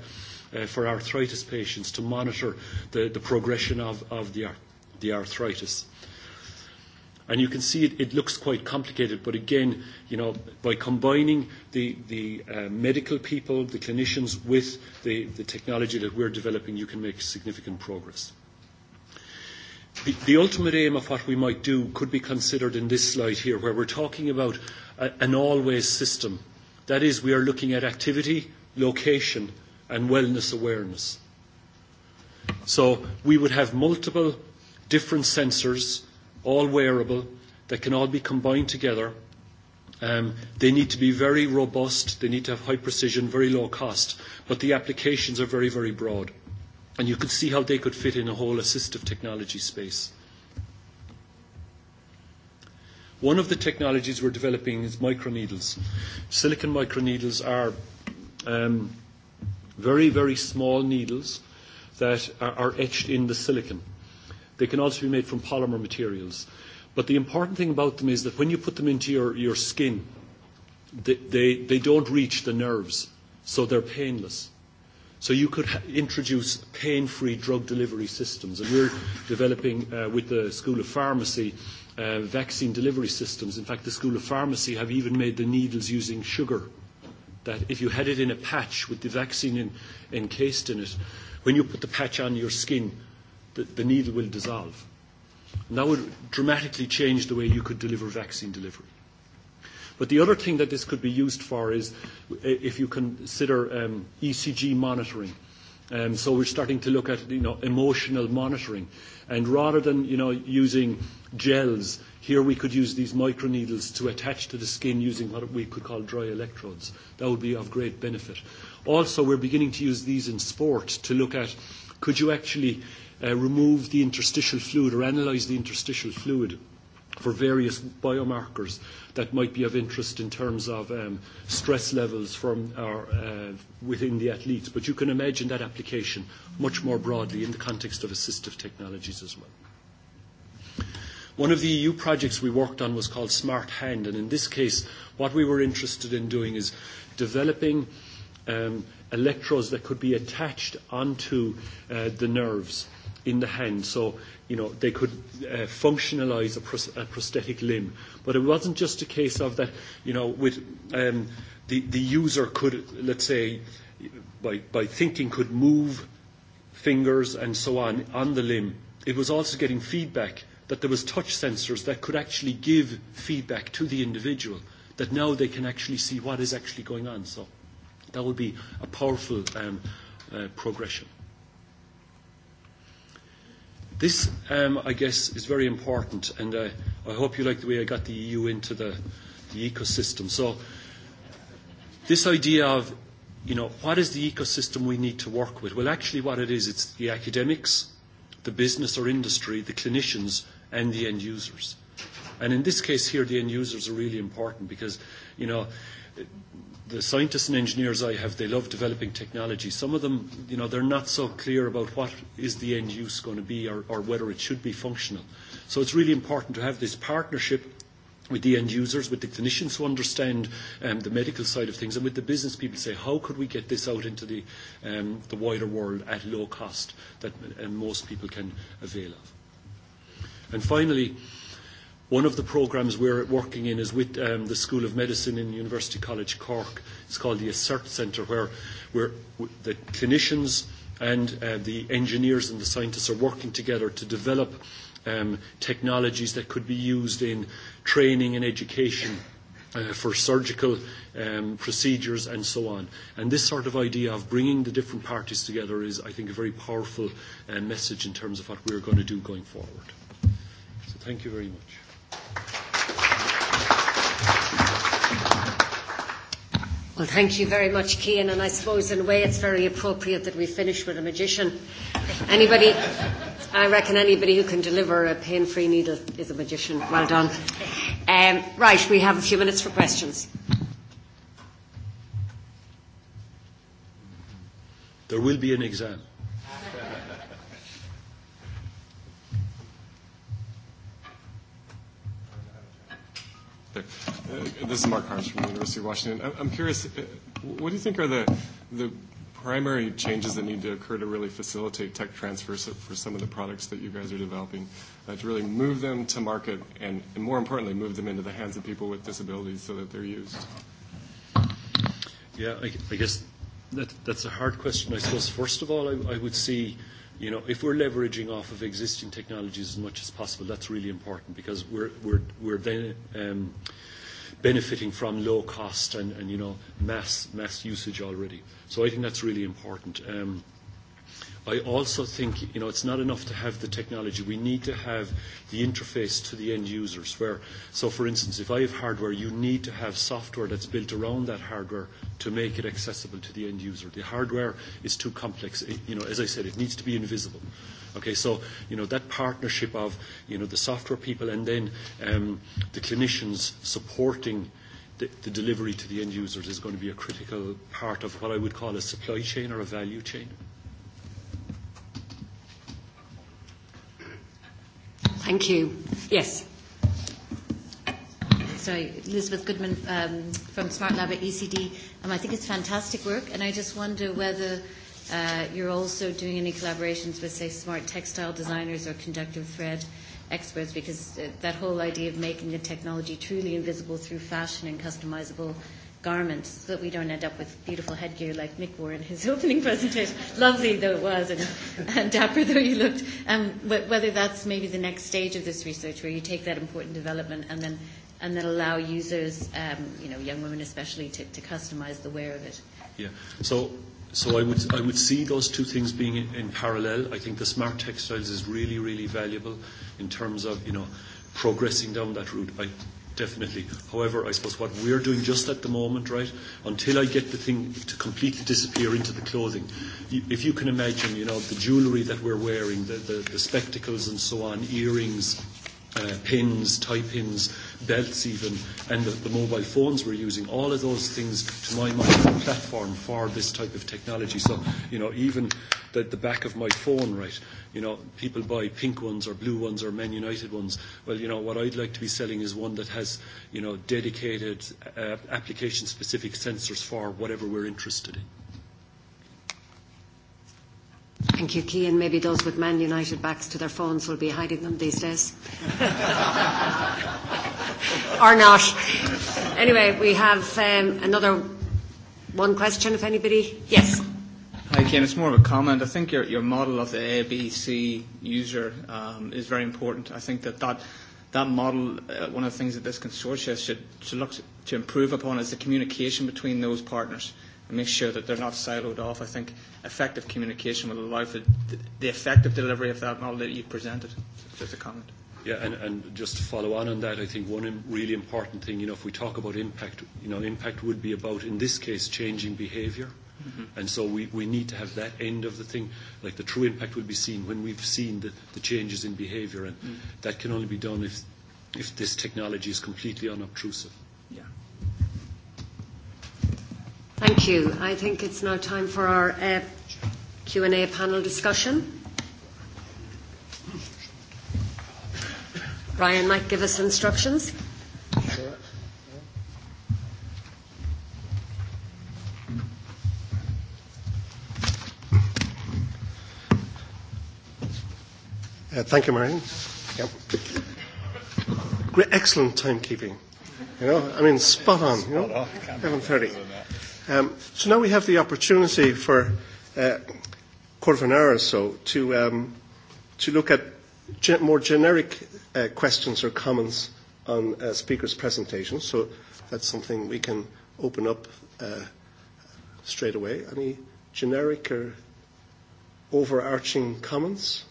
for arthritis patients to monitor the progression of the arthritis. And you can see it looks quite complicated, but again, you know, by combining the medical people, the clinicians, with the technology that we're developing, you can make significant progress. The ultimate aim of what we might do could be considered in this slide here, where we're talking about an always system. That is, we are looking at activity, location, and wellness awareness. So we would have multiple different sensors all wearable, that can all be combined together. They need to be very robust, they need to have high precision, very low cost, but the applications are very, very broad. And you could see how they could fit in a whole assistive technology space. One of the technologies we're developing is microneedles. Silicon microneedles are very, very small needles that are etched in the silicon. They can also be made from polymer materials. But the important thing about them is that when you put them into your, your skin, they, they don't reach the nerves, so they're painless. So you could introduce pain-free drug delivery systems. And we're developing with the School of Pharmacy vaccine delivery systems. In fact, the School of Pharmacy have even made the needles using sugar. That if you had it in a patch with the vaccine encased in it, when you put the patch on your skin, the needle will dissolve. And that would dramatically change the way you could deliver vaccine delivery. But the other thing that this could be used for is if you consider ECG monitoring. So we're starting to look at you know, emotional monitoring. And rather than you know, using gels, here we could use these microneedles to attach to the skin using what we could call dry electrodes. That would be of great benefit. Also, we're beginning to use these in sport to look at could you actually remove the interstitial fluid or analyse the interstitial fluid for various biomarkers that might be of interest in terms of stress levels from our within the athletes. But you can imagine that application much more broadly in the context of assistive technologies as well. One of the EU projects we worked on was called Smart Hand, and in this case, what we were interested in doing is developing electrodes that could be attached onto the nerves in the hand. So, you know, they could functionalise a prosthetic limb. But it wasn't just a case of that, you know, with the user could, let's say, by thinking could move fingers and so on on the limb. It was also getting feedback that there was touch sensors that could actually give feedback to the individual that now they can actually see what is actually going on. So that would be a powerful progression. This, I guess, is very important, and I hope you like the way I got the EU into the ecosystem. So this idea of, you know, what is the ecosystem we need to work with? Well, actually what it is, it's the academics, the business or industry, the clinicians, and the end users. And in this case here, the end users are really important because, you know, the scientists and engineers I have, they love developing technology. Some of them, you know, they're not so clear about what is the end use going to be or, or whether it should be functional. So it's really important to have this partnership with the end users, with the clinicians who understand the medical side of things, and with the business people say, how could we get this out into the, the wider world at low cost that most people can avail of? And finally, One of the programs we're working in is with the School of Medicine in University College Cork. It's called the ASSERT Centre, where the clinicians and the engineers and the scientists are working together to develop technologies that could be used in training and education for surgical procedures and so on. And this sort of idea of bringing the different parties together is, I think, a very powerful message in terms of what we're going to do going forward. So thank you very much. Well, thank you very much, Kean, and I suppose in a way it's very appropriate that we finish with a magician. Anybody, I reckon anybody who can deliver a pain-free needle is a magician. Well done. Um, right, we have a few minutes for questions. There will be an exam. This is Mark Carnes from the University of Washington. I'm curious, what do you think are the the primary changes that need to occur to really facilitate tech transfer for some of the products that you guys are developing, to really move them to market and, more importantly, move them into the hands of people with disabilities so that they're used? Yeah, I guess that that's a hard question. I suppose, first of all, I would see you know, if we're leveraging off of existing technologies as much as possible, that's really important because we're we're we're then um, benefiting from low cost and, and you know mass mass usage already. So I think that's really important. Um, I also think, you know, it's not enough to have the technology. We need to have the interface to the end users where, so for instance, if I have hardware, you need to have software that's built around that hardware to make it accessible to the end user. The hardware is too complex. You know, as I said, it needs to be invisible. Okay, so, you know, that partnership of, you know, the software people and then the clinicians supporting the delivery to the end users is going to be a critical part of what I would call a supply chain or a value chain. Thank you. Yes. Sorry, Elizabeth Goodman um, from Smart Lab at ECD. Um, I think it's fantastic work, and I just wonder whether uh, you're also doing any collaborations with, say, smart textile designers or conductive thread experts, because that whole idea of making the technology truly invisible through fashion and customizable garments so that we don't end up with beautiful headgear like Mick wore in his opening presentation. Lovely though it was and, and dapper though you looked. Um, whether that's maybe the next stage of this research where you take that important development and then and then allow users, um, you know, young women especially, to, to customize the wear of it. Yeah. So So I would I would see those two things being in parallel. I think the smart textiles is really really valuable in terms of you know progressing down that route. I Definitely. However, I suppose what we're doing just at the moment, right, until I get the thing to completely disappear into the clothing, if you can imagine, you know, the jewellery that we're wearing, the, the, the spectacles and so on, earrings, pins, tie pins, belts even, and the mobile phones we're using, all of those things, to my mind, are a platform for this type of technology. So, you know, even the back of my phone, right, you know, people buy pink ones or blue ones or Man United ones. Well, you know, what I'd like to be selling is one that has, you know, dedicated application-specific sensors for whatever we're interested in. Thank you, Cian. Maybe those with Man United backs to their phones will be hiding them these days. Or not. Anyway, we have another one question, if anybody. Yes. Hi, Cian. It's more of a comment. I think your your model of the ABC user is very important. I think that that model, one of the things that this consortium should should look to improve upon is the communication between those partners make sure that they're not siloed off. I think effective communication will allow for the effective delivery of that model that you presented. Just a comment. Yeah, and, and just to follow on on that, I think one really important thing, you know, if we talk about impact, you know, impact would be about, in this case, changing behavior. And so we, we need to have that end of the thing. Like the true impact would be seen when we've seen the, the changes in behavior. and that can only be done if, if this technology is completely unobtrusive. Thank you. I think it's now time for our Q&A panel discussion. Brian might give us instructions. Thank you, Marion. Excellent timekeeping. You know, I mean, spot on. You know, thirty. So now we have the opportunity for a quarter of an hour or so to look at more generic questions or comments on a speaker's presentation. So that's something we can open up straight away. Any generic or overarching comments?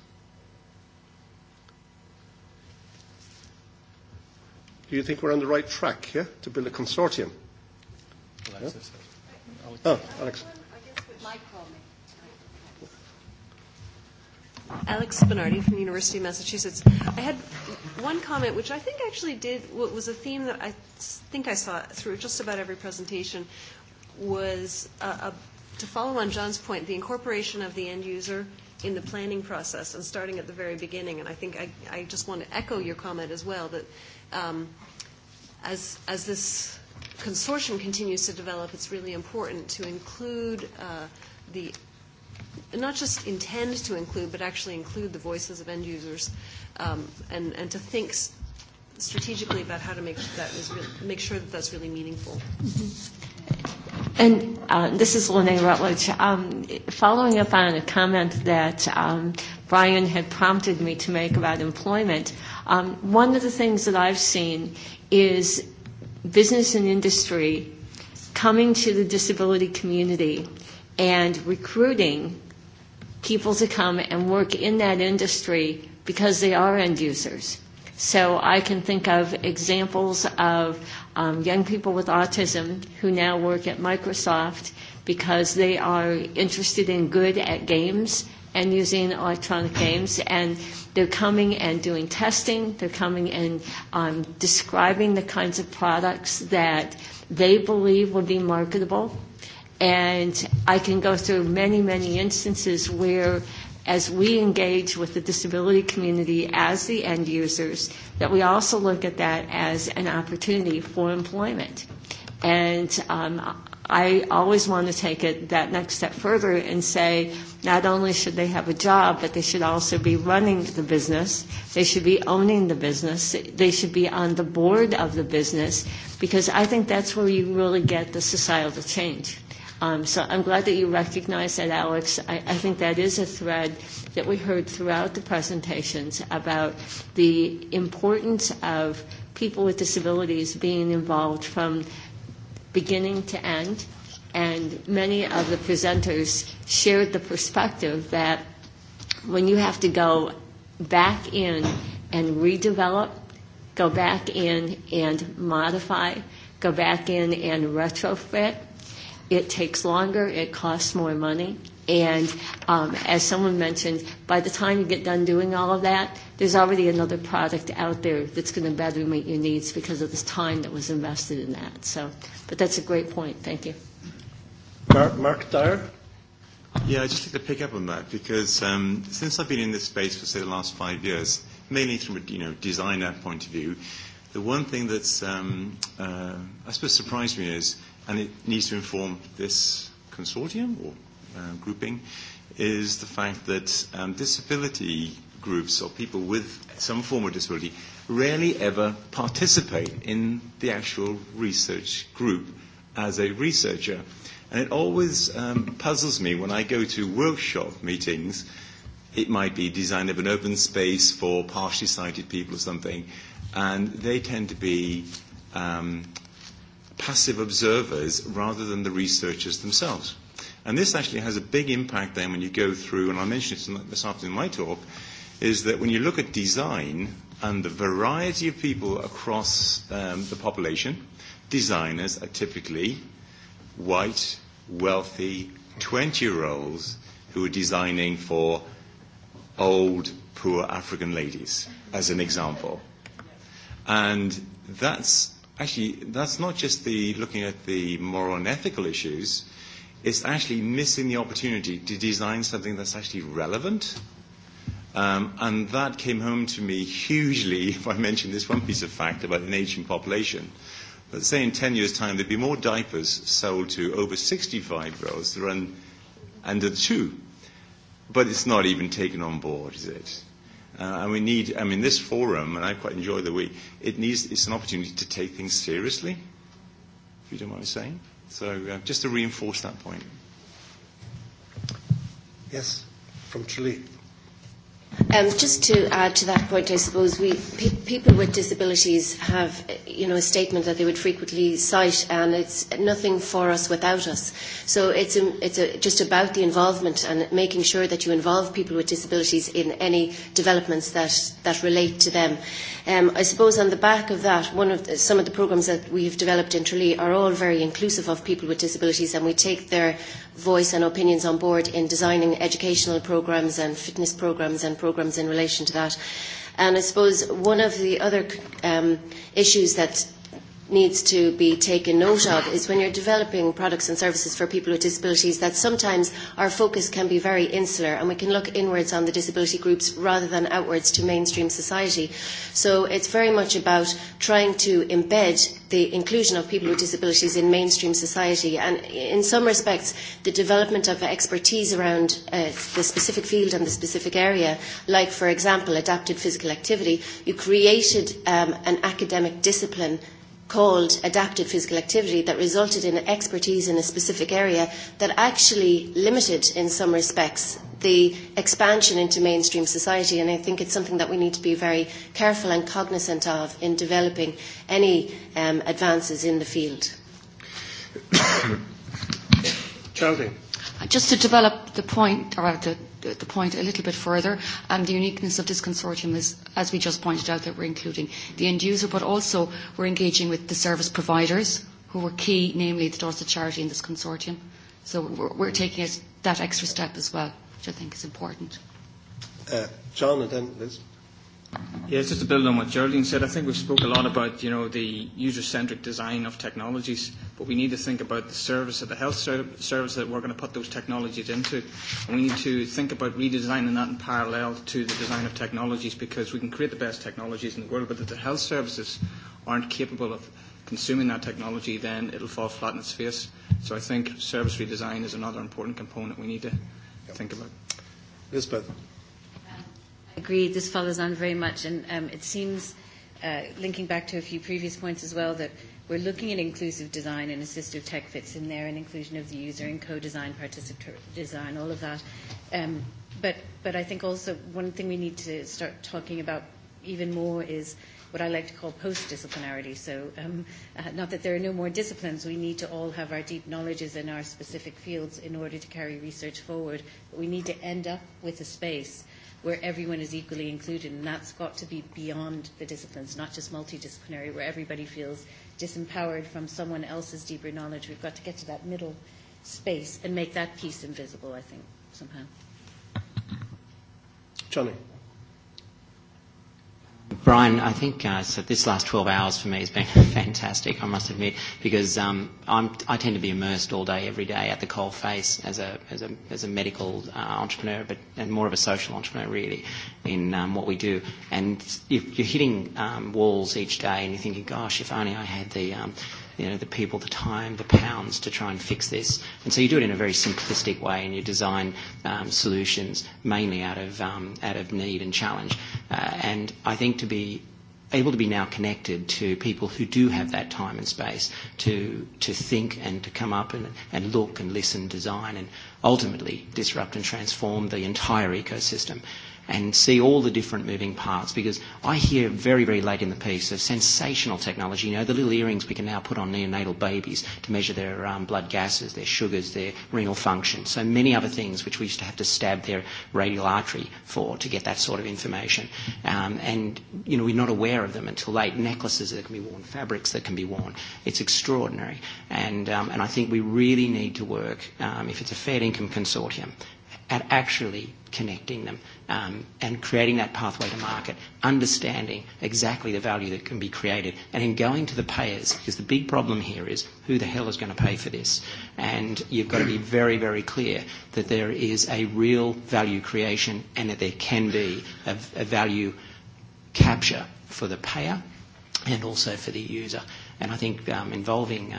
Do you think we're on the right track, yeah, to build a consortium? Alex. Alex Spinardi from the University of Massachusetts. I had one comment, which I think actually did, what was a theme that I think I saw through just about every presentation, was to follow on John's point, the incorporation of the end user in the planning process and starting at the very beginning. And I think I just want to echo your comment as well that as as this consortium continues to develop, it's really important to include the not just intend to include, but actually include the voices of end users and, and to think strategically about how to make, that is make sure that that's really meaningful. And this is Lene Rutledge. Um, following up on a comment that um, Brian had prompted me to make about employment, um, one of the things that I've seen is business and industry coming to the disability community and recruiting people to come and work in that industry because they are end users. So I can think of examples of young people with autism who now work at Microsoft because they are interested in good at games and using electronic games and they're coming and doing testing they're coming and um describing the kinds of products that they believe will be marketable and i can go through many many instances where as we engage with the disability community as the end users that we also look at that as an opportunity for employment and um I always want to take it that next step further and say not only should they have a job, but they should also be running the business. They should be owning the business. They should be on the board of the business because I think that's where you really get the societal change. So I'm glad that you recognize that, Alex. I think that is a thread that we heard throughout the presentations about the importance of people with disabilities being involved from beginning to end, and many of the presenters shared the perspective that when you have to go back in and redevelop, go back in and modify, go back in and retrofit, it takes longer, it costs more money, And um, as someone mentioned, by the time you get done doing all of that, there's already another product out there that's going to better meet your needs because of this time that was invested in that. So, but that's a great point. Thank you. Mark, Dyer. Yeah, I just like to pick up on that because um, since I've been in this space for, say, the last five years, mainly from a you know, designer point of view, the one thing that's, um, I suppose, surprised me is, and it needs to inform this consortium or grouping is the fact that disability groups or people with some form of disability rarely ever participate in the actual research group as a researcher. And it always puzzles me when I go to workshop meetings, it might be design of an open space for partially sighted people or something, and they tend to be passive observers rather than the researchers themselves. And this actually has a big impact then when you go through, and I mentioned it this afternoon in my talk, is that when you look at design and the variety of people across the population, designers are typically white, wealthy, 20-year-olds who are designing for old, poor African ladies, as an example. And that's actually, that's not just the looking at the moral and ethical issues, It's actually missing the opportunity to design something that's actually relevant. And that came home to me hugely, if I mention this one piece of fact about an aging population. But say in 10 years' time, there'd be more diapers sold to over 65 girls than under two. But it's not even taken on board, is it? And we need, I mean, this forum, and I quite enjoy the week, it needs, it's an opportunity to take things seriously, if you don't mind me saying. So just to reinforce that point. Yes, from Chile. Just to add to that point, I suppose we people with disabilities have, you know, a statement that they would frequently cite, and it's nothing for us without us. So it's it's just about the involvement and making sure that you involve people with disabilities in any developments that that relate to them. I suppose on the back of that, one of some of the programmes that we have developed in Tralee are all very inclusive of people with disabilities, and we take their voice and opinions on board in designing educational programmes and fitness programmes and programmes in relation to that. And I suppose one of the other issues that needs to be taken note of is when you're developing products and services for people with disabilities that sometimes our focus can be very insular and we can look inwards on the disability groups rather than outwards to mainstream society. So it's very much about trying to embed the inclusion of people with disabilities in mainstream society and in some respects the development of expertise around the specific field and the specific area like for example adapted physical activity you created an academic discipline called adaptive physical activity that resulted in expertise in a specific area that actually limited in some respects the expansion into mainstream society and I think it's something that we need to be very careful and cognizant of in developing any advances in the field. Charlie. Just to develop the point, or the, the point a little bit further, and the uniqueness of this consortium is, as we just pointed out, that we're including the end user, but also we're engaging with the service providers, who were key, namely the Dorset Charity in this consortium. So we're, we're taking it that extra step as well, which I think is important. John and then Liz. Yeah, just to build on what Geraldine said, I think we've spoke a lot about, you know, the user-centric design of technologies, but we need to think about the service of the health service that we're going to put those technologies into. And we need to think about redesigning that in parallel to the design of technologies because we can create the best technologies in the world, but if the health services aren't capable of consuming that technology, then it'll fall flat in its face. So I think service redesign is another important component we need to think about. Lisbeth. Agreed. This follows on very much, and um it seems, uh linking back to a few previous points as well, that we're looking at inclusive design and assistive tech fits in there, and inclusion of the user and co-design, participatory design, all of that. Um But but I think also one thing we need to start talking about even more is what I like to call post-disciplinarity. So not that there are no more disciplines, we need to all have our deep knowledges in our specific fields in order to carry research forward, but we need to end up with a space where everyone is equally included. And that's got to be beyond the disciplines, not just multidisciplinary, where everybody feels disempowered from someone else's deeper knowledge. We've got to get to that middle space and make that piece invisible, I think, somehow. Brian, I think uh, so this last 12 hours for me has been fantastic, I must admit, because um, I'm, I tend to be immersed all day, every day at the coal face as a, as a, as a medical uh, entrepreneur, but and more of a social entrepreneur, really, in um, what we do. And if you're hitting um, walls each day and you're thinking, gosh, if only I had the, um, you know, the people, the time, the pounds to try and fix this. And so you do it in a very simplistic way and you design um, solutions mainly out of, um, out of need and challenge. and I think to be able to be now connected to people who do have that time and space to, to think and to come up and, and look and listen, design and ultimately disrupt and transform the entire ecosystem and see all the different moving parts because I hear very, very late in the piece of sensational technology. You know, the little earrings we can now put on neonatal babies to measure their blood gases, their sugars, their renal function. So many other things which we used to have to stab their radial artery for to get that sort of information. Um, and, you know, we're not aware of them until late. Necklaces that can be worn, fabrics that can be worn. It's extraordinary. And, and I think we really need to work, um, if it's a Fair Income Consortium, at actually connecting them and creating that pathway to market, understanding exactly the value that can be created, and in going to the payers, because the big problem here is who the hell is going to pay for this. And you've got to be very, very clear that there is a real value creation and that there can be a value capture for the payer and also for the user. And I think involving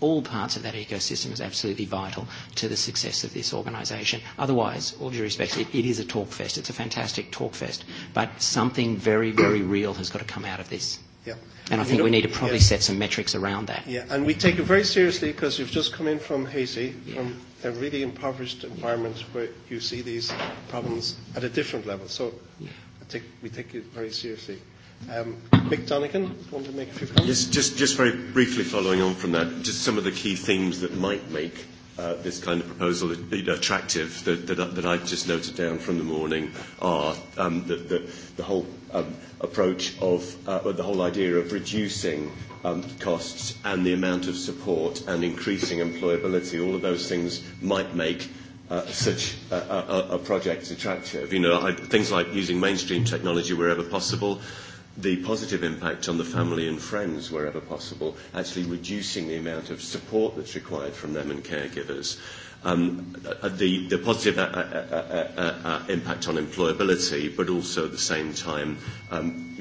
all parts of that ecosystem is absolutely vital to the success of this organisation. Otherwise, all due respect, it, it is a talk fest. It's a fantastic talk fest, but something very, very real has got to come out of this. Yeah. And I think we need to probably set some metrics around that. Yeah, and we take it very seriously because you've just come in from Haiti, from a really impoverished environment where you see these problems at a different level. So I think we take it very seriously. Mick Dunnigan, want to make a few comments? Yes, just, just very briefly following on from that, just some of the key themes that might make this kind of proposal attractive that, that, that I've just noted down from the morning are um, the, the, the whole approach of, uh, the whole idea of reducing um, costs and the amount of support and increasing employability, all of those things might make such a, a, project attractive. You know, things like using mainstream technology wherever possible, the positive impact on the family and friends wherever possible, actually reducing the amount of support that's required from them and caregivers. The the positive impact on employability, but also at the same time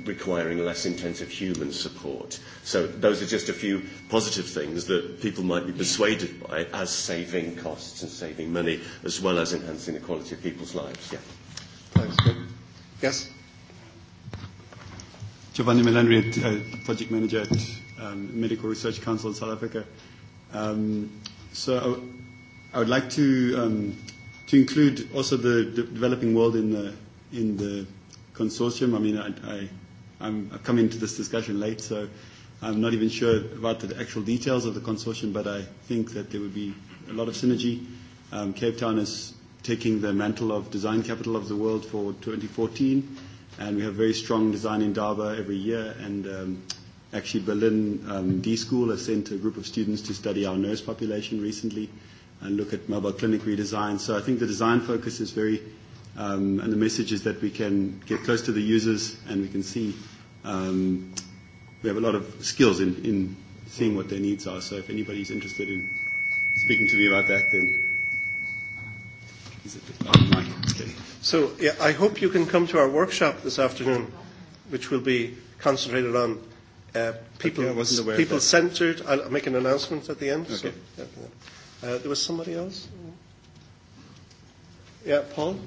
requiring less intensive human support. So those are just a few positive things that people might be persuaded by as saving costs and saving money, as well as enhancing the quality of people's lives. Yeah. Thanks. Yes. Giovanni Melendri, project manager at Medical Research Council in South Africa. So I would like to um to include also the developing world in the in the consortium. I mean, I I I'm I've come into this discussion late, so I'm not even sure about the actual details of the consortium, but I think that there would be a lot of synergy. Um Cape Town is taking the mantle of design capital of the world for 2014 and we have very strong design in Daba every year. And actually, Berlin D School has sent a group of students to study our nurse population recently and look at mobile clinic redesign. So I think the design focus is very, and the message is that we can get close to the users and we can see we have a lot of skills in, in seeing what their needs are. So if anybody's interested in speaking to me about that, then is it the mic? Okay. So I hope you can come to our workshop this afternoon, which will be concentrated on people people centred. I'll make an announcement at the end. There was somebody else? Yeah, Paul?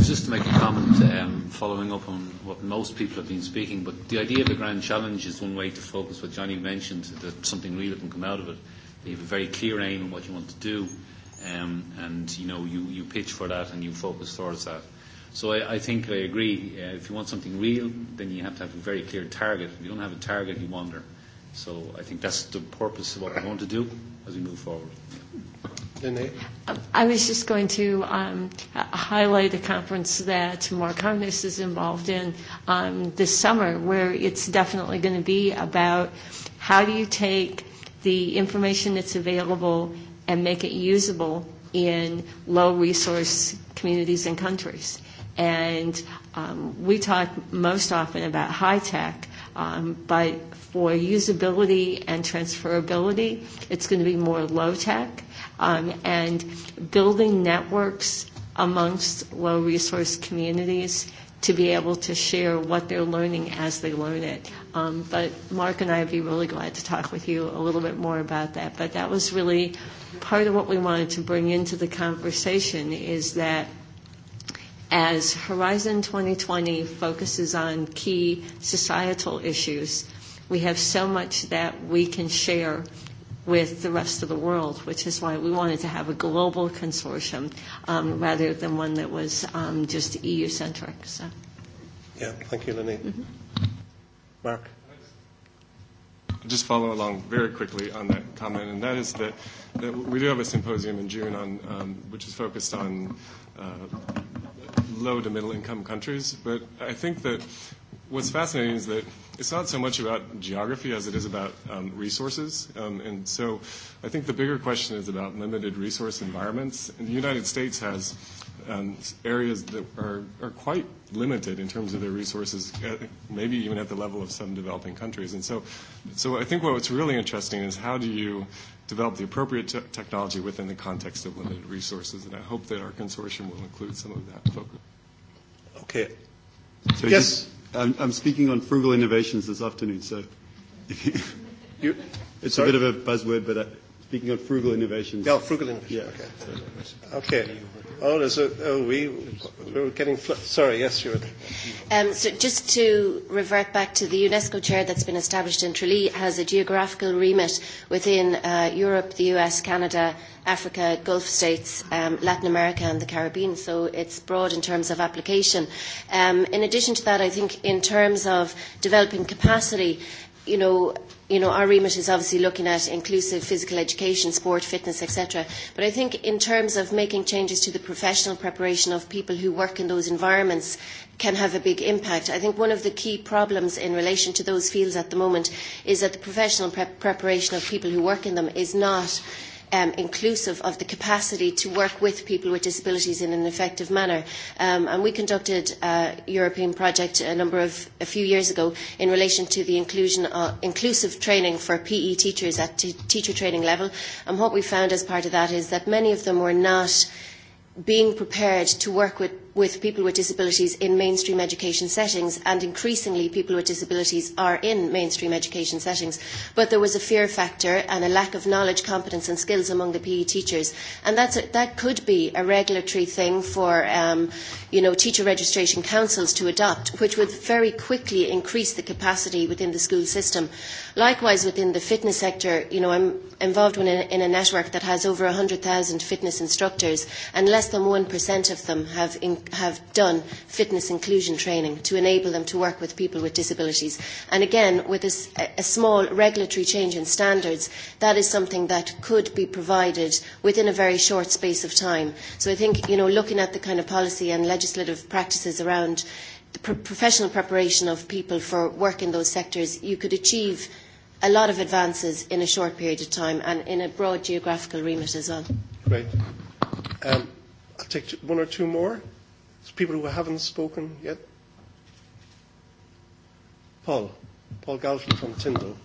Just to make a comment following up on what most people have been speaking, but the idea of the grand challenge is one way to focus what Johnny mentioned, that something real can come out of it. You have a very clear aim on what you want to do and you know you you pitch for that and you focus towards that. So I I think I agree. If you want something real, then you have to have a very clear target. If you don't have a target, you wander. So I think that's the purpose of what we want to do as we move forward. I was just going to um, highlight a conference that Mark Harness is involved in um, this summer, where it's definitely going to be about how do you take the information that's available and make it usable in low-resource communities and countries. And we talk most often about high-tech, but for usability and transferability, it's going to be more low-tech. And building networks amongst low-resource communities to be able to share what they're learning as they learn it. but Mark and I would be really glad to talk with you a little bit more about that. But that was really part of what we wanted to bring into the conversation is that as Horizon 2020 focuses on key societal issues, we have so much that we can share with the rest of the world, which is why we wanted to have a global consortium rather than one that was just EU-centric. Yeah, thank you, Lene. Mark? Just follow along very quickly on that comment, and that is that we do have a symposium in June on which is focused on low to middle income countries, but I think that what's fascinating is that it's not so much about geography as it is about resources. And so I think the bigger question is about limited resource environments. And the United States has areas that are are quite limited in terms of their resources, maybe even at the level of some developing countries. And so so I think what's really interesting is how do you develop the appropriate technology within the context of limited resources. And I hope that our consortium will include some of that focus. Okay. Yes. I'm speaking on frugal innovations this afternoon, so it's a bit of a buzzword, but speaking on frugal innovations. Yeah, frugal innovations. Okay. Okay. Oh, there's oh we, we're getting, sorry, yes, you Um, so just to revert back to the UNESCO chair that's been established in Tralee has a geographical remit within uh, Europe, the US, Canada, Africa, Gulf states, um, Latin America and the Caribbean, so it's broad in terms of application. Um, in addition to that, I think in terms of developing capacity, you know, you know, our remit is obviously looking at inclusive physical education, sport, fitness, etc. But I think in terms of making changes to the professional preparation of people who work in those environments can have a big impact. I think one of the key problems in relation to those fields at the moment is that the professional preparation of people who work in them is not inclusive of the capacity to work with people with disabilities in an effective manner. And we conducted a European project a number of a few years ago in relation to the inclusion inclusive training for PE teachers at teacher training level. And what we found as part of that is that many of them were not being prepared to work with with people with disabilities in mainstream education settings, and increasingly people with disabilities are in mainstream education settings. But there was a fear factor and a lack of knowledge, competence and skills among the PE teachers, and that could be a regulatory thing for teacher registration councils to adopt, which would very quickly increase the capacity within the school system. Likewise, within the fitness sector, you know, I'm involved in a network that has over 100,000 fitness instructors, and less than 1% of them have have done fitness inclusion training to enable them to work with people with disabilities. And again, with a small regulatory change in standards, that is something that could be provided within a very short space of time. So I think, you know, looking at the kind of policy and legislative practices around the professional preparation of people for work in those sectors, you could achieve a lot of advances in a short period of time and in a broad geographical remit as well. Great. I'll take one or two more. There's people who haven't spoken yet. Paul. Paul Galton from Tyndall.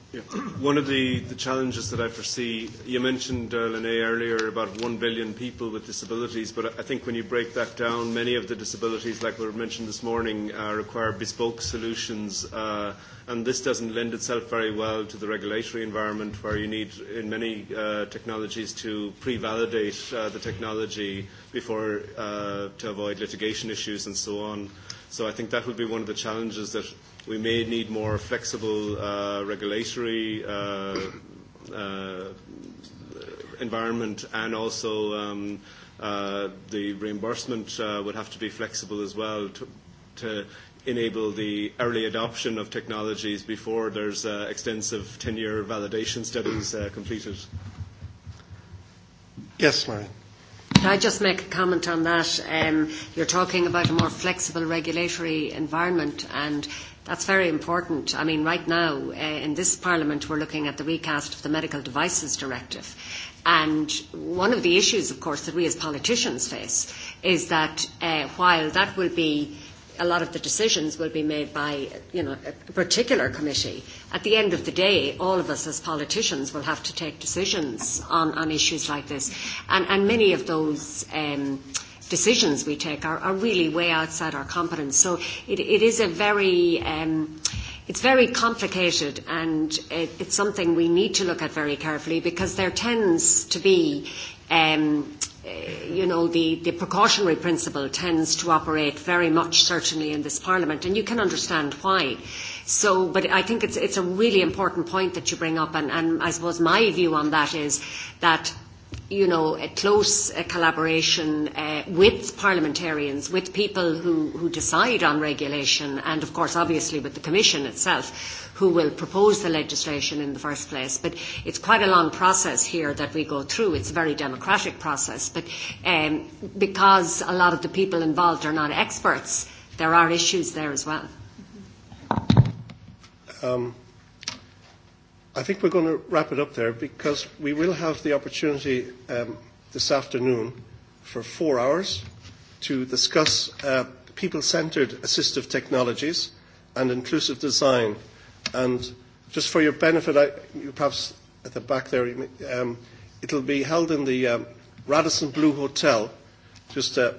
One of the, the challenges that I foresee, you mentioned, uh, Lene, earlier about one billion people with disabilities, but I think when you break that down, many of the disabilities, like we mentioned this morning, require bespoke solutions, and this doesn't lend itself very well to the regulatory environment where you need, in many uh, technologies, to pre-validate uh, the technology before uh, to avoid litigation issues and so on. So I think that would be one of the challenges that we may need more flexible regulatory environment and also the reimbursement would have to be flexible as well to enable the early adoption of technologies before there's extensive 10-year validation studies completed. Yes, Marion. Can I just make a comment on that? You're talking about a more flexible regulatory environment, and that's very important. I mean, right now, in this Parliament, we're looking at the recast of the Medical Devices Directive. And one of the issues, of course, that we as politicians face is that while that will be a lot of the decisions will be made by, you know, a particular committee, at the end of the day, all of us as politicians will have to take decisions on, on issues like this. And, and many of those um, decisions we take are, are really way outside our competence. So it, it is a very... Um, it's very complicated and it, it's something we need to look at very carefully because there tends to be um, you know, the, the precautionary principle tends to operate very much certainly in this parliament and you can understand why So, but I think it's it's a really important point that you bring up, and and I suppose my view on that is that you know, a close collaboration with parliamentarians, with people who decide on regulation, and of course, obviously, with the Commission itself, who will propose the legislation in the first place. But it's quite a long process here that we go through. It's a very democratic process. But because a lot of the people involved are not experts, there are issues there as well. I think we're going to wrap it up there because we will have the opportunity this afternoon for four hours to discuss people-centered assistive technologies and inclusive design. And just for your benefit, you perhaps at the back there, it'll be held in the Radisson Blue Hotel, just a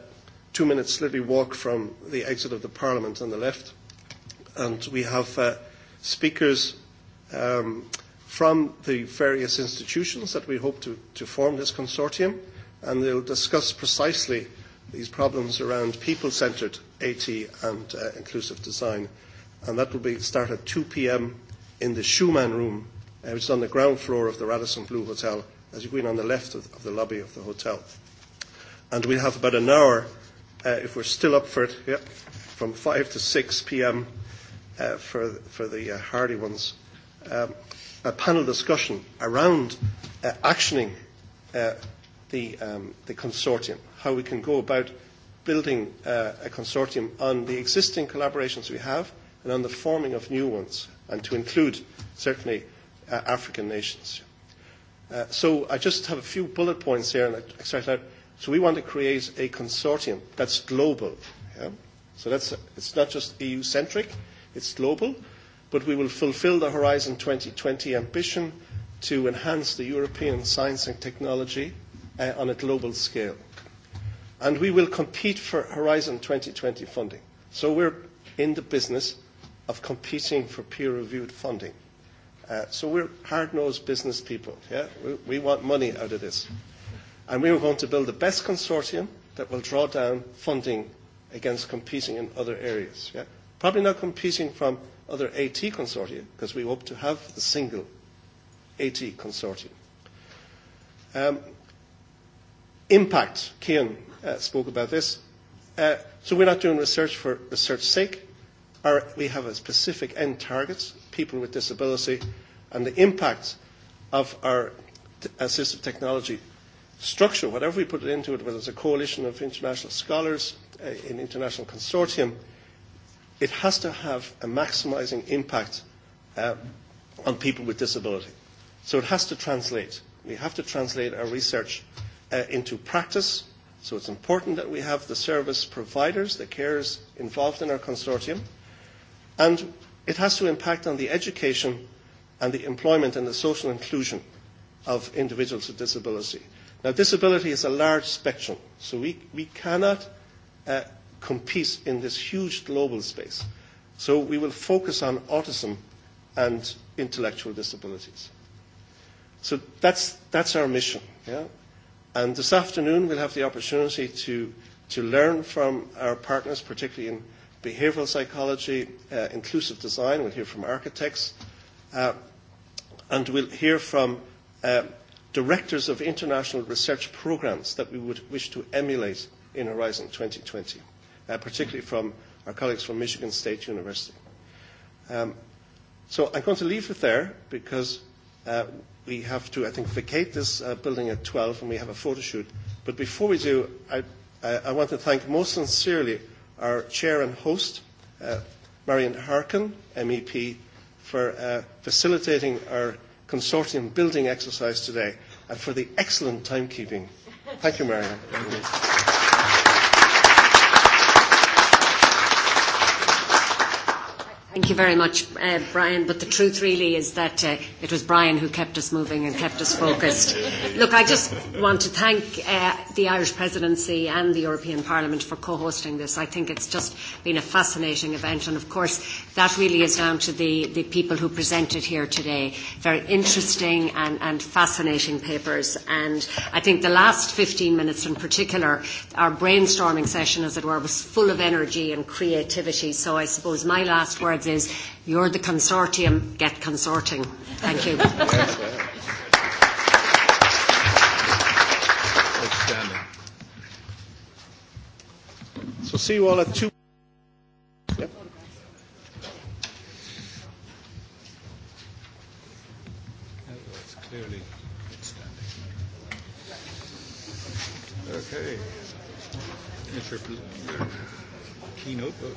two-minute slightly walk from the exit of the Parliament on the left. And we have speakers from the various institutions that we hope to form this consortium, and they will discuss precisely these problems around people-centred AT and inclusive design. And that will be start at 2 p.m. in the Schumann Room, which is on the ground floor of the Radisson Blue Hotel, as you go in on the left of the lobby of the hotel. And we have about an hour, if we're still up for it, from 5 to 6 p.m for for the hardy ones a panel discussion around actioning the the consortium how we can go about building a consortium on the existing collaborations we have and on the forming of new ones and to include certainly african nations so i just have a few bullet points here and i start out so we want to create a consortium that's global so that's it's not just eu centric It's global, but we will fulfil the Horizon 2020 ambition to enhance the European science and technology on a global scale. And we will compete for Horizon 2020 funding. So we're in the business of competing for peer-reviewed funding. So we're hard-nosed business people. We want money out of this. And we are going to build the best consortium that will draw down funding against competing in other areas. Probably not competing from other AT consortia, because we hope to have the single AT consortium. Um, impact, Kian spoke about this. so we're not doing research for research sake. Our, we have a specific end target, people with disability, and the impact of our assistive technology structure, whatever we put it into it, whether it's a coalition of international scholars, an international consortium, it has to have a maximising impact on people with disability. So it has to translate. We have to translate our research into practice. So it's important that we have the service providers, the carers involved in our consortium. And it has to impact on the education and the employment and the social inclusion of individuals with disability. Now, disability is a large spectrum, so we, we cannot compete in this huge global space. So we will focus on autism and intellectual disabilities. So that's, that's our mission. Yeah? And this afternoon we'll have the opportunity to, to learn from our partners, particularly in behavioral psychology, inclusive design. We'll hear from architects. and we'll hear from directors of international research programs that we would wish to emulate in Horizon 2020 particularly from our colleagues from Michigan State University. So I'm going to leave it there because we have to, I think, vacate this building at 12 and we have a photo shoot. But before we do, I want to thank most sincerely our chair and host, Marion Harkin, MEP, for facilitating our consortium building exercise today and for the excellent timekeeping. Thank you, Marion. Thank you very much, Brian. But the truth really is that it was Brian who kept us moving and kept us focused. Look, I just want to thank the Irish Presidency and the European Parliament for co-hosting this. I think it's just been a fascinating event, and of course that really is down to the the people who presented here today. Very interesting and and fascinating papers. And I think the last 15 minutes in particular, our brainstorming session, as it were, was full of energy and creativity. So I suppose my last words is, you're the consortium, get consorting. Thank you. So see you all at two. Okay. Keynote book.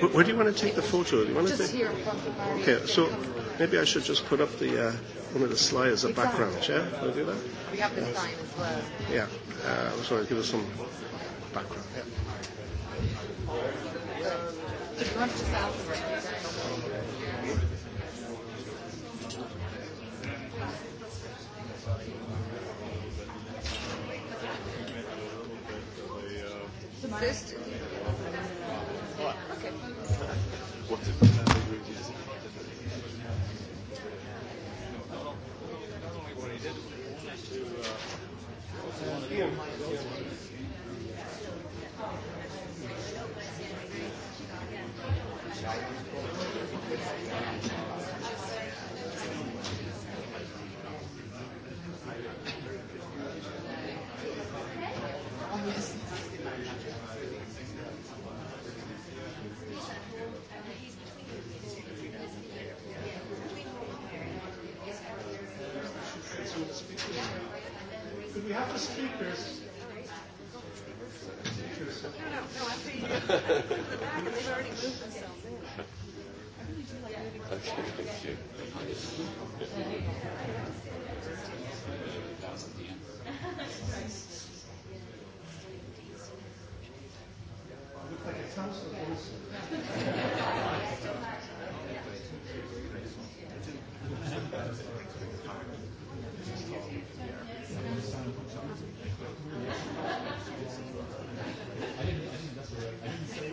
Where do you want to take the photo? Do you want to take? here Okay, so maybe I should just put up the uh, one of the slides as a background. Yeah, we'll do that. We have the sign as well. Yeah, uh, sorry, give us some background. Yeah. just Για